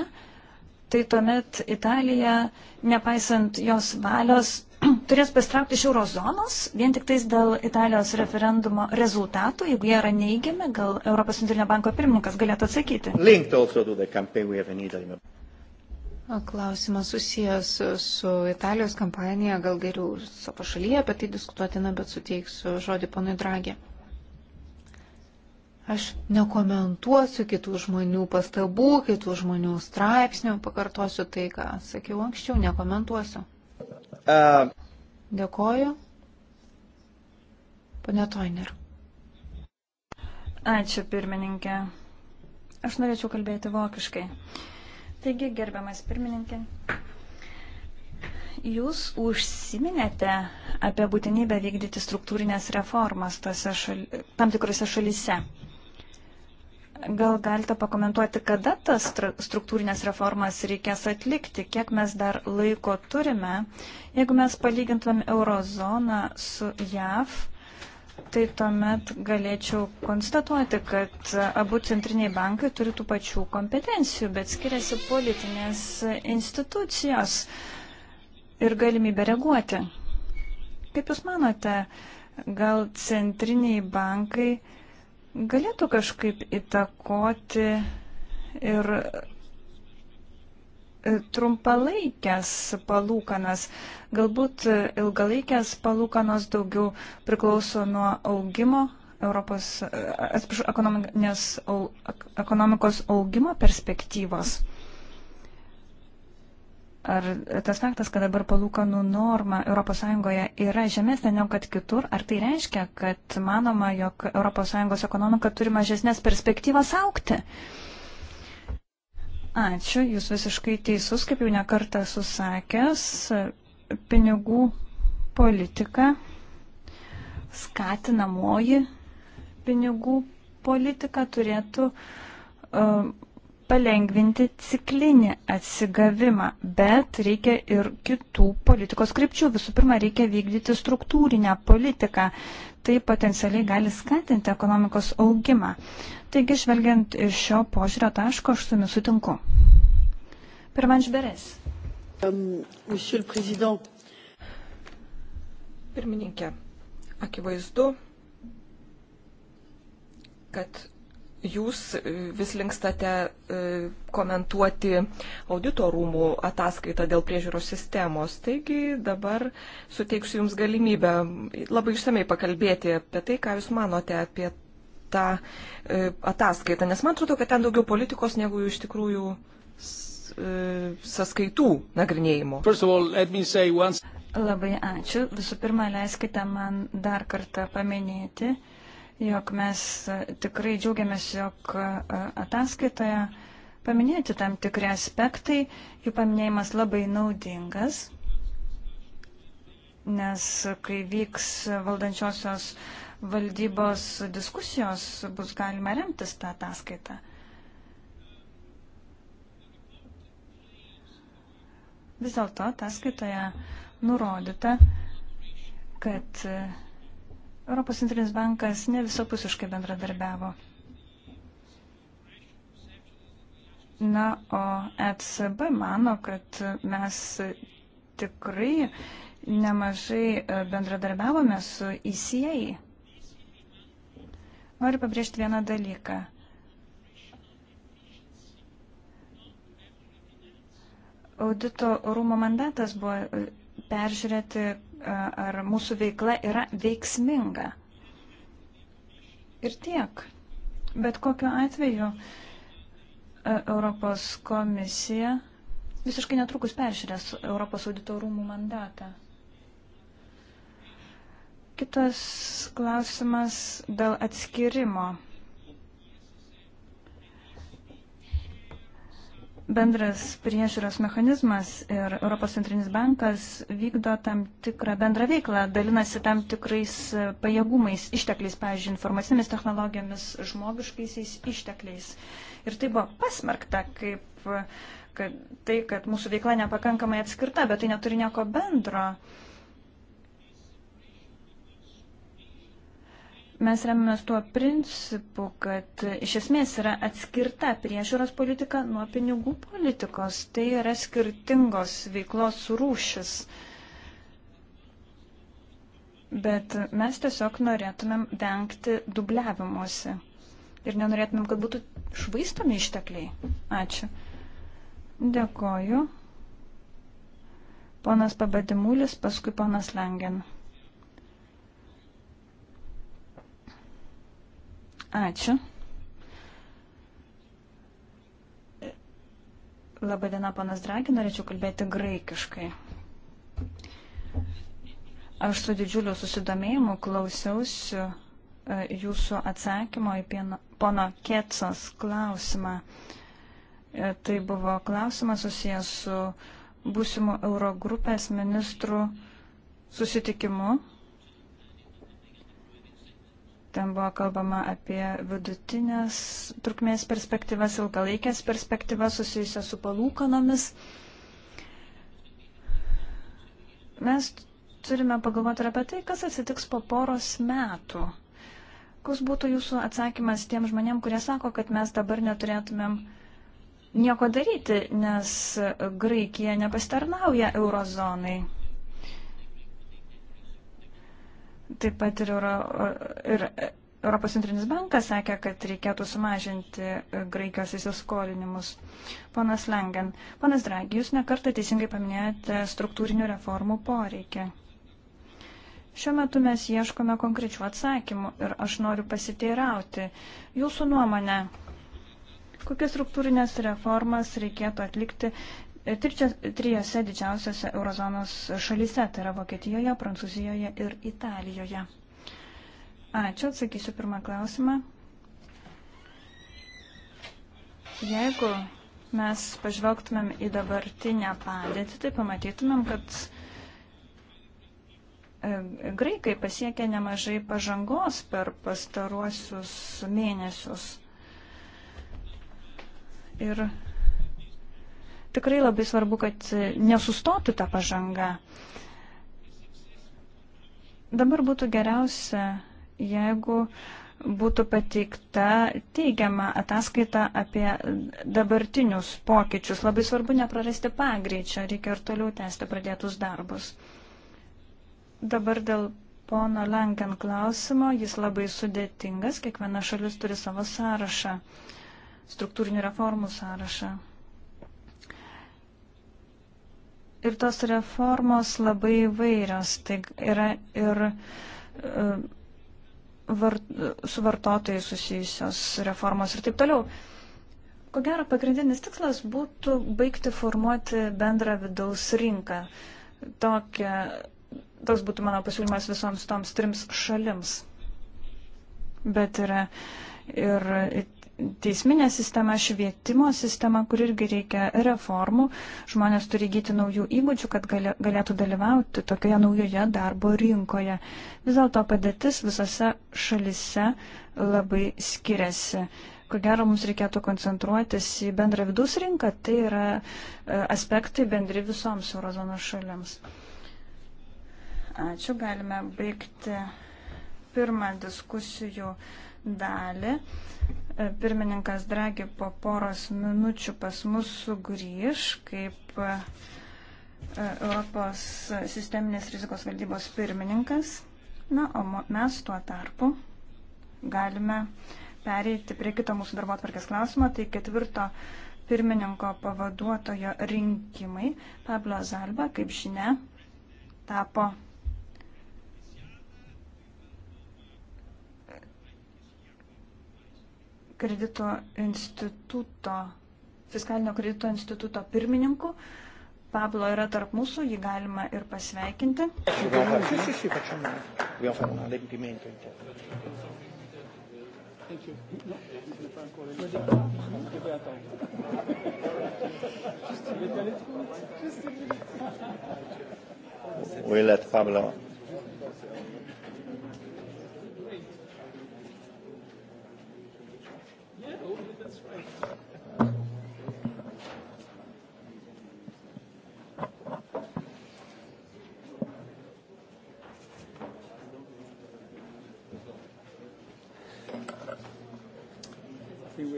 tai tuomet Italija, nepaisant jos valios, turės pastraukti iš eurozonos, vien tik tais dėl Italijos referendumo rezultatų, jeigu jie yra neigiami, gal Europos centrinio banko pirmininkas galėtų atsakyti. Klausimas susijęs su Italijos kampanija, gal geriau savo šalyje apie tai diskutuotina, bet suteiksiu žodį ponui Dragė. Aš nekomentuosiu kitų žmonių pastabų, kitų žmonių straipsnių, pakartosiu tai, ką sakiau anksčiau, nekomentuosiu. Uh. Dėkoju. Pane Toiner. Ačiū, pirmininkė. Aš norėčiau kalbėti vokiškai. Taigi, gerbiamas pirmininkė, jūs užsiminėte apie būtinybę vykdyti struktūrinės reformas šal... tam tikrose šalyse. Gal galite pakomentuoti, kada tas struktūrinės reformas reikės atlikti, kiek mes dar laiko turime. Jeigu mes palygintumėm eurozoną su JAV, tai tuomet galėčiau konstatuoti, kad abu centriniai bankai turi tų pačių kompetencijų, bet skiriasi politinės institucijos ir galimybė reaguoti. Kaip Jūs manote, gal centriniai bankai galėtų kažkaip įtakoti ir e, trumpalaikės palūkanas. Galbūt ilgalaikės palūkanos daugiau priklauso nuo augimo, Europos, e, atsiprašau, ekonomikos augimo perspektyvos. Ar tas faktas, kad dabar palūkanų norma ES yra žemesnė negu kad kitur, ar tai reiškia, kad manoma, jog ES ekonomika turi mažesnės perspektyvas aukti? Ačiū, jūs visiškai teisus, kaip jau nekartą susakęs, pinigų politika, skatinamoji pinigų politika turėtų uh, palengvinti ciklinį atsigavimą, bet reikia ir kitų politikos krypčių. Visų pirma, reikia vykdyti struktūrinę politiką. Tai potencialiai gali skatinti ekonomikos augimą. Taigi, žvelgiant iš šio požiūrio taško, aš su jumis sutinku. Pirmanč Beres. Um, Pirmininkė, akivaizdu, kad jūs e, vis linkstate e, komentuoti auditorumų ataskaitą dėl priežiūros sistemos. Taigi dabar suteiksiu Jums galimybę labai išsamei pakalbėti apie tai, ką Jūs manote apie tą e, ataskaitą, nes man atrodo, kad ten daugiau politikos negu iš tikrųjų sąskaitų nagrinėjimo. Labai ačiū. Visų pirma, leiskite man dar kartą paminėti, jog mes e, tikrai džiaugiamės, jog e, ataskaitoje paminėti tam tikri aspektai, jų paminėjimas labai naudingas, nes kai vyks valdančiosios valdybos diskusijos, bus galima remtis tą ataskaitą. Vis dėlto ataskaitoje nurodyta, kad e, Europos centrinis bankas ne visapusiškai bendradarbiavo. Na, o ECB mano, kad mes tikrai nemažai e, bendradarbiavome su ECA. Noriu pabrėžti vieną dalyką. Audito rūmo mandatas buvo e, peržiūrėti ar mūsų veikla yra veiksminga. Ir tiek. Bet kokiu atveju e, Europos komisija visiškai netrukus peržiūrės Europos auditorumų mandatą. Kitas klausimas dėl atskirimo bendras priežiūros mechanizmas ir Europos centrinis bankas vykdo tam tikrą bendrą veiklą, dalinasi tam tikrais e, pajėgumais, ištekliais, pavyzdžiui, informacinėmis technologijomis, žmogiškaisiais ištekliais. Ir tai buvo pasmerkta kaip e, kad tai, kad mūsų veikla nepakankamai atskirta, bet tai neturi nieko bendro uh, Mes remiamės tuo principu, kad iš esmės yra atskirta priežiūros politika nuo pinigų politikos. Tai yra skirtingos veiklos rūšis. Bet mes tiesiog norėtumėm vengti dubliavimuose. Ir nenorėtumėm, kad būtų švaistomi ištekliai. Ačiū. Dėkoju. Ponas Pabadimulis, paskui ponas Lengen. Ačiū. Labadiena, panas Dragi, norėčiau kalbėti graikiškai. Aš su didžiuliu susidomėjimu klausiausi e, jūsų atsakymo į pieno, pono Ketsos klausimą. E, tai buvo klausimas susijęs su būsimu Eurogrupės ministrų susitikimu Ten buvo kalbama apie vidutinės trukmės perspektyvas, ilgalaikės perspektyvas susijusias su palūkanomis. Mes turime pagalvoti ir apie tai, kas atsitiks po poros metų. Koks būtų jūsų atsakymas tiem žmonėm, kurie sako, kad mes dabar neturėtumėm nieko daryti, nes Graikija nepastarnauja eurozonai. Taip pat ir, Euro, ir Europos centrinis bankas sakė, kad reikėtų sumažinti e, Graikijos įsiskolinimus. Ponas Lengen, ponas Dragi, jūs nekartą teisingai paminėjote struktūrinių reformų poreikį. Šiuo metu mes ieškome konkrečių atsakymų ir aš noriu pasiteirauti jūsų nuomonę, kokias struktūrinės reformas reikėtų atlikti trijose didžiausiose eurozonos šalyse, tai yra Vokietijoje, Prancūzijoje ir Italijoje. Ačiū, atsakysiu pirmą klausimą. Jeigu mes pažvelgtumėm į dabartinę padėtį, tai pamatytumėm, kad e, graikai pasiekė nemažai pažangos per pastaruosius mėnesius. Ir tikrai labai svarbu, kad nesustotų ta pažanga. Dabar būtų geriausia, jeigu būtų pateikta teigiama ataskaita apie dabartinius pokyčius. Labai svarbu neprarasti pagreičio, reikia ir toliau tęsti pradėtus darbus. Dabar dėl pono Lenkan klausimo, jis labai sudėtingas, kiekviena šalis turi savo sąrašą, struktūrinių reformų sąrašą. Ir tos reformos labai įvairios. Tai yra ir e, var, su vartotojai susijusios reformos ir taip toliau. Ko gero, pagrindinis tikslas būtų baigti formuoti bendrą vidaus rinką. Tokia, toks būtų mano pasiūlymas visoms toms trims šalims. Bet yra ir teisminė sistema, švietimo sistema, kur irgi reikia reformų. Žmonės turi gyti naujų įgūdžių, kad galėtų dalyvauti tokioje naujoje darbo rinkoje. Vis dėlto padėtis visose šalise labai skiriasi. Ko gero, mums reikėtų koncentruotis į bendrą vidus rinką, tai yra e, aspektai bendri visoms eurozonos šalims. Ačiū, galime baigti pirmą diskusijų uh, dalį. E, pirmininkas Dragi po poros minučių pas mus sugrįž kaip e, Europos sisteminės rizikos valdybos pirmininkas. Na, o mes tuo tarpu galime pereiti prie kito mūsų darbo atvarkės klausimo, tai ketvirto pirmininko pavaduotojo rinkimai. Pablo Zalba, kaip žinia, tapo kredito instituto, fiskalinio kredito instituto pirmininku. Pablo yra tarp mūsų, jį galima ir pasveikinti. Thank you. No, ce n'est pas encore les Je vais attendre. Juste une minute. Juste une minute. Oui, let's Pablo.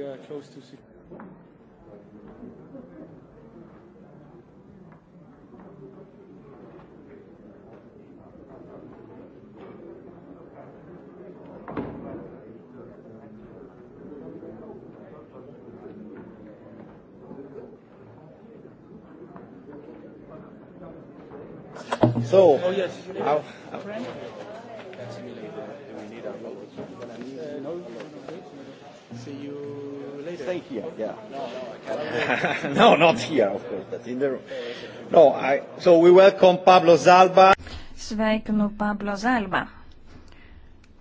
uh, close to six. So, oh, yes, you our, our, stay here, yeah. no, not here, of course, but in the room. No, I, so we welcome Pablo Zalba. Sveikinu Pablo Zalba.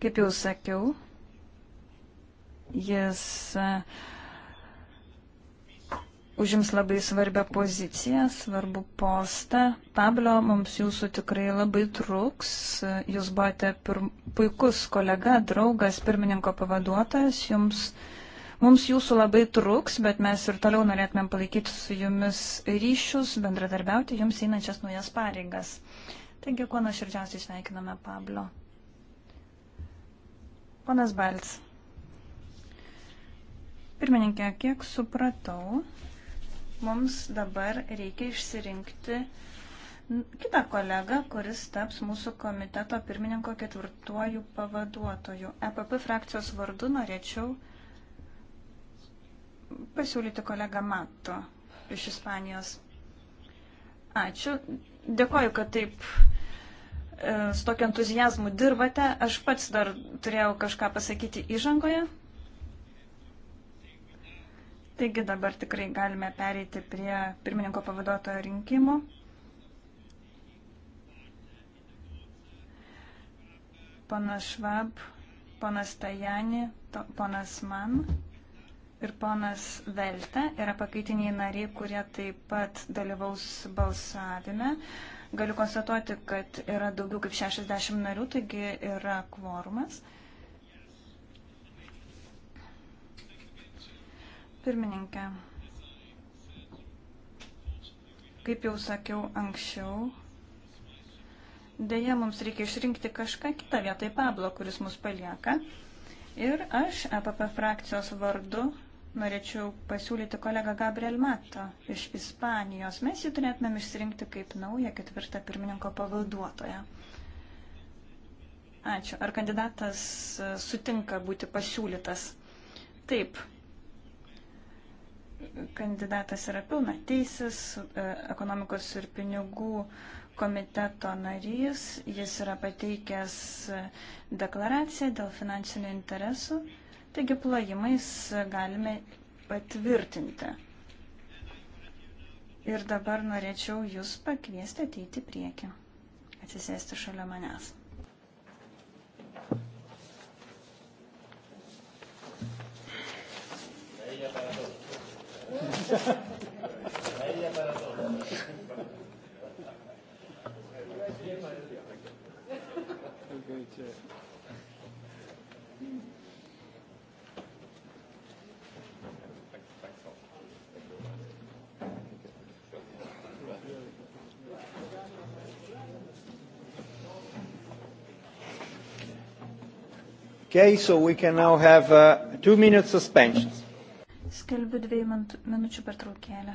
Kaip jau sakiau, jis uh, užims labai svarbią poziciją, svarbu postą. Pablo, mums jūsų tikrai labai truks. Jūs buvote pir... puikus kolega, draugas, pirmininko pavaduotojas. Jums uh, Mums jūsų labai truks, bet mes ir toliau norėtumėm palaikyti su jumis ryšius, bendradarbiauti jums einančias naujas pareigas. Taigi, kuo nuoširdžiausiai sveikiname Pablo. Ponas Balts. Pirmininkė, kiek supratau, mums dabar reikia išsirinkti kitą kolegą, kuris taps mūsų komiteto pirmininko ketvirtuoju pavaduotoju. EPP frakcijos vardu norėčiau pasiūlyti kolegą Mato iš Ispanijos. Ačiū. Dėkoju, kad taip e, su tokiu entuzijazmu dirbate. Aš pats dar turėjau kažką pasakyti įžangoje. Taigi dabar tikrai galime pereiti prie pirmininko pavaduotojo rinkimų. Pana Švab, pana Stajani, to, panas Man ir ponas Velte yra pakaitiniai nariai, kurie taip pat dalyvaus balsavime. Galiu konstatuoti, kad yra daugiau kaip 60 narių, taigi yra kvorumas. Pirmininkė, kaip jau sakiau anksčiau, Deja, mums reikia išrinkti kažką kitą vietoj Pablo, kuris mus palieka. Ir aš EPP frakcijos vardu Norėčiau pasiūlyti kolegą Gabriel Mato iš Ispanijos. Mes jį turėtumėm išsirinkti kaip naują ketvirtą pirmininko pavaduotoją. Ačiū. Ar kandidatas e, sutinka būti pasiūlytas? Taip. Kandidatas yra pilna teisis, e, ekonomikos ir pinigų komiteto narys. Jis yra pateikęs e, deklaraciją dėl finansinių interesų. Taigi plojimais galime patvirtinti. Ir dabar norėčiau jūs pakviesti ateiti priekį, atsisėsti šalia manęs. Ella para todos. Good, yeah. Okay, so we can now have a uh, two minute suspension. Skelbiu dviejų minučių pertraukėlę.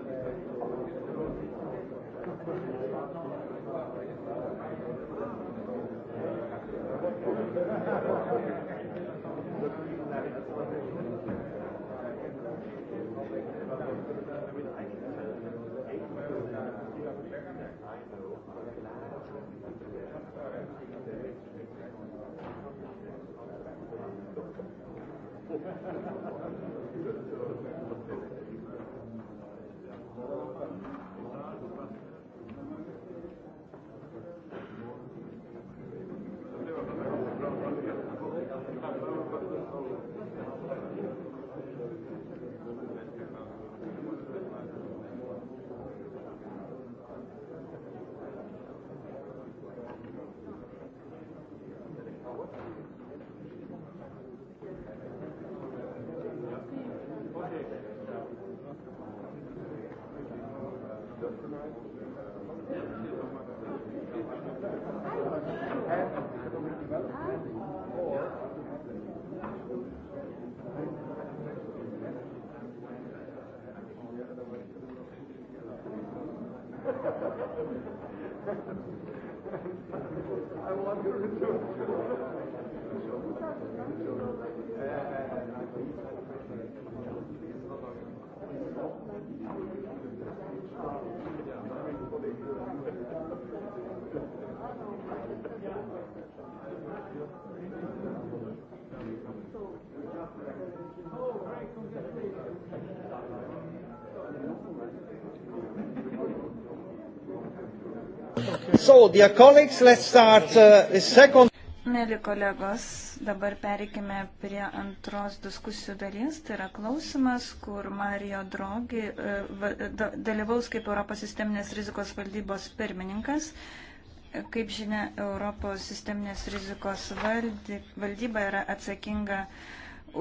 So, dear colleagues, let's start uh, second. Mėly kolegos, dabar pereikime prie antros diskusijų dalies. Tai yra klausimas, kur Mario Drogi e, dalyvaus kaip Europos sisteminės rizikos valdybos pirmininkas. Kaip žinia, Europos sisteminės rizikos valdy, valdyba yra atsakinga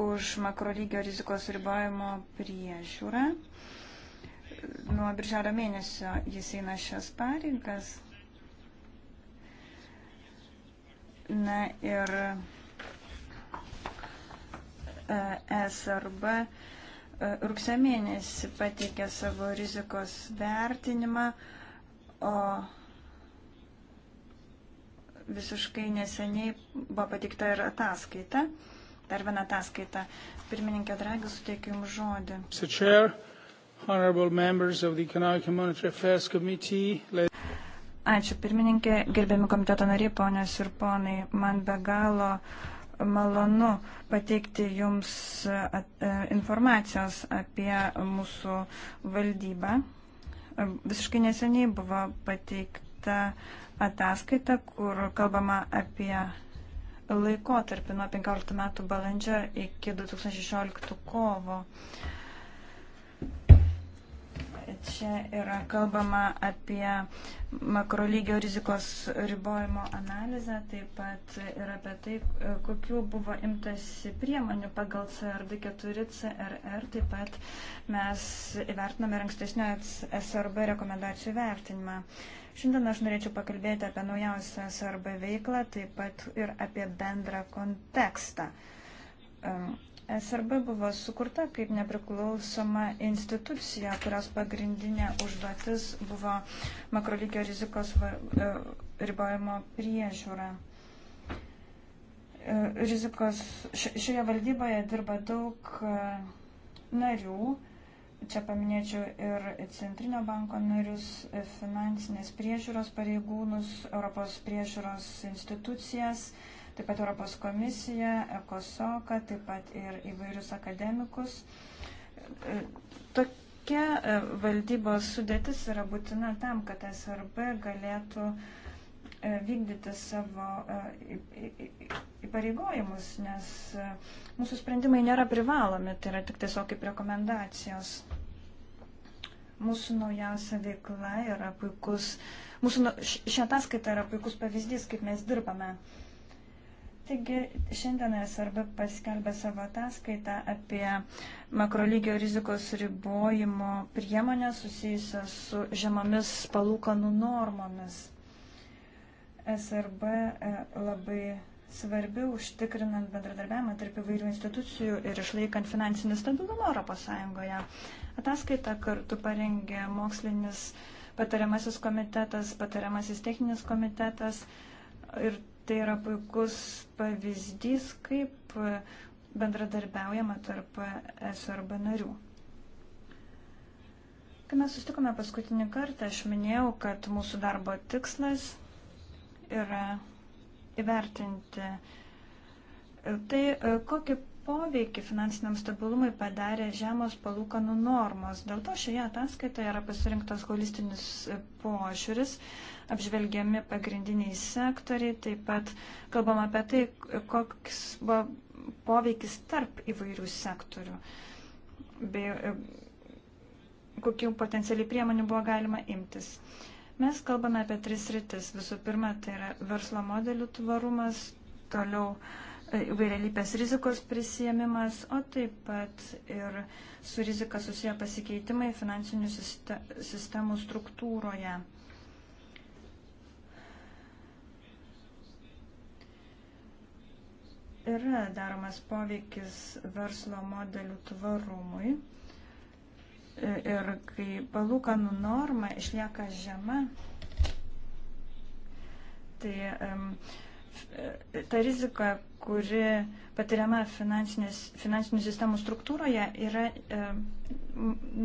už makrolygio rizikos ribojimo priežiūrą. Nuo birželio mėnesio jis eina šias pareigas. Na ir e, SRB e, rugsė mėnesį pateikė savo rizikos vertinimą, o visiškai neseniai buvo pateikta ir ataskaita, dar viena ataskaita. Pirmininkė Dragi, suteikiu Jums žodį. Mr. Chair, honorable members of the Economic and Monetary Affairs Committee, Ačiū pirmininkė, gerbiami komiteto nariai, ponės ir ponai. Man be galo malonu pateikti Jums e, informacijos apie mūsų valdybą. E, visiškai neseniai buvo pateikta ataskaita, kur kalbama apie laikotarpį nuo 15 metų balandžio iki 2016 kovo. Čia yra kalbama apie makrolygio rizikos ribojimo analizę, taip pat ir apie tai, kokiu buvo imtasi priemonių pagal CRD4, CRR. Taip pat mes įvertiname ir ankstesnio SRB rekomendacijų vertinimą. Šiandien aš norėčiau pakalbėti apie naujausią SRB veiklą, taip pat ir apie bendrą kontekstą SRB buvo sukurta kaip nepriklausoma institucija, kurios pagrindinė užduotis buvo makrolygio rizikos e, ribojimo priežiūra. E, rizikos, šioje valdyboje dirba daug e, narių, čia paminėčiau ir Centrinio banko narius, finansinės priežiūros pareigūnus, Europos priežiūros institucijas, taip pat Europos komisiją, ECOSOKą, taip pat ir įvairius akademikus. E, tokia e, valdybos sudėtis yra būtina tam, kad SRB galėtų e, vykdyti savo įpareigojimus, nes mūsų sprendimai nėra privalomi, tai yra tik tiesiog kaip rekomendacijos mūsų naujausia veikla yra puikus, mūsų nu, šią ataskaitą yra puikus pavyzdys, kaip mes dirbame. Uh, Taigi šiandien SRB paskelbė savo ataskaitą apie makrolygio rizikos ribojimo priemonę susijusią su žemomis palūkanų normomis. SRB e, labai svarbi užtikrinant bendradarbiavimą tarp įvairių institucijų ir išlaikant finansinį stabilumą ES. Ataskaitą kartu parengė mokslinis patariamasis komitetas, patariamasis techninis komitetas ir Tai yra puikus pavyzdys, kaip bendradarbiaujama tarp SRB narių. Kai mes sustikome paskutinį kartą, aš minėjau, kad mūsų darbo tikslas yra įvertinti tai, kokį poveikį finansiniam stabilumui padarė žemos palūkanų normos. Dėl to šioje ataskaitoje yra pasirinktas holistinis požiūris apžvelgiami pagrindiniai sektoriai, taip pat kalbam apie tai, koks buvo poveikis tarp įvairių sektorių, bei e, kokių potencialiai priemonių buvo galima imtis. Mes kalbame apie tris rytis. Visų pirma, tai yra verslo modelių tvarumas, toliau e, įvairialypės rizikos prisėmimas, o taip pat ir su rizika susiję pasikeitimai finansinių sistemų struktūroje. yra daromas poveikis verslo modelių tvarumui. Ir kai palūkanų norma išlieka žema, tai um, ta rizika, kuri patiriama finansinių sistemų struktūroje, yra um,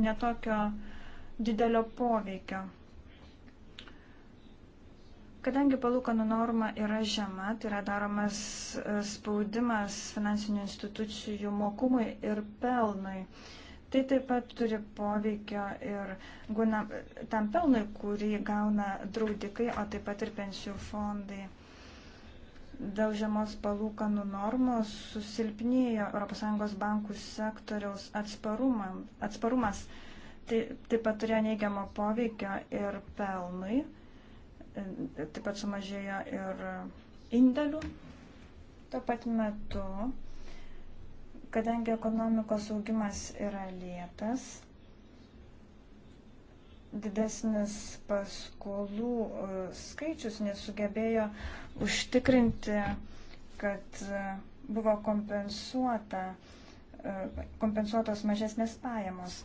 netokio didelio poveikio Kadangi palūkanų norma yra žema, tai yra daromas e, spaudimas finansinių institucijų mokumui ir pelnui. Tai taip pat turi poveikio ir guna, tam pelnui, kurį gauna draudikai, o taip pat ir pensijų fondai. Dėl žemos palūkanų normos susilpnėjo ES bankų sektoriaus atsparumas. Tai taip pat turėjo neigiamo poveikio ir pelnui taip pat sumažėjo ir indėlių. Tuo pat metu, kadangi ekonomikos augimas yra lėtas, didesnis paskolų e, skaičius nesugebėjo užtikrinti, kad e, buvo kompensuota, e, kompensuotos mažesnės pajamos.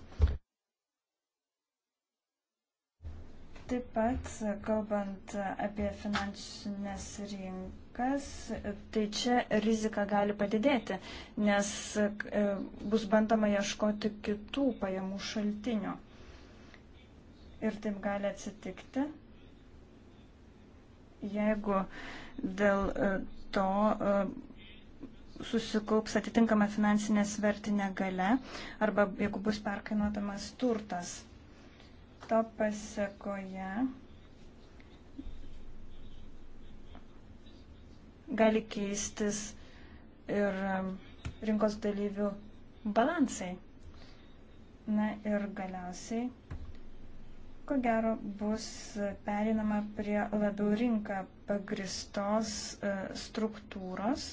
Taip pat, kalbant apie finansinės rinkas, tai čia rizika gali padidėti, nes e, bus bandoma ieškoti kitų pajamų šaltinių. Ir taip gali atsitikti, jeigu dėl e, to e, susikaups atitinkama finansinės vertinė gale arba jeigu bus perkainotamas turtas. To pasakoje gali keistis ir um, rinkos dalyvių balansai. Na ir galiausiai, ko gero, bus perinama prie labiau rinką pagristos e, struktūros.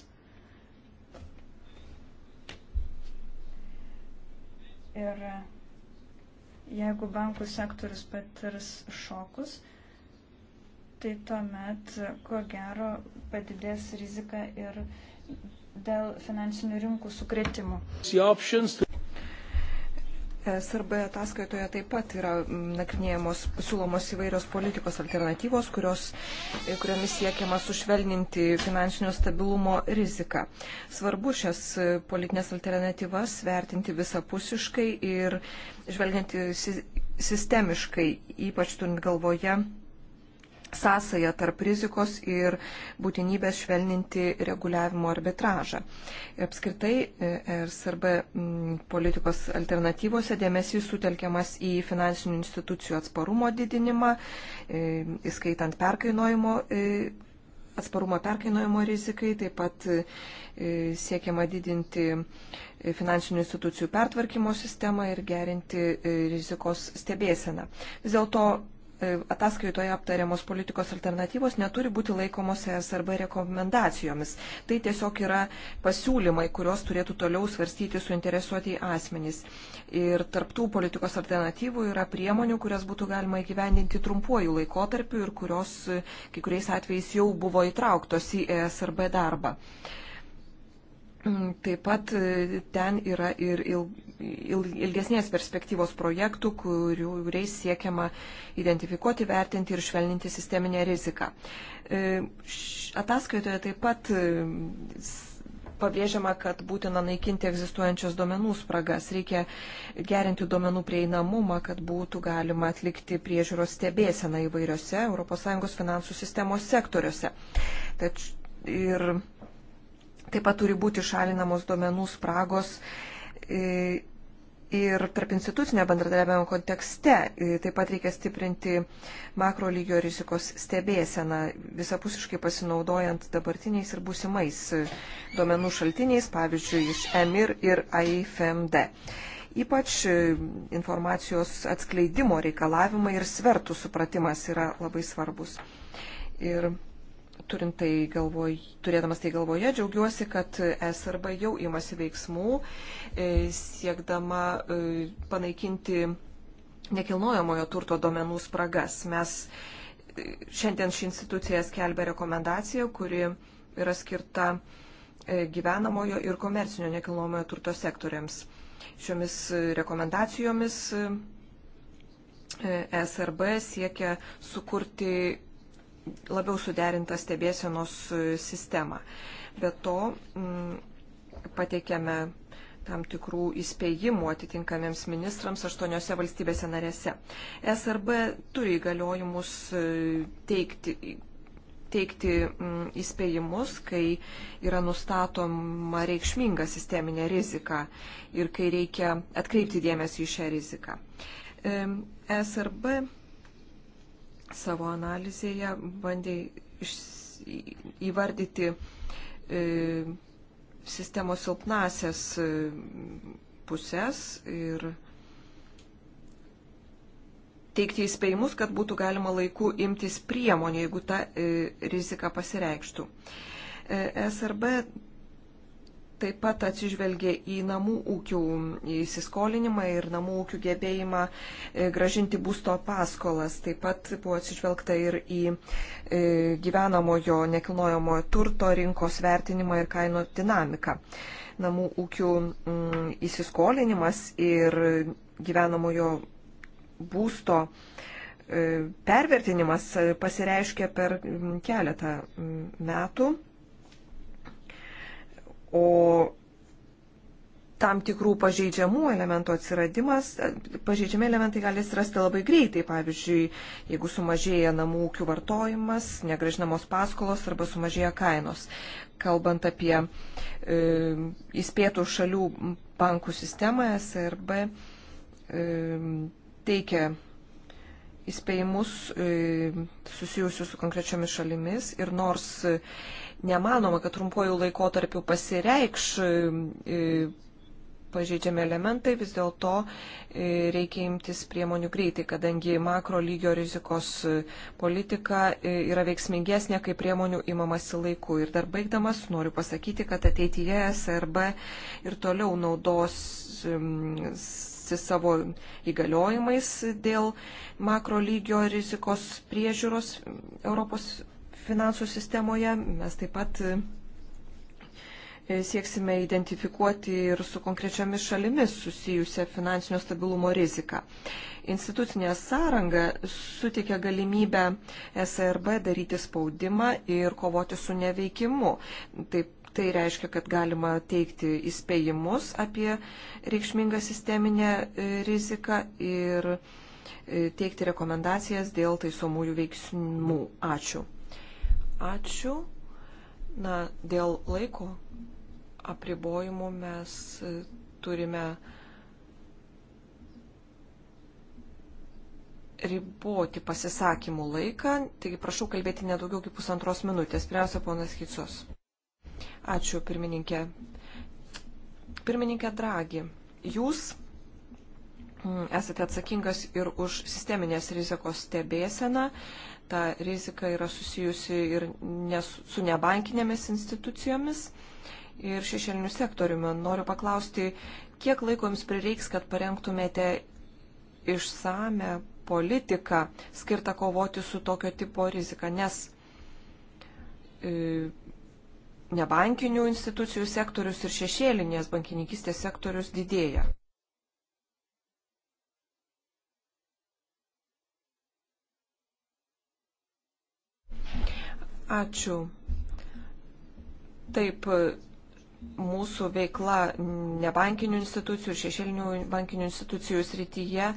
Ir Jeigu bankų sektorius patirs šokus, tai tuomet, ko gero, padidės rizika ir dėl finansinių rinkų sukretimų. SRB ataskaitoje taip pat yra mm, nagrinėjamos, siūlomos įvairios politikos alternatyvos, kurios, e, kuriomis siekiama sušvelninti finansinio stabilumo riziką. Svarbu šias e, politinės alternatyvas vertinti visapusiškai ir žvelgianti sistemiškai, ypač turint galvoje sąsają tarp rizikos ir būtinybės švelninti reguliavimo arbitražą. Ir apskritai SRB mm, politikos alternatyvose dėmesys sutelkiamas į finansinių institucijų atsparumo didinimą, e, įskaitant perkainojimo e, atsparumo perkainojimo rizikai, taip pat e, siekiama didinti finansinių institucijų pertvarkymo sistemą ir gerinti rizikos stebėseną. Vis dėlto E, ataskaitoje aptariamos politikos alternatyvos neturi būti laikomos ESRB rekomendacijomis. Tai tiesiog yra pasiūlymai, kuriuos turėtų toliau svarstyti suinteresuoti asmenys. Ir tarptų politikos alternatyvų yra priemonių, kurias būtų galima įgyvendinti trumpuoju laikotarpiu ir kurios e, kai kuriais atvejais jau buvo įtrauktos į ESRB darbą. Uh, Mm, taip pat e, ten yra ir ilgesnės perspektyvos projektų, kuriais siekiama identifikuoti, vertinti ir švelninti sisteminę riziką. E, ataskaitoje taip pat e, pabrėžiama, kad būtina naikinti egzistuojančias duomenų spragas. Reikia gerinti duomenų prieinamumą, kad būtų galima atlikti priežiūros stebėseną įvairiose ES finansų sistemos sektoriuose. Tač, ir Taip pat turi būti šalinamos duomenų spragos e, ir tarp institucinio bendradarbiavimo kontekste. E, taip pat reikia stiprinti makro lygio rizikos stebėseną, visapusiškai pasinaudojant dabartiniais ir būsimais e, duomenų šaltiniais, pavyzdžiui, iš EMIR ir AIFMD. Ypač informacijos atskleidimo reikalavimai ir svertų supratimas yra labai svarbus. Ir turint tai galvoj, turėdamas tai galvoje, džiaugiuosi, kad SRB jau imasi veiksmų, e, siekdama e, panaikinti nekilnojamojo turto domenų spragas. Mes e, šiandien ši institucija skelbia rekomendaciją, kuri yra skirta gyvenamojo ir komercinio nekilnojamojo turto sektoriams. Šiomis rekomendacijomis SRB siekia sukurti labiau suderintą stebėsenos sistemą. Be to mm, pateikėme tam tikrų įspėjimų atitinkamiems ministrams aštuoniuose valstybėse narėse. SRB turi įgaliojimus e, teikti, teikti mm, įspėjimus, kai yra nustatoma reikšminga sisteminė rizika ir kai reikia atkreipti dėmesį į šią riziką. SRB savo analizėje bandė įvardyti e, sistemos silpnasias e, pusės ir teikti įspėjimus, kad būtų galima laiku imtis priemonių, jeigu ta e, rizika pasireikštų. SRB taip pat atsižvelgė į namų ūkių įsiskolinimą ir namų ūkių gebėjimą e, gražinti būsto paskolas. Taip pat buvo atsižvelgta ir į e, gyvenamojo nekilnojamojo turto rinkos vertinimą ir kainų dinamiką. Namų ūkių mm, įsiskolinimas ir gyvenamojo būsto e, pervertinimas pasireiškia per mm, keletą mm, metų O tam tikrų pažeidžiamų elementų atsiradimas, pažeidžiami elementai gali atsirasti labai greitai, pavyzdžiui, jeigu sumažėja namų ūkių vartojimas, negražinamos paskolos arba sumažėja kainos. Kalbant apie e, įspėtų šalių bankų sistemą, SRB e, teikia įspėjimus e, susijusius su konkrečiomis šalimis ir nors e, nemanoma, kad trumpuoju laikotarpiu pasireikš e, e, pažeidžiami elementai, vis dėlto e, reikia imtis priemonių greitai, kadangi makro lygio rizikos politika yra veiksmingesnė, kai priemonių imamasi laiku. Ir dar baigdamas noriu pasakyti, kad ateityje SRB ir toliau naudos savo įgaliojimais dėl makro lygio rizikos priežiūros Europos finansų sistemoje. Mes taip pat e, e, sieksime identifikuoti ir su konkrečiamis šalimis susijusią finansinio stabilumo riziką. Institucinė sąranga suteikia galimybę SRB daryti spaudimą ir kovoti su neveikimu. Taip, tai reiškia, kad galima teikti įspėjimus apie reikšmingą sisteminę e, riziką ir teikti rekomendacijas dėl taisomųjų veiksmų. Ačiū. Ačiū. Na, dėl laiko apribojimų mes e, turime riboti pasisakymų laiką, taigi prašau kalbėti nedaugiau kaip pusantros minutės. Pirmiausia, ponas Hicos. Ačiū, pirmininkė. Pirmininkė Dragi, jūs mm, esate atsakingas ir už sisteminės rizikos stebėseną, ta rizika yra susijusi ir nes, su nebankinėmis institucijomis ir šešėliniu sektoriumi. Noriu paklausti, kiek laiko jums prireiks, kad parengtumėte išsame politiką skirtą kovoti su tokio tipo rizika, nes e, nebankinių institucijų sektorius ir šešėlinės bankininkistės sektorius didėja. Ačiū. Taip, mūsų veikla nebankinių institucijų, šešėlinių bankinių institucijų srityje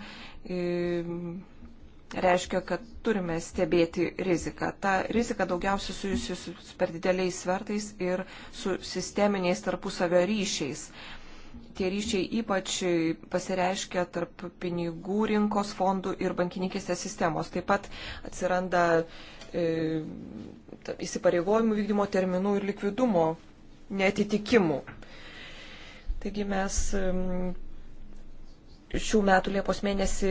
reiškia, kad turime stebėti riziką. Ta rizika daugiausia susijusi su per dideliais svertais ir su sisteminiais tarpusavio ryšiais. Tie ryšiai ypač pasireiškia tarp pinigų rinkos fondų ir bankininkistės sistemos. Taip pat atsiranda uh, E, įsipareigojimų vykdymo terminų ir likvidumo netitikimų. Taigi mes e, šių metų Liepos mėnesį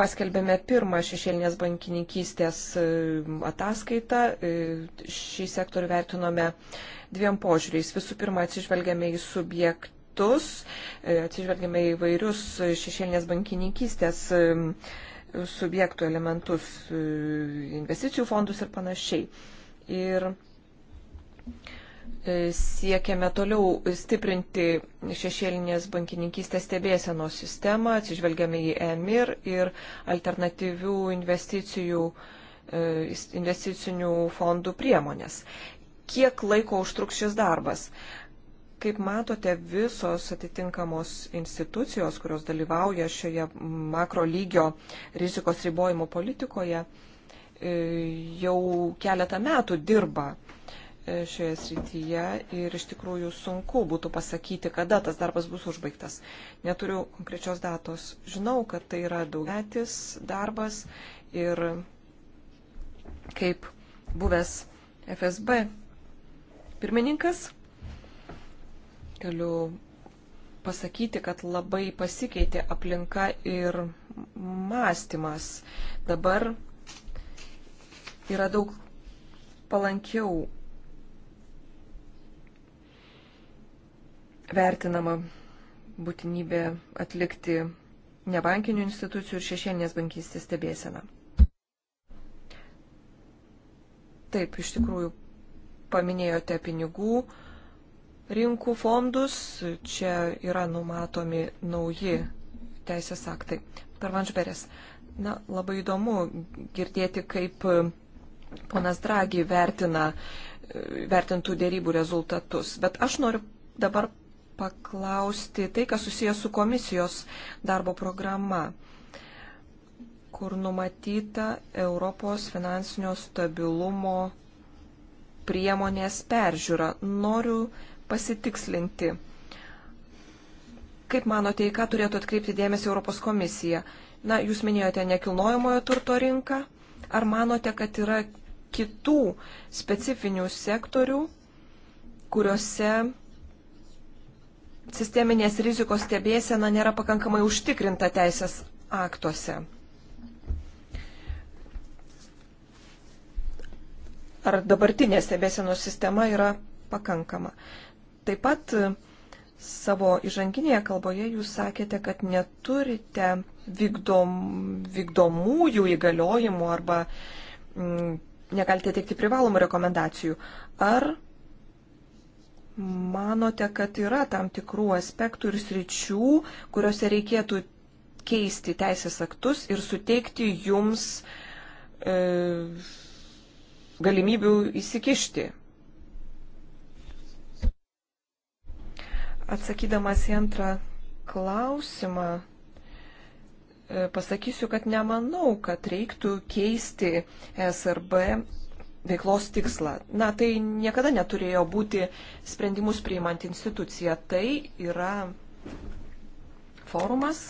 paskelbėme pirmą šešėlinės bankininkystės e, ataskaitą. Šį sektorių vertinome dviem požiūriais. Visų pirma, atsižvelgėme į subjektus, atsižvelgėme į vairius šešėlinės bankininkystės subjektų elementus, e, investicijų fondus ir panašiai. Ir e, siekiame toliau stiprinti šešėlinės bankininkystės stebėsenos sistemą, atsižvelgiame į EMIR ir alternatyvių investicijų, e, investicinių fondų priemonės. Kiek laiko užtruks šis darbas? Kaip matote, visos atitinkamos institucijos, kurios dalyvauja šioje makro lygio rizikos ribojimo politikoje, e, jau keletą metų dirba e, šioje srityje ir iš tikrųjų sunku būtų pasakyti, kada tas darbas bus užbaigtas. Neturiu konkrečios datos. Žinau, kad tai yra daugiatis darbas ir kaip buvęs FSB pirmininkas Galiu pasakyti, kad labai pasikeitė aplinka ir mąstymas. Dabar yra daug palankiau vertinama būtinybė atlikti nebankinių institucijų ir šešėlinės bankystės stebėseną. Taip, iš tikrųjų paminėjote pinigų rinkų fondus. Čia yra numatomi nauji teisės aktai. Pervanžberės. Na, labai įdomu girdėti, kaip e, ponas Dragi vertina, e, vertintų dėrybų rezultatus. Bet aš noriu dabar paklausti tai, kas susijęs su komisijos darbo programa, kur numatyta Europos finansinio stabilumo priemonės peržiūra. Noriu pasitikslinti. Kaip manote, į ką turėtų atkreipti dėmesį Europos komisija? Na, jūs minėjote nekilnojamojo turto rinką. Ar manote, kad yra kitų specifinių sektorių, kuriuose sisteminės rizikos stebėsena nėra pakankamai užtikrinta teisės aktuose. Ar dabartinė stebėsenos sistema yra pakankama? Taip pat e, savo įžanginėje kalboje jūs sakėte, kad neturite vykdom, vykdomųjų įgaliojimų arba m, mm, negalite teikti privalomų rekomendacijų. Ar manote, kad yra tam tikrų aspektų ir sričių, kuriuose reikėtų keisti teisės aktus ir suteikti jums e, galimybių įsikišti Atsakydamas į antrą klausimą, e, pasakysiu, kad nemanau, kad reiktų keisti SRB veiklos tikslą. Na, tai niekada neturėjo būti sprendimus priimant instituciją. Tai yra forumas,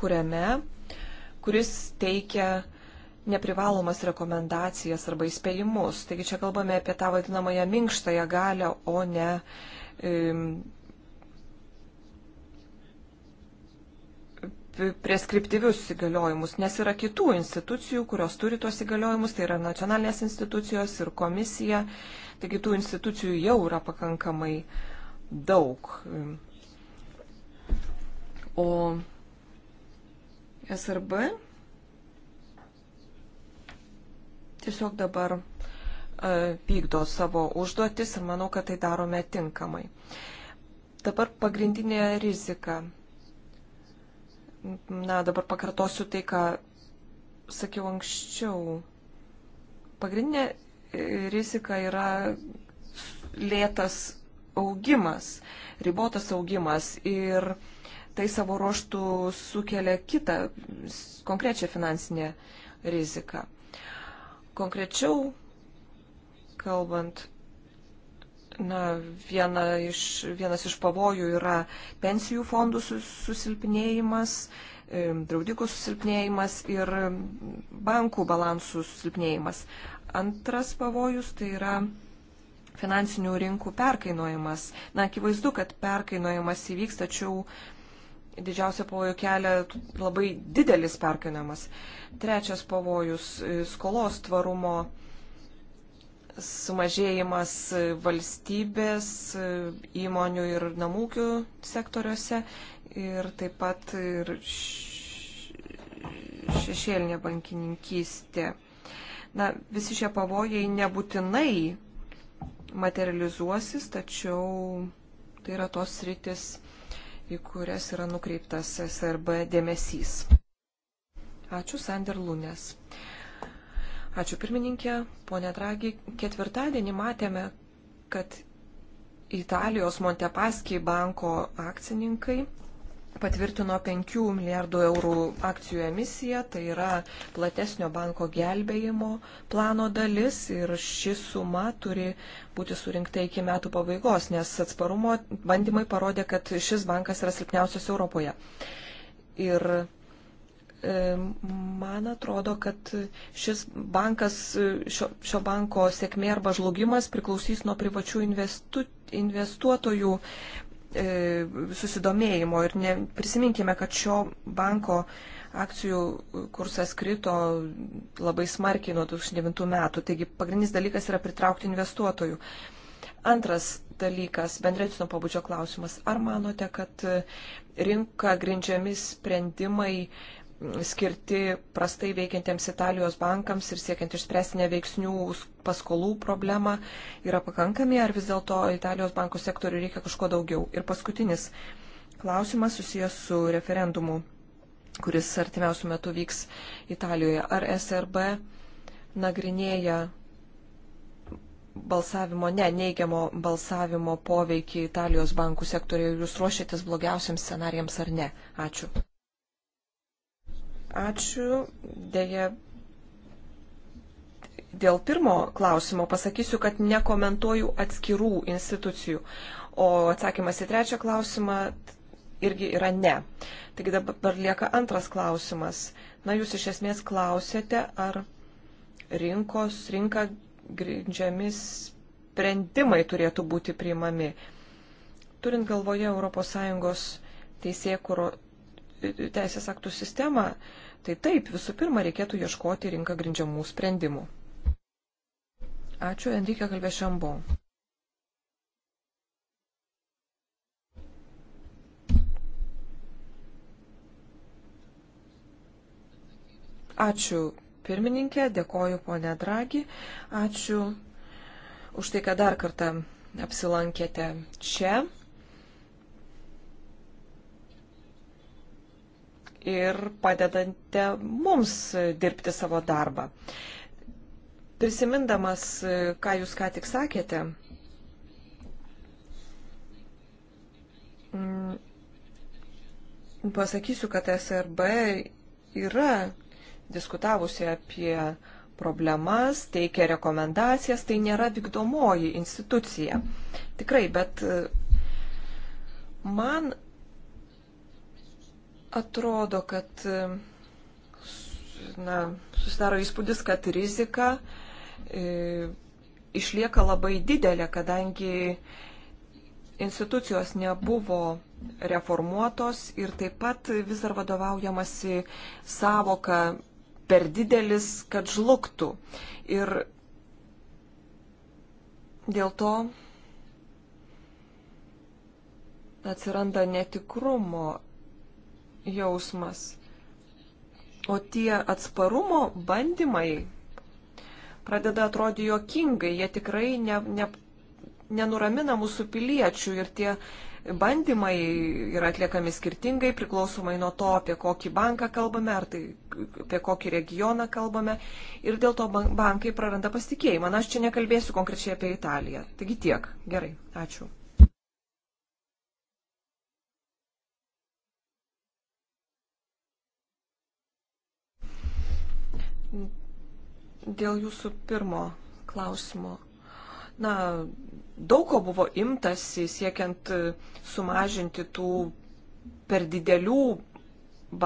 kuriame, kuris teikia neprivalomas rekomendacijas arba įspėjimus. Taigi čia kalbame apie tą vadinamąją minkštąją galę, o ne preskriptyvius įgaliojimus, nes yra kitų institucijų, kurios turi tuos įgaliojimus, tai yra nacionalinės institucijos ir komisija, taigi tų institucijų jau yra pakankamai daug. O SRB tiesiog dabar E, vykdo savo užduotis ir manau, kad tai darome tinkamai. Dabar pagrindinė rizika. Na, dabar pakartosiu tai, ką sakiau anksčiau. Pagrindinė e, rizika yra lėtas augimas, ribotas augimas ir tai savo ruoštų sukelia kitą konkrečią finansinę riziką. Konkrečiau kalbant, na, viena iš, vienas iš pavojų yra pensijų fondų susilpnėjimas, draudikų susilpnėjimas ir bankų balansų susilpnėjimas. Antras pavojus tai yra finansinių rinkų perkainojimas. Na, akivaizdu, kad perkainojimas įvyks, tačiau didžiausia pavojų kelia labai didelis perkainojimas. Trečias pavojus - skolos tvarumo sumažėjimas valstybės, įmonių ir namūkių sektoriuose ir taip pat ir šešėlinė bankininkystė. Na, visi šie pavojai nebūtinai materializuosis, tačiau tai yra tos rytis, į kurias yra nukreiptas SRB dėmesys. Ačiū, Sander Lūnės. Ačiū pirmininkė, ponė Dragi. Ketvirtadienį matėme, kad Italijos Montepaskiai banko akcininkai patvirtino 5 milijardų eurų akcijų emisiją, tai yra platesnio banko gelbėjimo plano dalis ir ši suma turi būti surinkta iki metų pabaigos, nes atsparumo bandymai parodė, kad šis bankas yra silpniausias Europoje. Ir E, man atrodo, kad šis bankas, e, šio, šio banko sėkmė arba žlugimas priklausys nuo privačių investu, investuotojų e, susidomėjimo. Ir ne, prisiminkime, kad šio banko akcijų kursas krito labai smarkiai nuo 2009 metų. Taigi pagrindinis dalykas yra pritraukti investuotojų. Antras dalykas, bendresnio pabudžio klausimas. Ar manote, kad e, rinka grindžiami sprendimai skirti prastai veikiantiems Italijos bankams ir siekiant išspręsti neveiksnių paskolų problemą yra pakankami, ar vis dėlto Italijos bankų sektoriui reikia kažko daugiau. Ir paskutinis klausimas susijęs su referendumu, kuris artimiausių metų vyks Italijoje. Ar SRB nagrinėja balsavimo, ne, neigiamo balsavimo poveikį Italijos bankų sektoriui, jūs ruošiatės blogiausiams scenarijams ar ne? Ačiū. Ačiū. Deja, dėl pirmo klausimo pasakysiu, kad nekomentuoju atskirų institucijų, o atsakymas į trečią klausimą irgi yra ne. Taigi dabar lieka antras klausimas. Na, jūs iš esmės klausėte, ar rinkos, rinka grindžiami sprendimai turėtų būti priimami. Turint galvoje ES teisės aktų sistemą, tai taip, visų pirma, reikėtų ieškoti rinką grindžiamų sprendimų. Ačiū, Enrique kalbė šambo. Ačiū pirmininkė, dėkoju ponė Dragi, ačiū už tai, kad dar kartą apsilankėte čia. ir padedate mums dirbti savo darbą. Prisimindamas, ką jūs ką tik sakėte, mm, pasakysiu, kad SRB yra diskutavusi apie problemas, teikia rekomendacijas, tai nėra vykdomoji institucija. Tikrai, bet e, man Atrodo, kad na, susidaro įspūdis, kad rizika e, išlieka labai didelė, kadangi institucijos nebuvo reformuotos ir taip pat vis dar vadovaujamasi savoka per didelis, kad žlugtų. Ir dėl to atsiranda netikrumo jausmas. O tie atsparumo bandymai pradeda atrodyti jokingai, jie tikrai ne, ne, nenuramina mūsų piliečių ir tie bandymai yra atliekami skirtingai, priklausomai nuo to, apie kokį banką kalbame, ar tai apie kokį regioną kalbame ir dėl to bankai praranda pasitikėjimą. Na, aš čia nekalbėsiu konkrečiai apie Italiją. Taigi tiek. Gerai. Ačiū. Dėl jūsų pirmo klausimo. Na, daug ko buvo imtasi siekiant e, sumažinti tų per didelių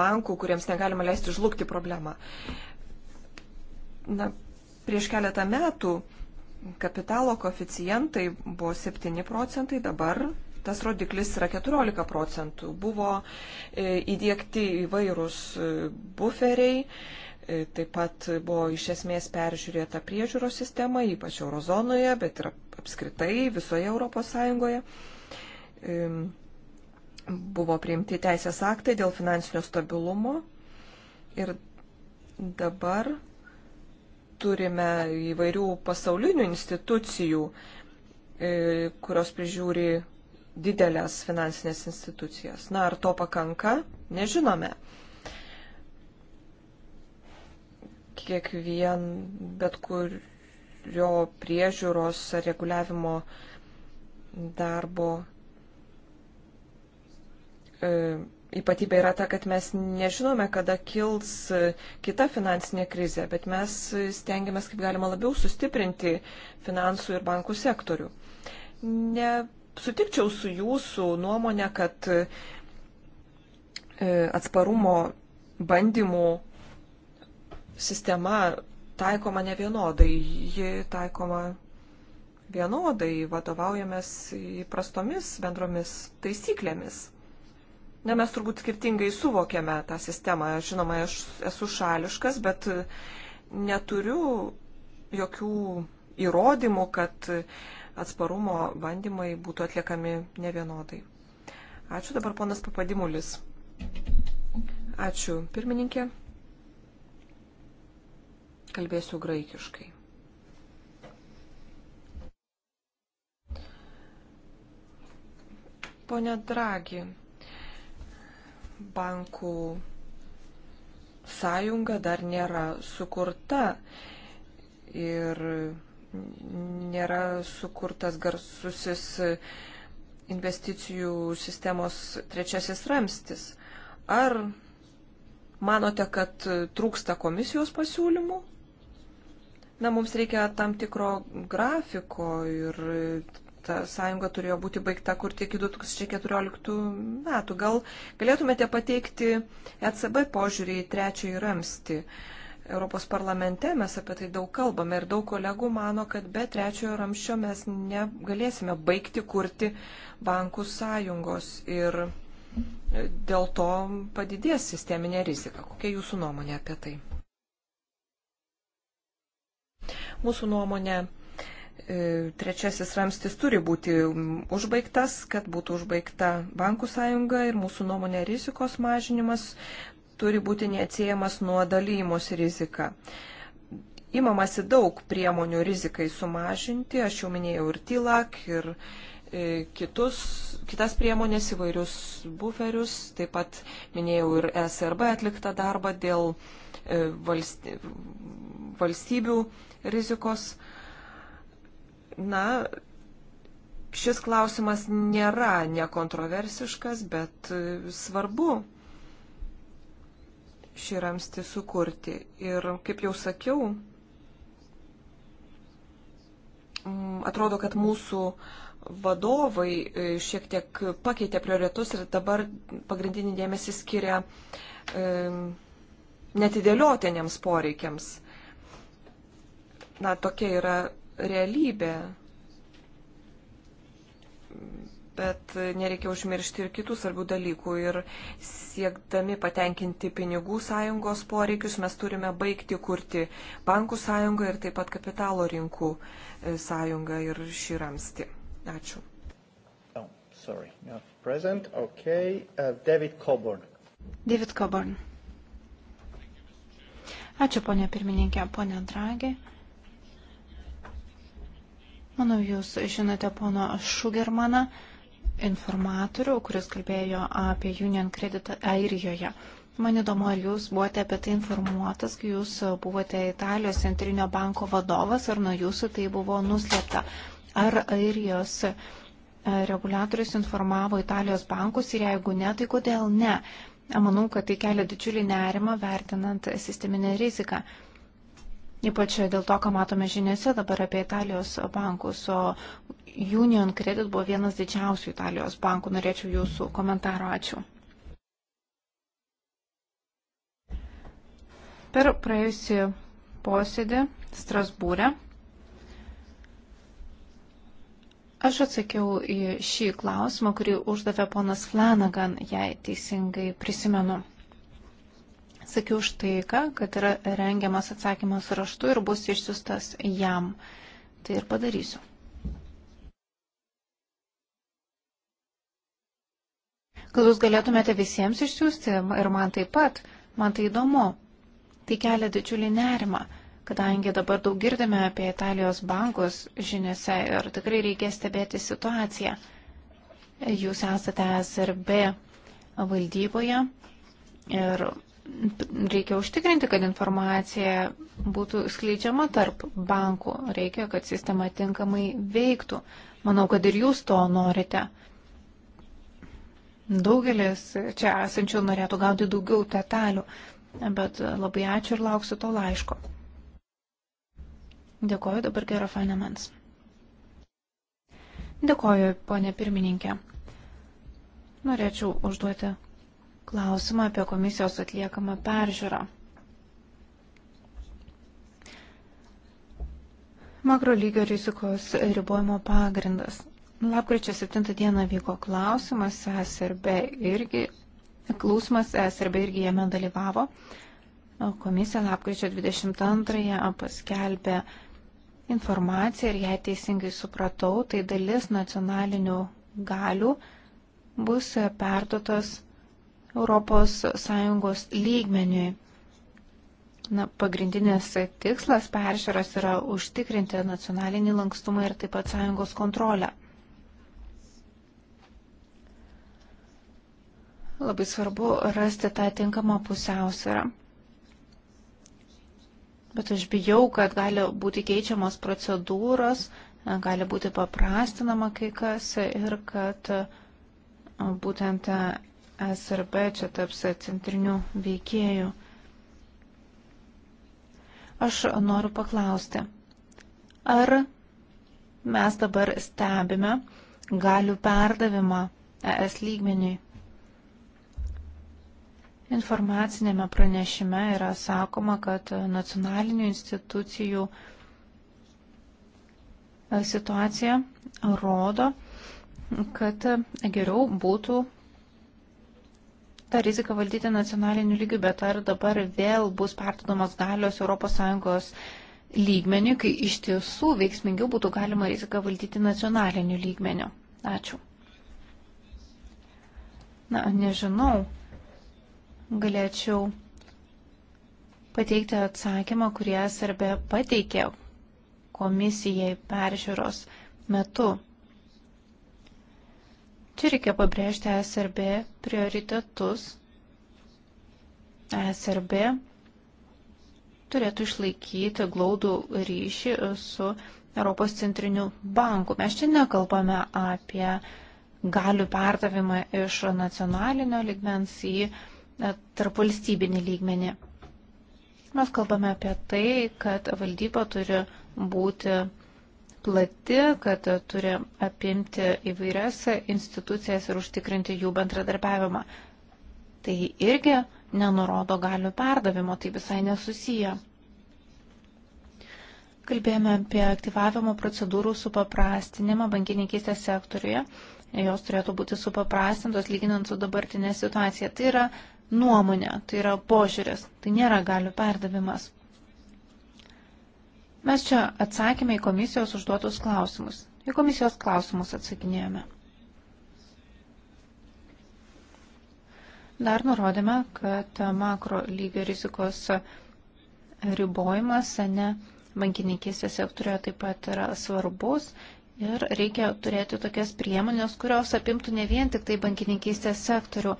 bankų, kuriems negalima leisti žlugti problemą. Na, prieš keletą metų kapitalo koficijantai buvo 7 procentai, dabar tas rodiklis yra 14 procentų. Buvo e, įdėkti įvairūs e, buferiai, E, taip pat buvo iš esmės peržiūrėta priežiūros sistema, ypač eurozonoje, bet ir apskritai visoje ES. Buvo priimti teisės aktai dėl finansinio stabilumo ir dabar turime įvairių pasaulinių institucijų, e, kurios prižiūri didelės finansinės institucijas. Na, ar to pakanka, nežinome. kiekvien bet kurio priežiūros ar reguliavimo darbo e, ypatybė yra ta, kad mes nežinome, kada kils e, kita finansinė krizė, bet mes stengiamės kaip galima labiau sustiprinti finansų ir bankų sektorių. Ne sutikčiau su jūsų nuomonė, kad e, atsparumo bandymų sistema taikoma ne vienodai, ji taikoma vienodai, vadovaujamės įprastomis bendromis taisyklėmis. Na, mes turbūt skirtingai suvokiame tą sistemą. Žinoma, aš esu šališkas, bet neturiu jokių įrodymų, kad atsparumo bandymai būtų atliekami nevienodai. Ačiū dabar ponas Papadimulis. Ačiū, pirmininkė. Kalbėsiu graikiškai. Pone Dragi, bankų sąjunga dar nėra sukurta ir nėra sukurtas garsusis investicijų sistemos trečiasis ramstis. Ar manote, kad trūksta komisijos pasiūlymų? Na, mums reikia tam tikro grafiko ir ta sąjunga turėjo būti baigta kurti iki 2014 metų. Gal galėtumėte pateikti ECB požiūrį į trečiąjį ramstį? Europos parlamente mes apie tai daug kalbame ir daug kolegų mano, kad be trečiojo ramščio mes negalėsime baigti kurti bankų sąjungos ir dėl to padidės sisteminė rizika. Kokia jūsų nuomonė apie tai? Mūsų nuomonė, e, trečiasis ramstis turi būti užbaigtas, kad būtų užbaigta bankų sąjunga ir mūsų nuomonė rizikos mažinimas turi būti neatsiejamas nuo dalymus rizika. Įmamasi daug priemonių rizikai sumažinti, aš jau minėjau ir TILAK, ir e, kitus, kitas priemonės, įvairius buferius, taip pat minėjau ir SRB atliktą darbą dėl e, valstybių rizikos. Na, šis klausimas nėra nekontroversiškas, bet e, svarbu šį ramstį sukurti. Ir kaip jau sakiau, atrodo, kad mūsų vadovai e, šiek tiek pakeitė prioritetus ir dabar pagrindinį dėmesį skiria e, netidėliotinėms poreikiams na, tokia yra realybė. Bet nereikia užmiršti ir kitų svarbių dalykų. Ir siekdami patenkinti pinigų sąjungos poreikius, mes turime baigti kurti bankų sąjungą ir taip pat kapitalo rinkų e, sąjungą ir šį ramsti. Ačiū. Oh, sorry, not present. Okay. Uh, David Coburn. David Coburn. Ačiū, ponė pirmininkė, ponė Dragi. Uh, Manau, jūs žinote pono Šugermaną, informatorių, kuris kalbėjo apie Union Credit Airijoje. Man įdomu, ar jūs buvote apie tai informuotas, kai jūs buvote Italijos centrinio banko vadovas, ar nuo jūsų tai buvo nuslėpta. Ar Airijos e, reguliatorius informavo Italijos bankus ir jeigu ne, tai kodėl ne? Manau, kad tai kelia didžiulį nerimą vertinant sisteminę riziką. Ypač dėl to, ką matome žiniuose dabar apie Italijos bankus, o Union Credit buvo vienas didžiausių Italijos bankų. Norėčiau jūsų komentaro. Ačiū. Per praėjusį posėdį Strasbūrė Aš atsakiau į šį klausimą, kurį uždavė ponas Flanagan, jei teisingai prisimenu. Sakiau štai ką, kad yra rengiamas atsakymas raštu ir bus išsiustas jam. Tai ir padarysiu. Gal jūs galėtumėte visiems išsiųsti ir man taip pat, man tai įdomu. Tai kelia didžiulį nerimą, kadangi dabar daug girdime apie Italijos bankus žiniuose ir tikrai reikia stebėti situaciją. Jūs esate SRB valdyboje ir reikia užtikrinti, kad informacija būtų skleidžiama tarp bankų. Reikia, kad sistema tinkamai veiktų. Manau, kad ir jūs to norite. Daugelis čia esančių norėtų gauti daugiau detalių, bet labai ačiū ir lauksiu to laiško. Dėkoju dabar gero Fanemans. Dėkoju, ponė pirmininkė. Norėčiau užduoti klausimą apie komisijos atliekamą peržiūrą. Makrolygio rizikos ribojimo pagrindas. Lapkričio 7 dieną vyko klausimas, SRB irgi, klausimas SRB irgi jame dalyvavo. Komisija lapkričio 22 paskelbė informaciją ir jei teisingai supratau, tai dalis nacionalinių galių bus perdotas ES lygmeniui. Na, pagrindinės tikslas peržiūros yra užtikrinti nacionalinį lankstumą ir taip pat sąjungos kontrolę. Labai svarbu rasti tą tinkamą pusiausvyrą. Bet aš bijau, kad gali būti keičiamos procedūros, gali būti paprastinama kai kas ir kad būtent SRB čia taps centriniu veikėju. Aš noriu paklausti, ar mes dabar stebime galių perdavimą ES lygmeniui? Informacinėme pranešime yra sakoma, kad nacionalinių institucijų situacija rodo, kad geriau būtų tą riziką valdyti nacionaliniu lygiu, bet ar dabar vėl bus pertudamos galios ES lygmenį, kai iš tiesų veiksmingiau būtų galima riziką valdyti nacionaliniu lygmeniu. Ačiū. Na, nežinau, galėčiau pateikti atsakymą, kurie Serbė pateikė komisijai peržiūros metu. Čia reikia pabrėžti SRB prioritetus. SRB turėtų išlaikyti glaudų ryšį su Europos centriniu banku. Mes čia nekalbame apie galių perdavimą iš nacionalinio ligmens į e, tarpvalstybinį lygmenį. Mes kalbame apie tai, kad valdyba turi būti plati, kad turi apimti įvairias institucijas ir užtikrinti jų bendradarbiavimą. Tai irgi nenurodo galių perdavimo, tai visai nesusiję. Kalbėjome apie aktyvavimo procedūrų supaprastinimą bankininkystės sektoriuje. Jos turėtų būti supaprastintos lyginant su dabartinė situacija. Tai yra nuomonė, tai yra požiūris, tai nėra galių perdavimas. Mes čia atsakėme į komisijos užduotus klausimus. Į komisijos klausimus atsakinėjome. Dar nurodėme, kad makro lygio rizikos ribojimas ne bankininkystės sektorioje taip pat yra svarbus ir reikia turėti tokias priemonės, kurios apimtų ne vien tik tai bankininkystės sektorių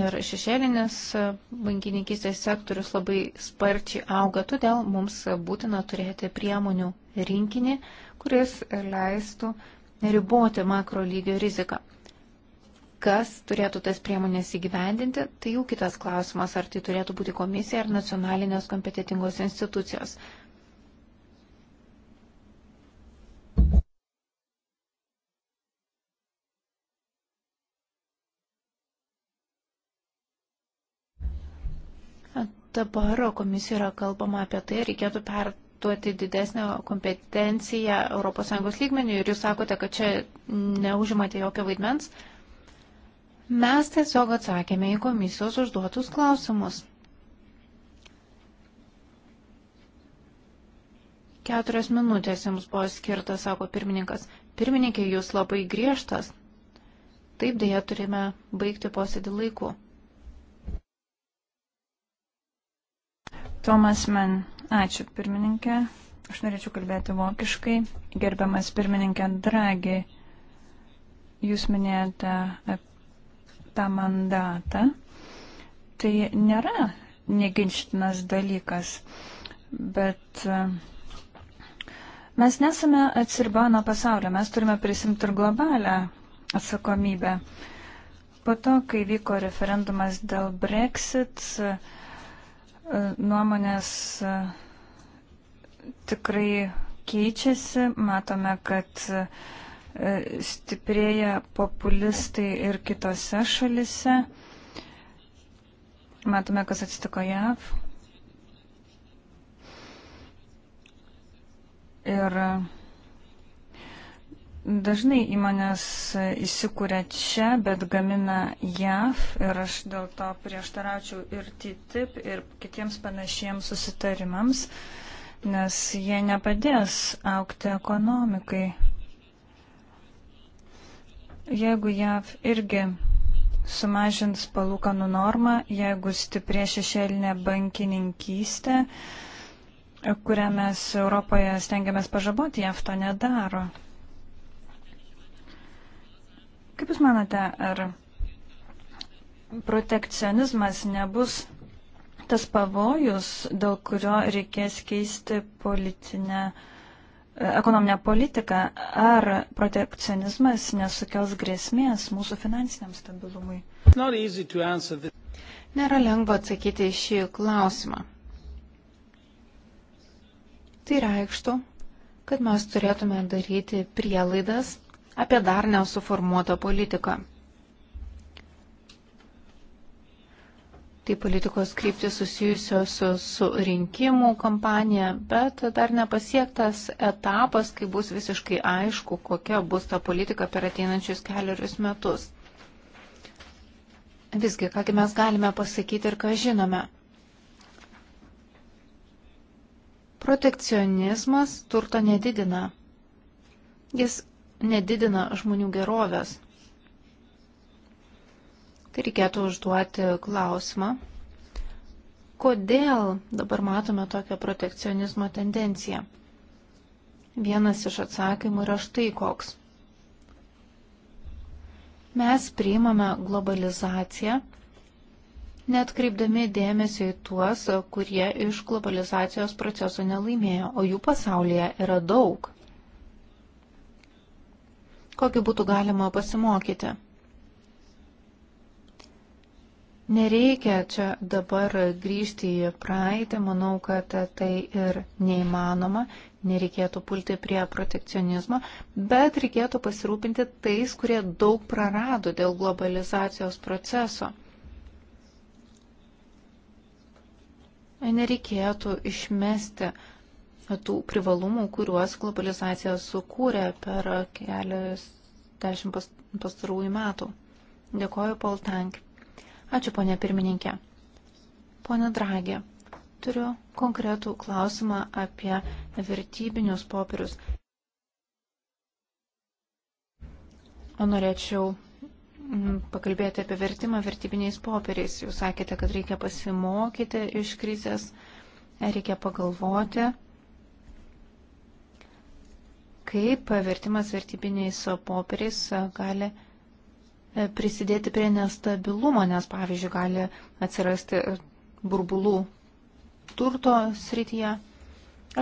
ir šešėlinis bankininkystės sektorius labai sparčiai auga, todėl mums būtina turėti priemonių rinkinį, kuris leistų riboti makro lygio riziką. Kas turėtų tas priemonės įgyvendinti, tai jau kitas klausimas, ar tai turėtų būti komisija ar nacionalinės kompetitingos institucijos. Dabar komisija yra kalbama apie tai, reikėtų perduoti didesnę kompetenciją ES lygmenių ir jūs sakote, kad čia neužimate jokio vaidmens. Mes tiesiog atsakėme į komisijos užduotus klausimus. Keturios minutės jums buvo skirtas, sako pirmininkas. Pirmininkė, jūs labai griežtas. Taip dėja turime baigti posėdį laiku. Tomas Man. Ačiū, pirmininkė. Aš norėčiau kalbėti vokiškai. Gerbiamas pirmininkė Dragi, jūs minėjote tą mandatą. Tai nėra neginštinas dalykas, bet e, mes nesame atsirba nuo pasaulio, mes turime prisimti ir globalę atsakomybę. Po to, kai vyko referendumas dėl Brexit, nuomonės e, tikrai keičiasi. Matome, kad e, stiprėja populistai ir kitose šalise. Matome, kas atsitiko JAV. Ir Dažnai įmonės įsikūrė čia, bet gamina JAV ir aš dėl to prieštaraučiau ir TTIP ir kitiems panašiems susitarimams, nes jie nepadės aukti ekonomikai. Jeigu JAV irgi sumažins palūkanų normą, jeigu stiprė šešėlinė bankininkystė, kurią mes Europoje stengiamės pažaboti, JAV to nedaro. Kaip Jūs manote, ar protekcionizmas nebus tas pavojus, dėl kurio reikės keisti politinę, e, ekonominę politiką? Ar protekcionizmas nesukels grėsmės mūsų finansiniam stabilumui? Nėra lengva atsakyti į šį klausimą. Tai reikštų, kad mes turėtume daryti prielaidas apie dar nesuformuotą politiką. Tai politikos kryptis susijusios su, su rinkimų kampanija, bet dar nepasiektas etapas, kai bus visiškai aišku, kokia bus ta politika per ateinančius keliarius metus. Visgi, kągi mes galime pasakyti ir ką žinome. Protekcionizmas turto nedidina. Jis nedidina žmonių gerovės. Tai reikėtų užduoti klausimą, kodėl dabar matome tokią protekcionizmo tendenciją. Vienas iš atsakymų yra štai koks. Mes priimame globalizaciją, netkreipdami dėmesio į tuos, kurie iš globalizacijos proceso nelaimėjo, o jų pasaulyje yra daug. Kokį būtų galima pasimokyti? Nereikia čia dabar grįžti į praeitį, manau, kad tai ir neįmanoma, nereikėtų pulti prie protekcionizmo, bet reikėtų pasirūpinti tais, kurie daug prarado dėl globalizacijos proceso. Nereikėtų išmesti uh, tų privalumų, kuriuos globalizacija sukūrė per kelias dešimt pas, pastarųjų metų. Dėkoju, Paul Tank. Ačiū, ponė pirmininkė. Pone Dragė, turiu konkretų klausimą apie vertybinius popierius. O norėčiau mm, pakalbėti apie vertimą vertybiniais popieriais. Jūs sakėte, kad reikia pasimokyti iš krizės, reikia pagalvoti kaip vertimas vertybiniais popieriais e, gali e, prisidėti prie nestabilumo, nes pavyzdžiui gali atsirasti e, burbulų turto srityje.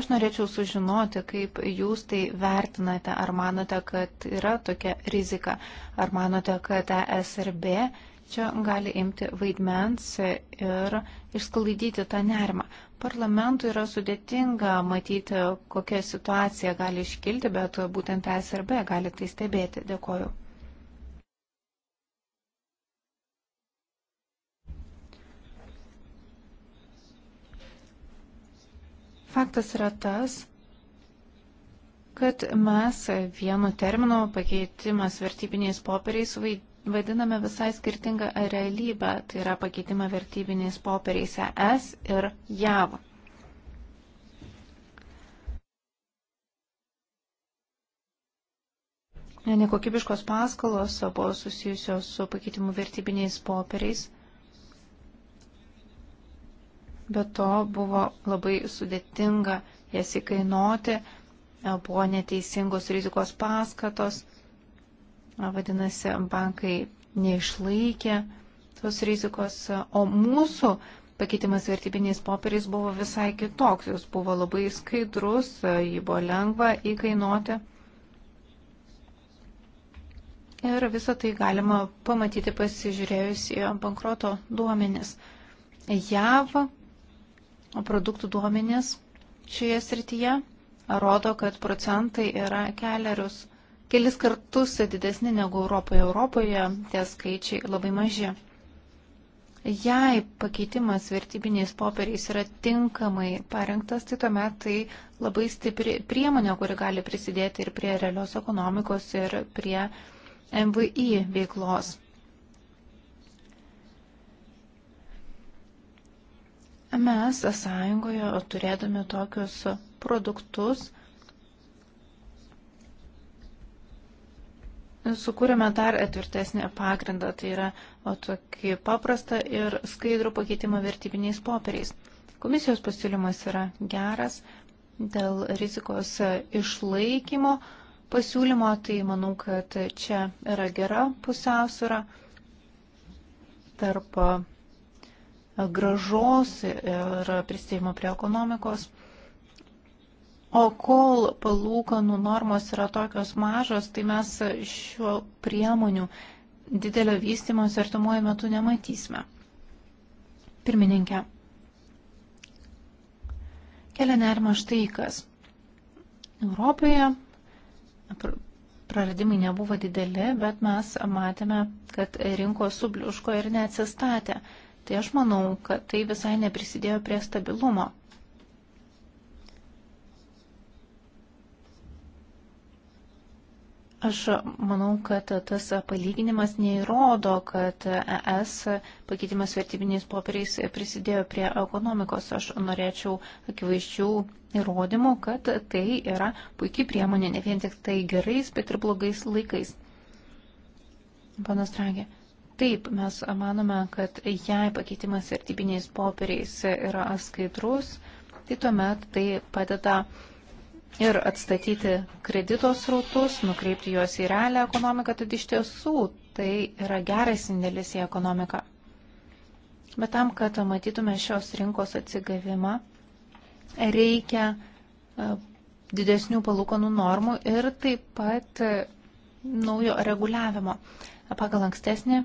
Aš norėčiau sužinoti, kaip jūs tai vertinate, ar manote, kad yra tokia rizika, ar manote, kad ESRB čia gali imti vaidmens ir išsklaidyti tą nerimą. Parlamentui yra sudėtinga matyti, kokia situacija gali iškilti, bet būtent SRB gali tai stebėti. Dėkoju. Faktas yra tas, kad mes vienu terminu pakeitimas vertybiniais popieriais vaidiname vaidiname visai skirtingą realybę, tai yra pakeitimą vertybiniais popieriais ES ir JAV. Nekokybiškos paskolos buvo susijusios su pakeitimu vertybiniais popieriais. Be to buvo labai sudėtinga jas įkainuoti, buvo neteisingos rizikos paskatos Vadinasi, bankai neišlaikė tos rizikos, o mūsų pakeitimas vertybiniais popieriais buvo visai kitoks. Jis buvo labai skaidrus, jį buvo lengva įkainuoti. Ir visą tai galima pamatyti pasižiūrėjus į bankroto duomenis. JAV produktų duomenis šioje srityje rodo, kad procentai yra keliarius kelis kartus didesni negu Europoje. Europoje tie skaičiai labai maži. Jei pakeitimas vertybiniais popieriais yra tinkamai parengtas, tai tuomet tai labai stipri priemonė, kuri gali prisidėti ir prie realios ekonomikos, ir prie MVI veiklos. Mes sąjungoje turėdami tokius produktus sukūrėme dar tvirtesnį pagrindą, tai yra tokį paprastą ir skaidrų pakeitimą vertybiniais popieriais. Komisijos pasiūlymas yra geras dėl rizikos išlaikymo pasiūlymo, tai manau, kad čia yra gera pusiausvyrą tarp gražos ir pristėjimo prie ekonomikos. O kol palūkanų normos yra tokios mažos, tai mes šiuo priemonių didelio vystimosi artimuoju metu nematysime. Pirmininkė. Kelia nerima štai kas. Europoje praradimai nebuvo dideli, bet mes matėme, kad rinkos subliuško ir neatsistatė. Tai aš manau, kad tai visai neprisidėjo prie stabilumo. Aš manau, kad tas palyginimas neįrodo, kad ES pakeitimas vertybiniais popieriais prisidėjo prie ekonomikos. Aš norėčiau akivaizdžių įrodymų, kad tai yra puikiai priemonė ne vien tik tai gerais, bet ir blogais laikais. Panas Dragė. Taip, mes manome, kad jei pakeitimas vertybiniais popieriais yra skaidrus, tai tuomet tai padeda ir atstatyti kreditos rautus, nukreipti juos į realią ekonomiką, tad iš tiesų tai yra geras indėlis į ekonomiką. Bet tam, kad matytume šios rinkos atsigavimą, reikia e, didesnių palūkanų normų ir taip pat e, naujo reguliavimo. Pagal ankstesnį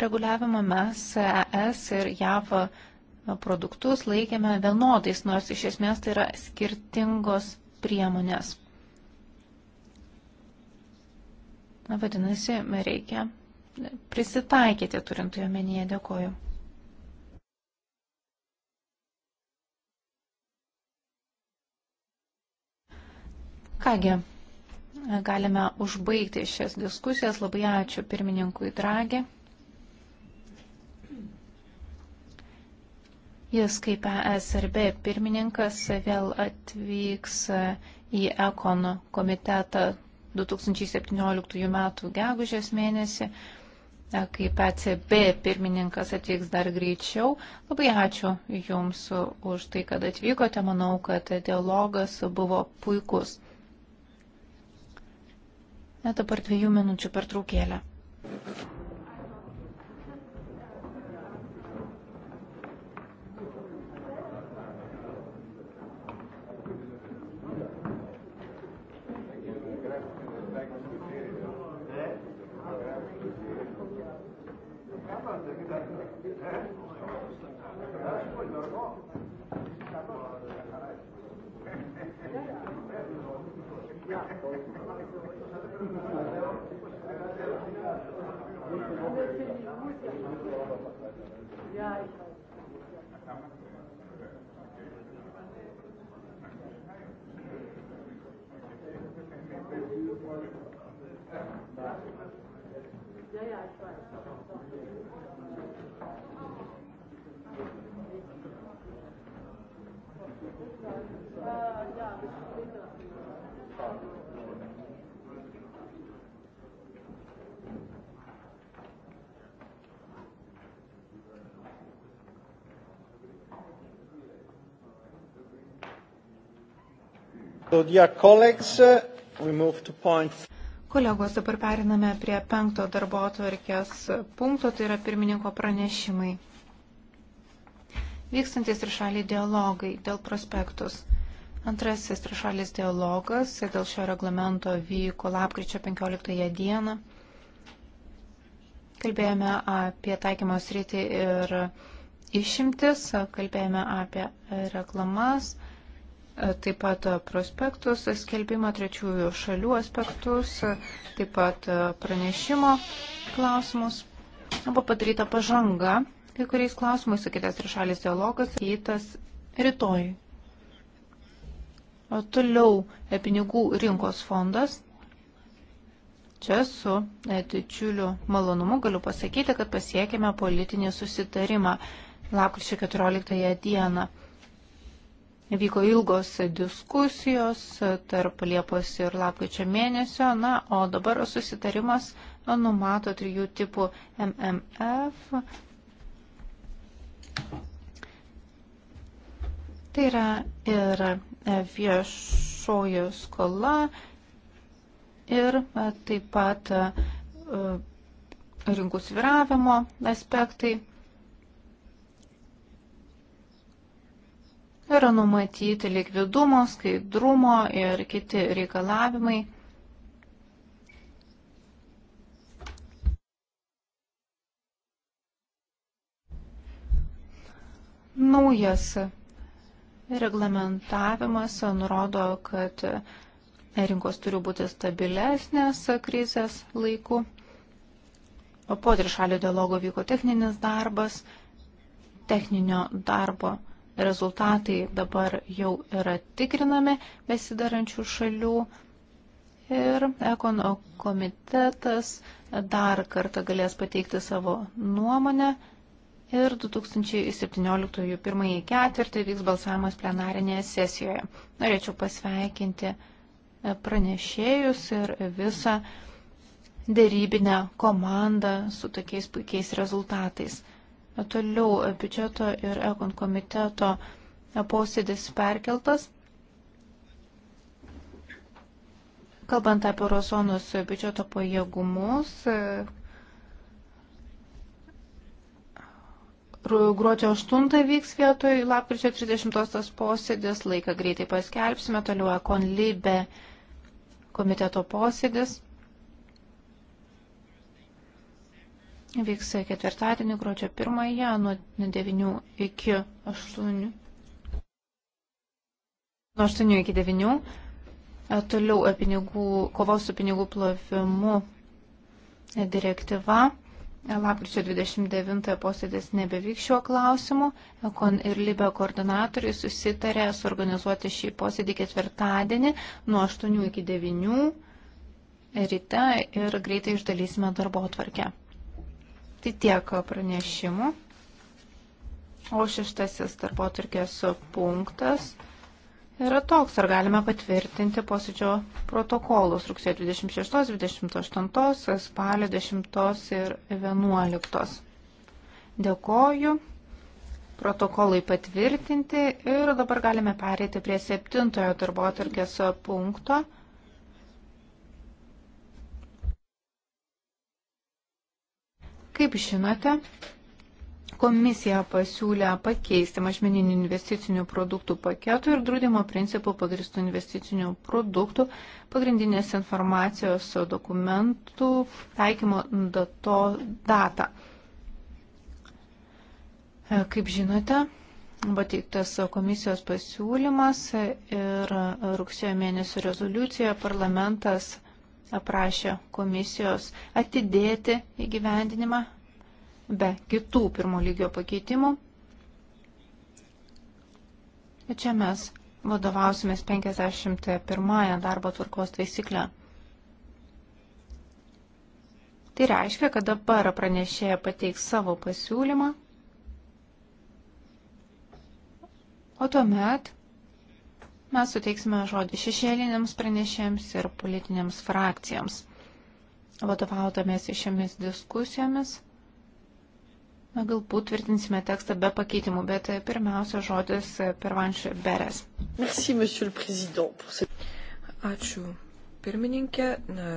reguliavimą mes ES ir JAV produktus laikėme vienodais, nors iš esmės tai yra skirtingos priemonės. Na, vadinasi, reikia prisitaikyti turint omenyje. Dėkoju. Kągi, galime užbaigti šias diskusijas. Labai ačiū pirmininkui Dragi. Jis kaip ESRB pirmininkas vėl atvyks į Ekon komitetą 2017 m. gegužės mėnesį. Kaip ECB pirmininkas atvyks dar greičiau. Labai ačiū Jums už tai, kad atvykote. Manau, kad dialogas buvo puikus. Na, dabar dviejų minučių pertraukėlę. Thank you. Yeah, I know. So, uh, Kolegos, dabar periname prie penkto darbo atvarkės punkto, tai yra pirmininko pranešimai. Vykstantis trišaliai dialogai dėl prospektus. Antrasis trišalis dialogas dėl šio reglamento vyko lapkričio 15 dieną. Kalbėjome apie taikymos rytį ir išimtis, kalbėjome apie reklamas E, taip pat e, prospektus, skelbimo trečiųjų šalių aspektus, e, taip pat pranešimo klausimus. Buvo padaryta pažanga, kai kuriais klausimais sakytas trišalis dialogas, įtas rytoj. O toliau pinigų rinkos fondas. Čia su didžiuliu malonumu galiu pasakyti, kad pasiekėme politinį susitarimą lakrūčio 14 dieną. Vyko ilgos diskusijos tarp Liepos ir lapkričio mėnesio, na, o dabar susitarimas numato trijų tipų MMF. Tai yra ir viešoji skola ir taip pat e, rinkų sviravimo aspektai. yra numatyti likvidumo, skaidrumo ir kiti reikalavimai. Naujas reglamentavimas nurodo, kad rinkos turi būti stabilesnės krizės laiku. O po trišalio dialogo vyko techninis darbas, techninio darbo Rezultatai dabar jau yra tikrinami besidarančių šalių. Ir ekono komitetas dar kartą galės pateikti savo nuomonę. Ir 2017 pirmąjį ketvirtį vyks balsavimas plenarinėje sesijoje. Norėčiau pasveikinti pranešėjus ir visą dėrybinę komandą su tokiais puikiais rezultatais. Toliau e, biudžeto ir ekon komiteto e, posėdis perkeltas. Kalbant apie eurozonos biudžeto pajėgumus, e, gruodžio 8 vyks vietoj lapkričio 30 posėdis, laiką greitai paskelbsime, toliau Ekon Libe komiteto posėdis. vyks ketvirtadienį gruodžio 1-ąją nuo 9 iki 8. Nuo 8 iki 9. Toliau pinigų, kovos su pinigų plovimu direktyva. Lapkričio 29 posėdės nebevyks šiuo klausimu. Ekon ir Libė koordinatoriai susitarė suorganizuoti šį posėdį ketvirtadienį nuo 8 iki 9 ryte ir greitai išdalysime darbo atvarkę. Tai tiek pranešimų. O šeštasis darbo turkės punktas yra toks, ar galime patvirtinti posėdžio protokolus rugsėjo 26, 28, spalio 10 ir 11. Dėkoju protokolai patvirtinti ir dabar galime pereiti prie septintojo darbo atvarkės punkto. Kaip žinote, komisija pasiūlė pakeisti mažmeninių investicinių produktų paketų ir draudimo principų pagristų investicinių produktų pagrindinės informacijos dokumentų taikymo dato datą. E, kaip žinote, pateiktas komisijos pasiūlymas ir rugsėjo mėnesio rezoliucijoje parlamentas aprašė komisijos atidėti įgyvendinimą be kitų pirmo lygio pakeitimų. Čia mes vadovausimės 51 darbo tvarkos taisyklę. Tai reiškia, kad dabar pranešėja pateiks savo pasiūlymą, o tuomet Mes suteiksime žodį šešėliniams pranešėjams ir politinėms frakcijams. Vadovaudomės šiomis diskusijomis. Na, galbūt tvirtinsime tekstą be pakeitimų, bet pirmiausia žodis pirmančių berės. Merci, monsieur le président. Ačiū, pirmininkė. Na,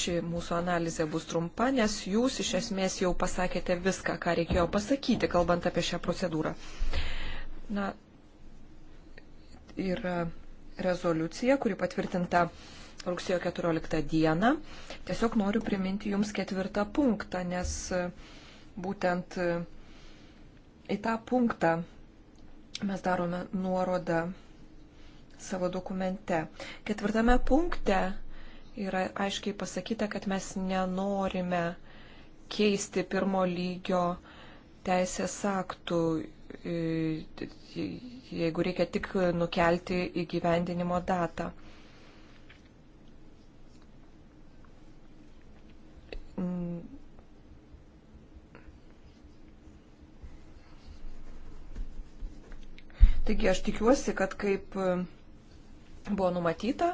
ši mūsų analizė bus trumpa, nes jūs iš esmės jau pasakėte viską, ką reikėjo pasakyti, kalbant apie šią procedūrą. Na, yra rezoliucija, kuri patvirtinta rugsėjo 14 dieną. Tiesiog noriu priminti Jums ketvirtą punktą, nes e, būtent e, į tą punktą mes darome nuorodą savo dokumente. Ketvirtame punkte yra aiškiai pasakyta, kad mes nenorime keisti pirmo lygio teisės aktų E, jeigu reikia tik nukelti įgyvendinimo datą. Taigi aš tikiuosi, kad kaip buvo numatyta,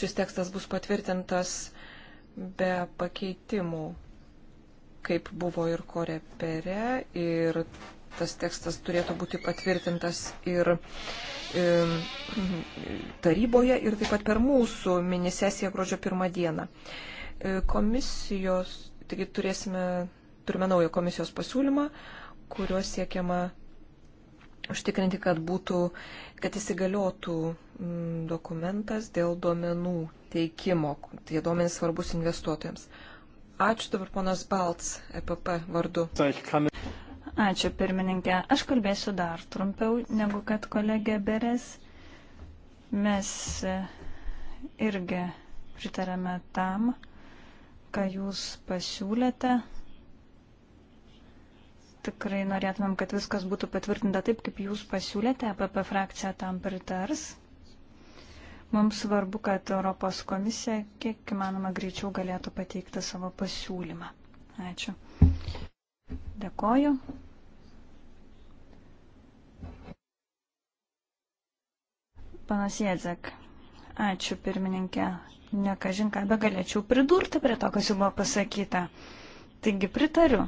šis tekstas bus patvirtintas be pakeitimų, kaip buvo ir korepere, ir tas tekstas turėtų būti patvirtintas ir e, taryboje ir taip pat per mūsų minisesiją gruodžio pirmą dieną. E, komisijos, taigi turėsime, turime naują komisijos pasiūlymą, kuriuo siekiama užtikrinti, kad būtų, kad įsigaliotų dokumentas dėl duomenų teikimo. Tie duomenys svarbus investuotojams. Ačiū dabar ponas Balts, EPP vardu. Ačiū, pirmininkė. Aš kalbėsiu dar trumpiau negu kad kolegė Beres. Mes e, irgi pritarėme tam, ką jūs pasiūlėte. Tikrai norėtumėm, kad viskas būtų patvirtinta taip, kaip jūs pasiūlėte. APP e frakcija tam pritars. Mums svarbu, kad Europos komisija kiek įmanoma greičiau galėtų pateikti savo pasiūlymą. Ačiū. Dėkoju. Panas Jėdzek, ačiū pirmininkė. Nekažin ką be galėčiau pridurti prie to, kas jau buvo pasakyta. Taigi pritariu.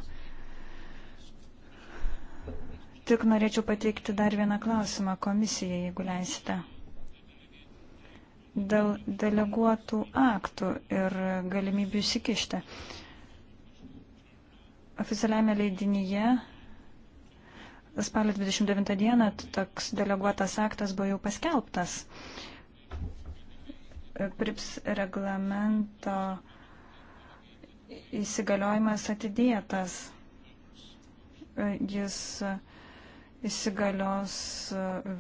Tik norėčiau pateikti dar vieną klausimą komisijai, jeigu leisite. Dėl deleguotų aktų ir galimybių įsikišti. Uh, Oficialiame leidinyje spalio 29 dieną toks deleguotas aktas buvo jau paskelbtas. PRIPS reglamento įsigaliojimas atidėtas. Jis įsigalios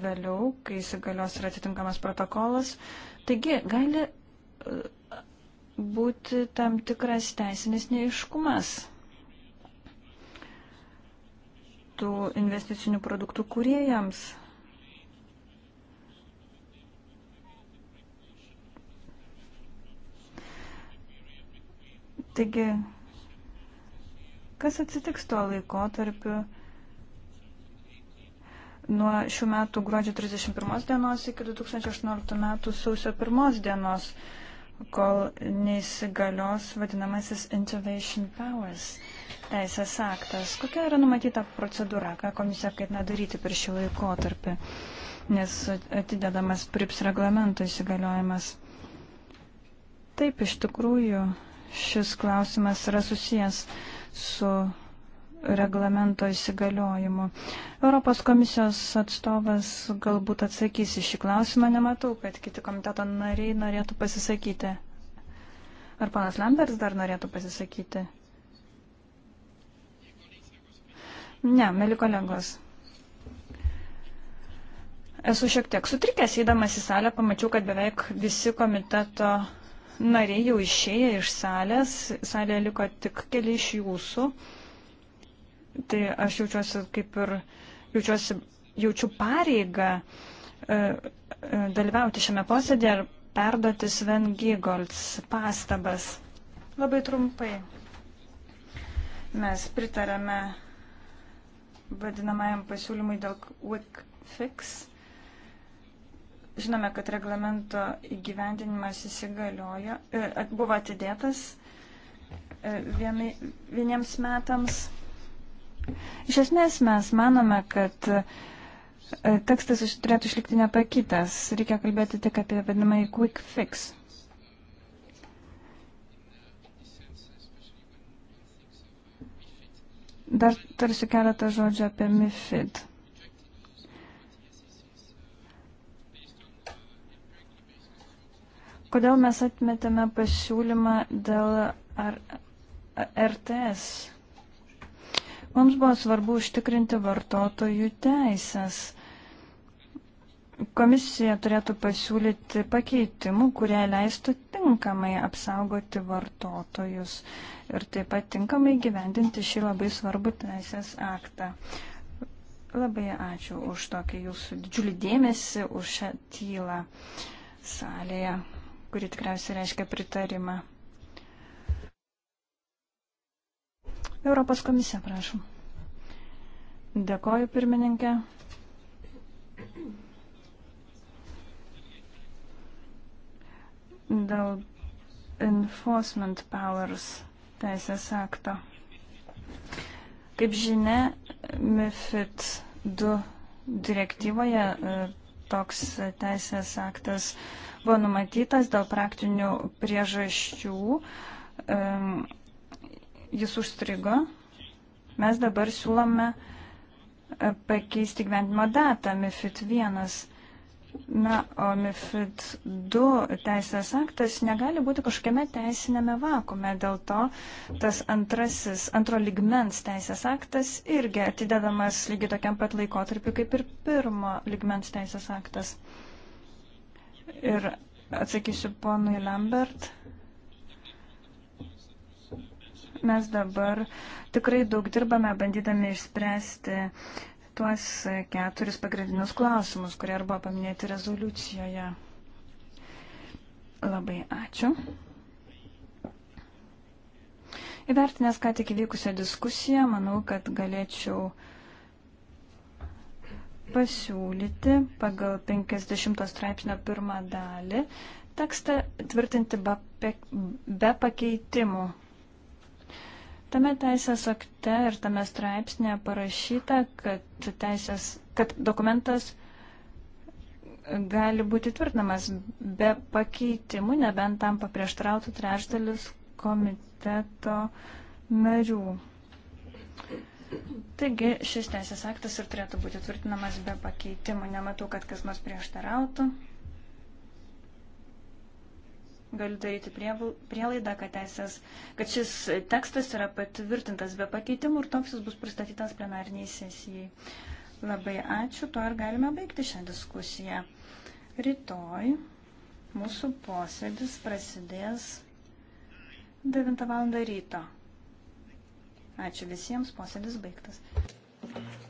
vėliau, kai įsigalios ir atitinkamas protokolas. Taigi, gali būti tam tikras teisinis neiškumas tų investicinių produktų kuriejams. Taigi, kas atsitiks tuo laikotarpiu nuo šių metų gruodžio 31 dienos iki 2018 metų sausio 1 dienos, kol neįsigalios vadinamasis Intervention Powers – teisės aktas. Kokia yra numatyta procedūra, ką komisija ketina daryti per šį laikotarpį, nes atidedamas prips reglamento įsigaliojimas. Taip, iš tikrųjų, šis klausimas yra susijęs su reglamento įsigaliojimu. Europos komisijos atstovas galbūt atsakys į šį klausimą, nematau, kad kiti komiteto nariai norėtų pasisakyti. Ar panas Lambers dar norėtų pasisakyti? Ne, mėly kolegos. Esu šiek tiek sutrikęs, eidamas į salę, pamačiau, kad beveik visi komiteto nariai jau išėję iš salės. Salėje liko tik keli iš jūsų. Tai aš jaučiuosi kaip ir, jaučiuosi, jaučiu pareigą e, e, dalyvauti šiame posėdė ir perduoti Sven Gigolds pastabas. Labai trumpai. Mes pritarame vadinamajam pasiūlymui dėl WIC fix. Žinome, kad reglamento įgyvendinimas įsigaliojo, e, buvo atidėtas e, vienai, vieniems metams. Iš esmės mes manome, kad e, tekstas turėtų išlikti nepakytas. Reikia kalbėti tik apie vadinamąjį quick fix. Dar tarsi keletą žodžių apie MIFID. Kodėl mes atmetėme pasiūlymą dėl RTS? Mums buvo svarbu užtikrinti vartotojų teisės. Komisija turėtų pasiūlyti pakeitimų, kurie leistų tinkamai apsaugoti vartotojus. Uh, ir taip pat tinkamai gyvendinti šį labai svarbų teisės aktą. Labai ačiū už tokį jūsų didžiulį dėmesį, už šią tylą salėje, kuri tikriausiai reiškia pritarimą. Europos komisija, prašom. Dėkoju, pirmininkė. Dėl enforcement powers teisės akto. Kaip žinia, MIFID 2 direktyvoje e, toks teisės aktas buvo numatytas dėl praktinių priežasčių. E, jis užstrigo. Mes dabar siūlome e, pakeisti gyvenimo datą MIFID 1. Na, o MIFID 2 teisės aktas negali būti kažkokiame teisinėme vakume, dėl to tas antrasis, antro ligmens teisės aktas irgi atidedamas lygiai tokiam pat laikotarpiu kaip ir pirmo ligmens teisės aktas. Ir atsakysiu ponui Lambert. Mes dabar tikrai daug dirbame bandydami išspręsti uh, tuos keturis pagrindinius klausimus, kurie ir buvo paminėti rezoliucijoje. Labai ačiū. Įvertinęs ką tik įvykusią diskusiją, manau, kad galėčiau pasiūlyti pagal 50 straipsnio pirmą dalį tekstą tvirtinti be, be pakeitimų. Tame teisės akte ir tame straipsnėje parašyta, kad, teisės, kad dokumentas gali būti tvirtinamas be pakeitimų, nebent tam paprieštrautų trečdalis komiteto narių. Taigi šis teisės aktas ir turėtų būti tvirtinamas be pakeitimų. Nematau, kad kas nors prieštarautų galiu daryti prielaidą, kad, teisės, kad šis tekstas yra patvirtintas be pakeitimų ir toks jis bus pristatytas plenariniai sesijai. Labai ačiū, tuo ir galime baigti šią diskusiją. Rytoj mūsų posėdis prasidės 9 val. ryto. Ačiū visiems, posėdis baigtas.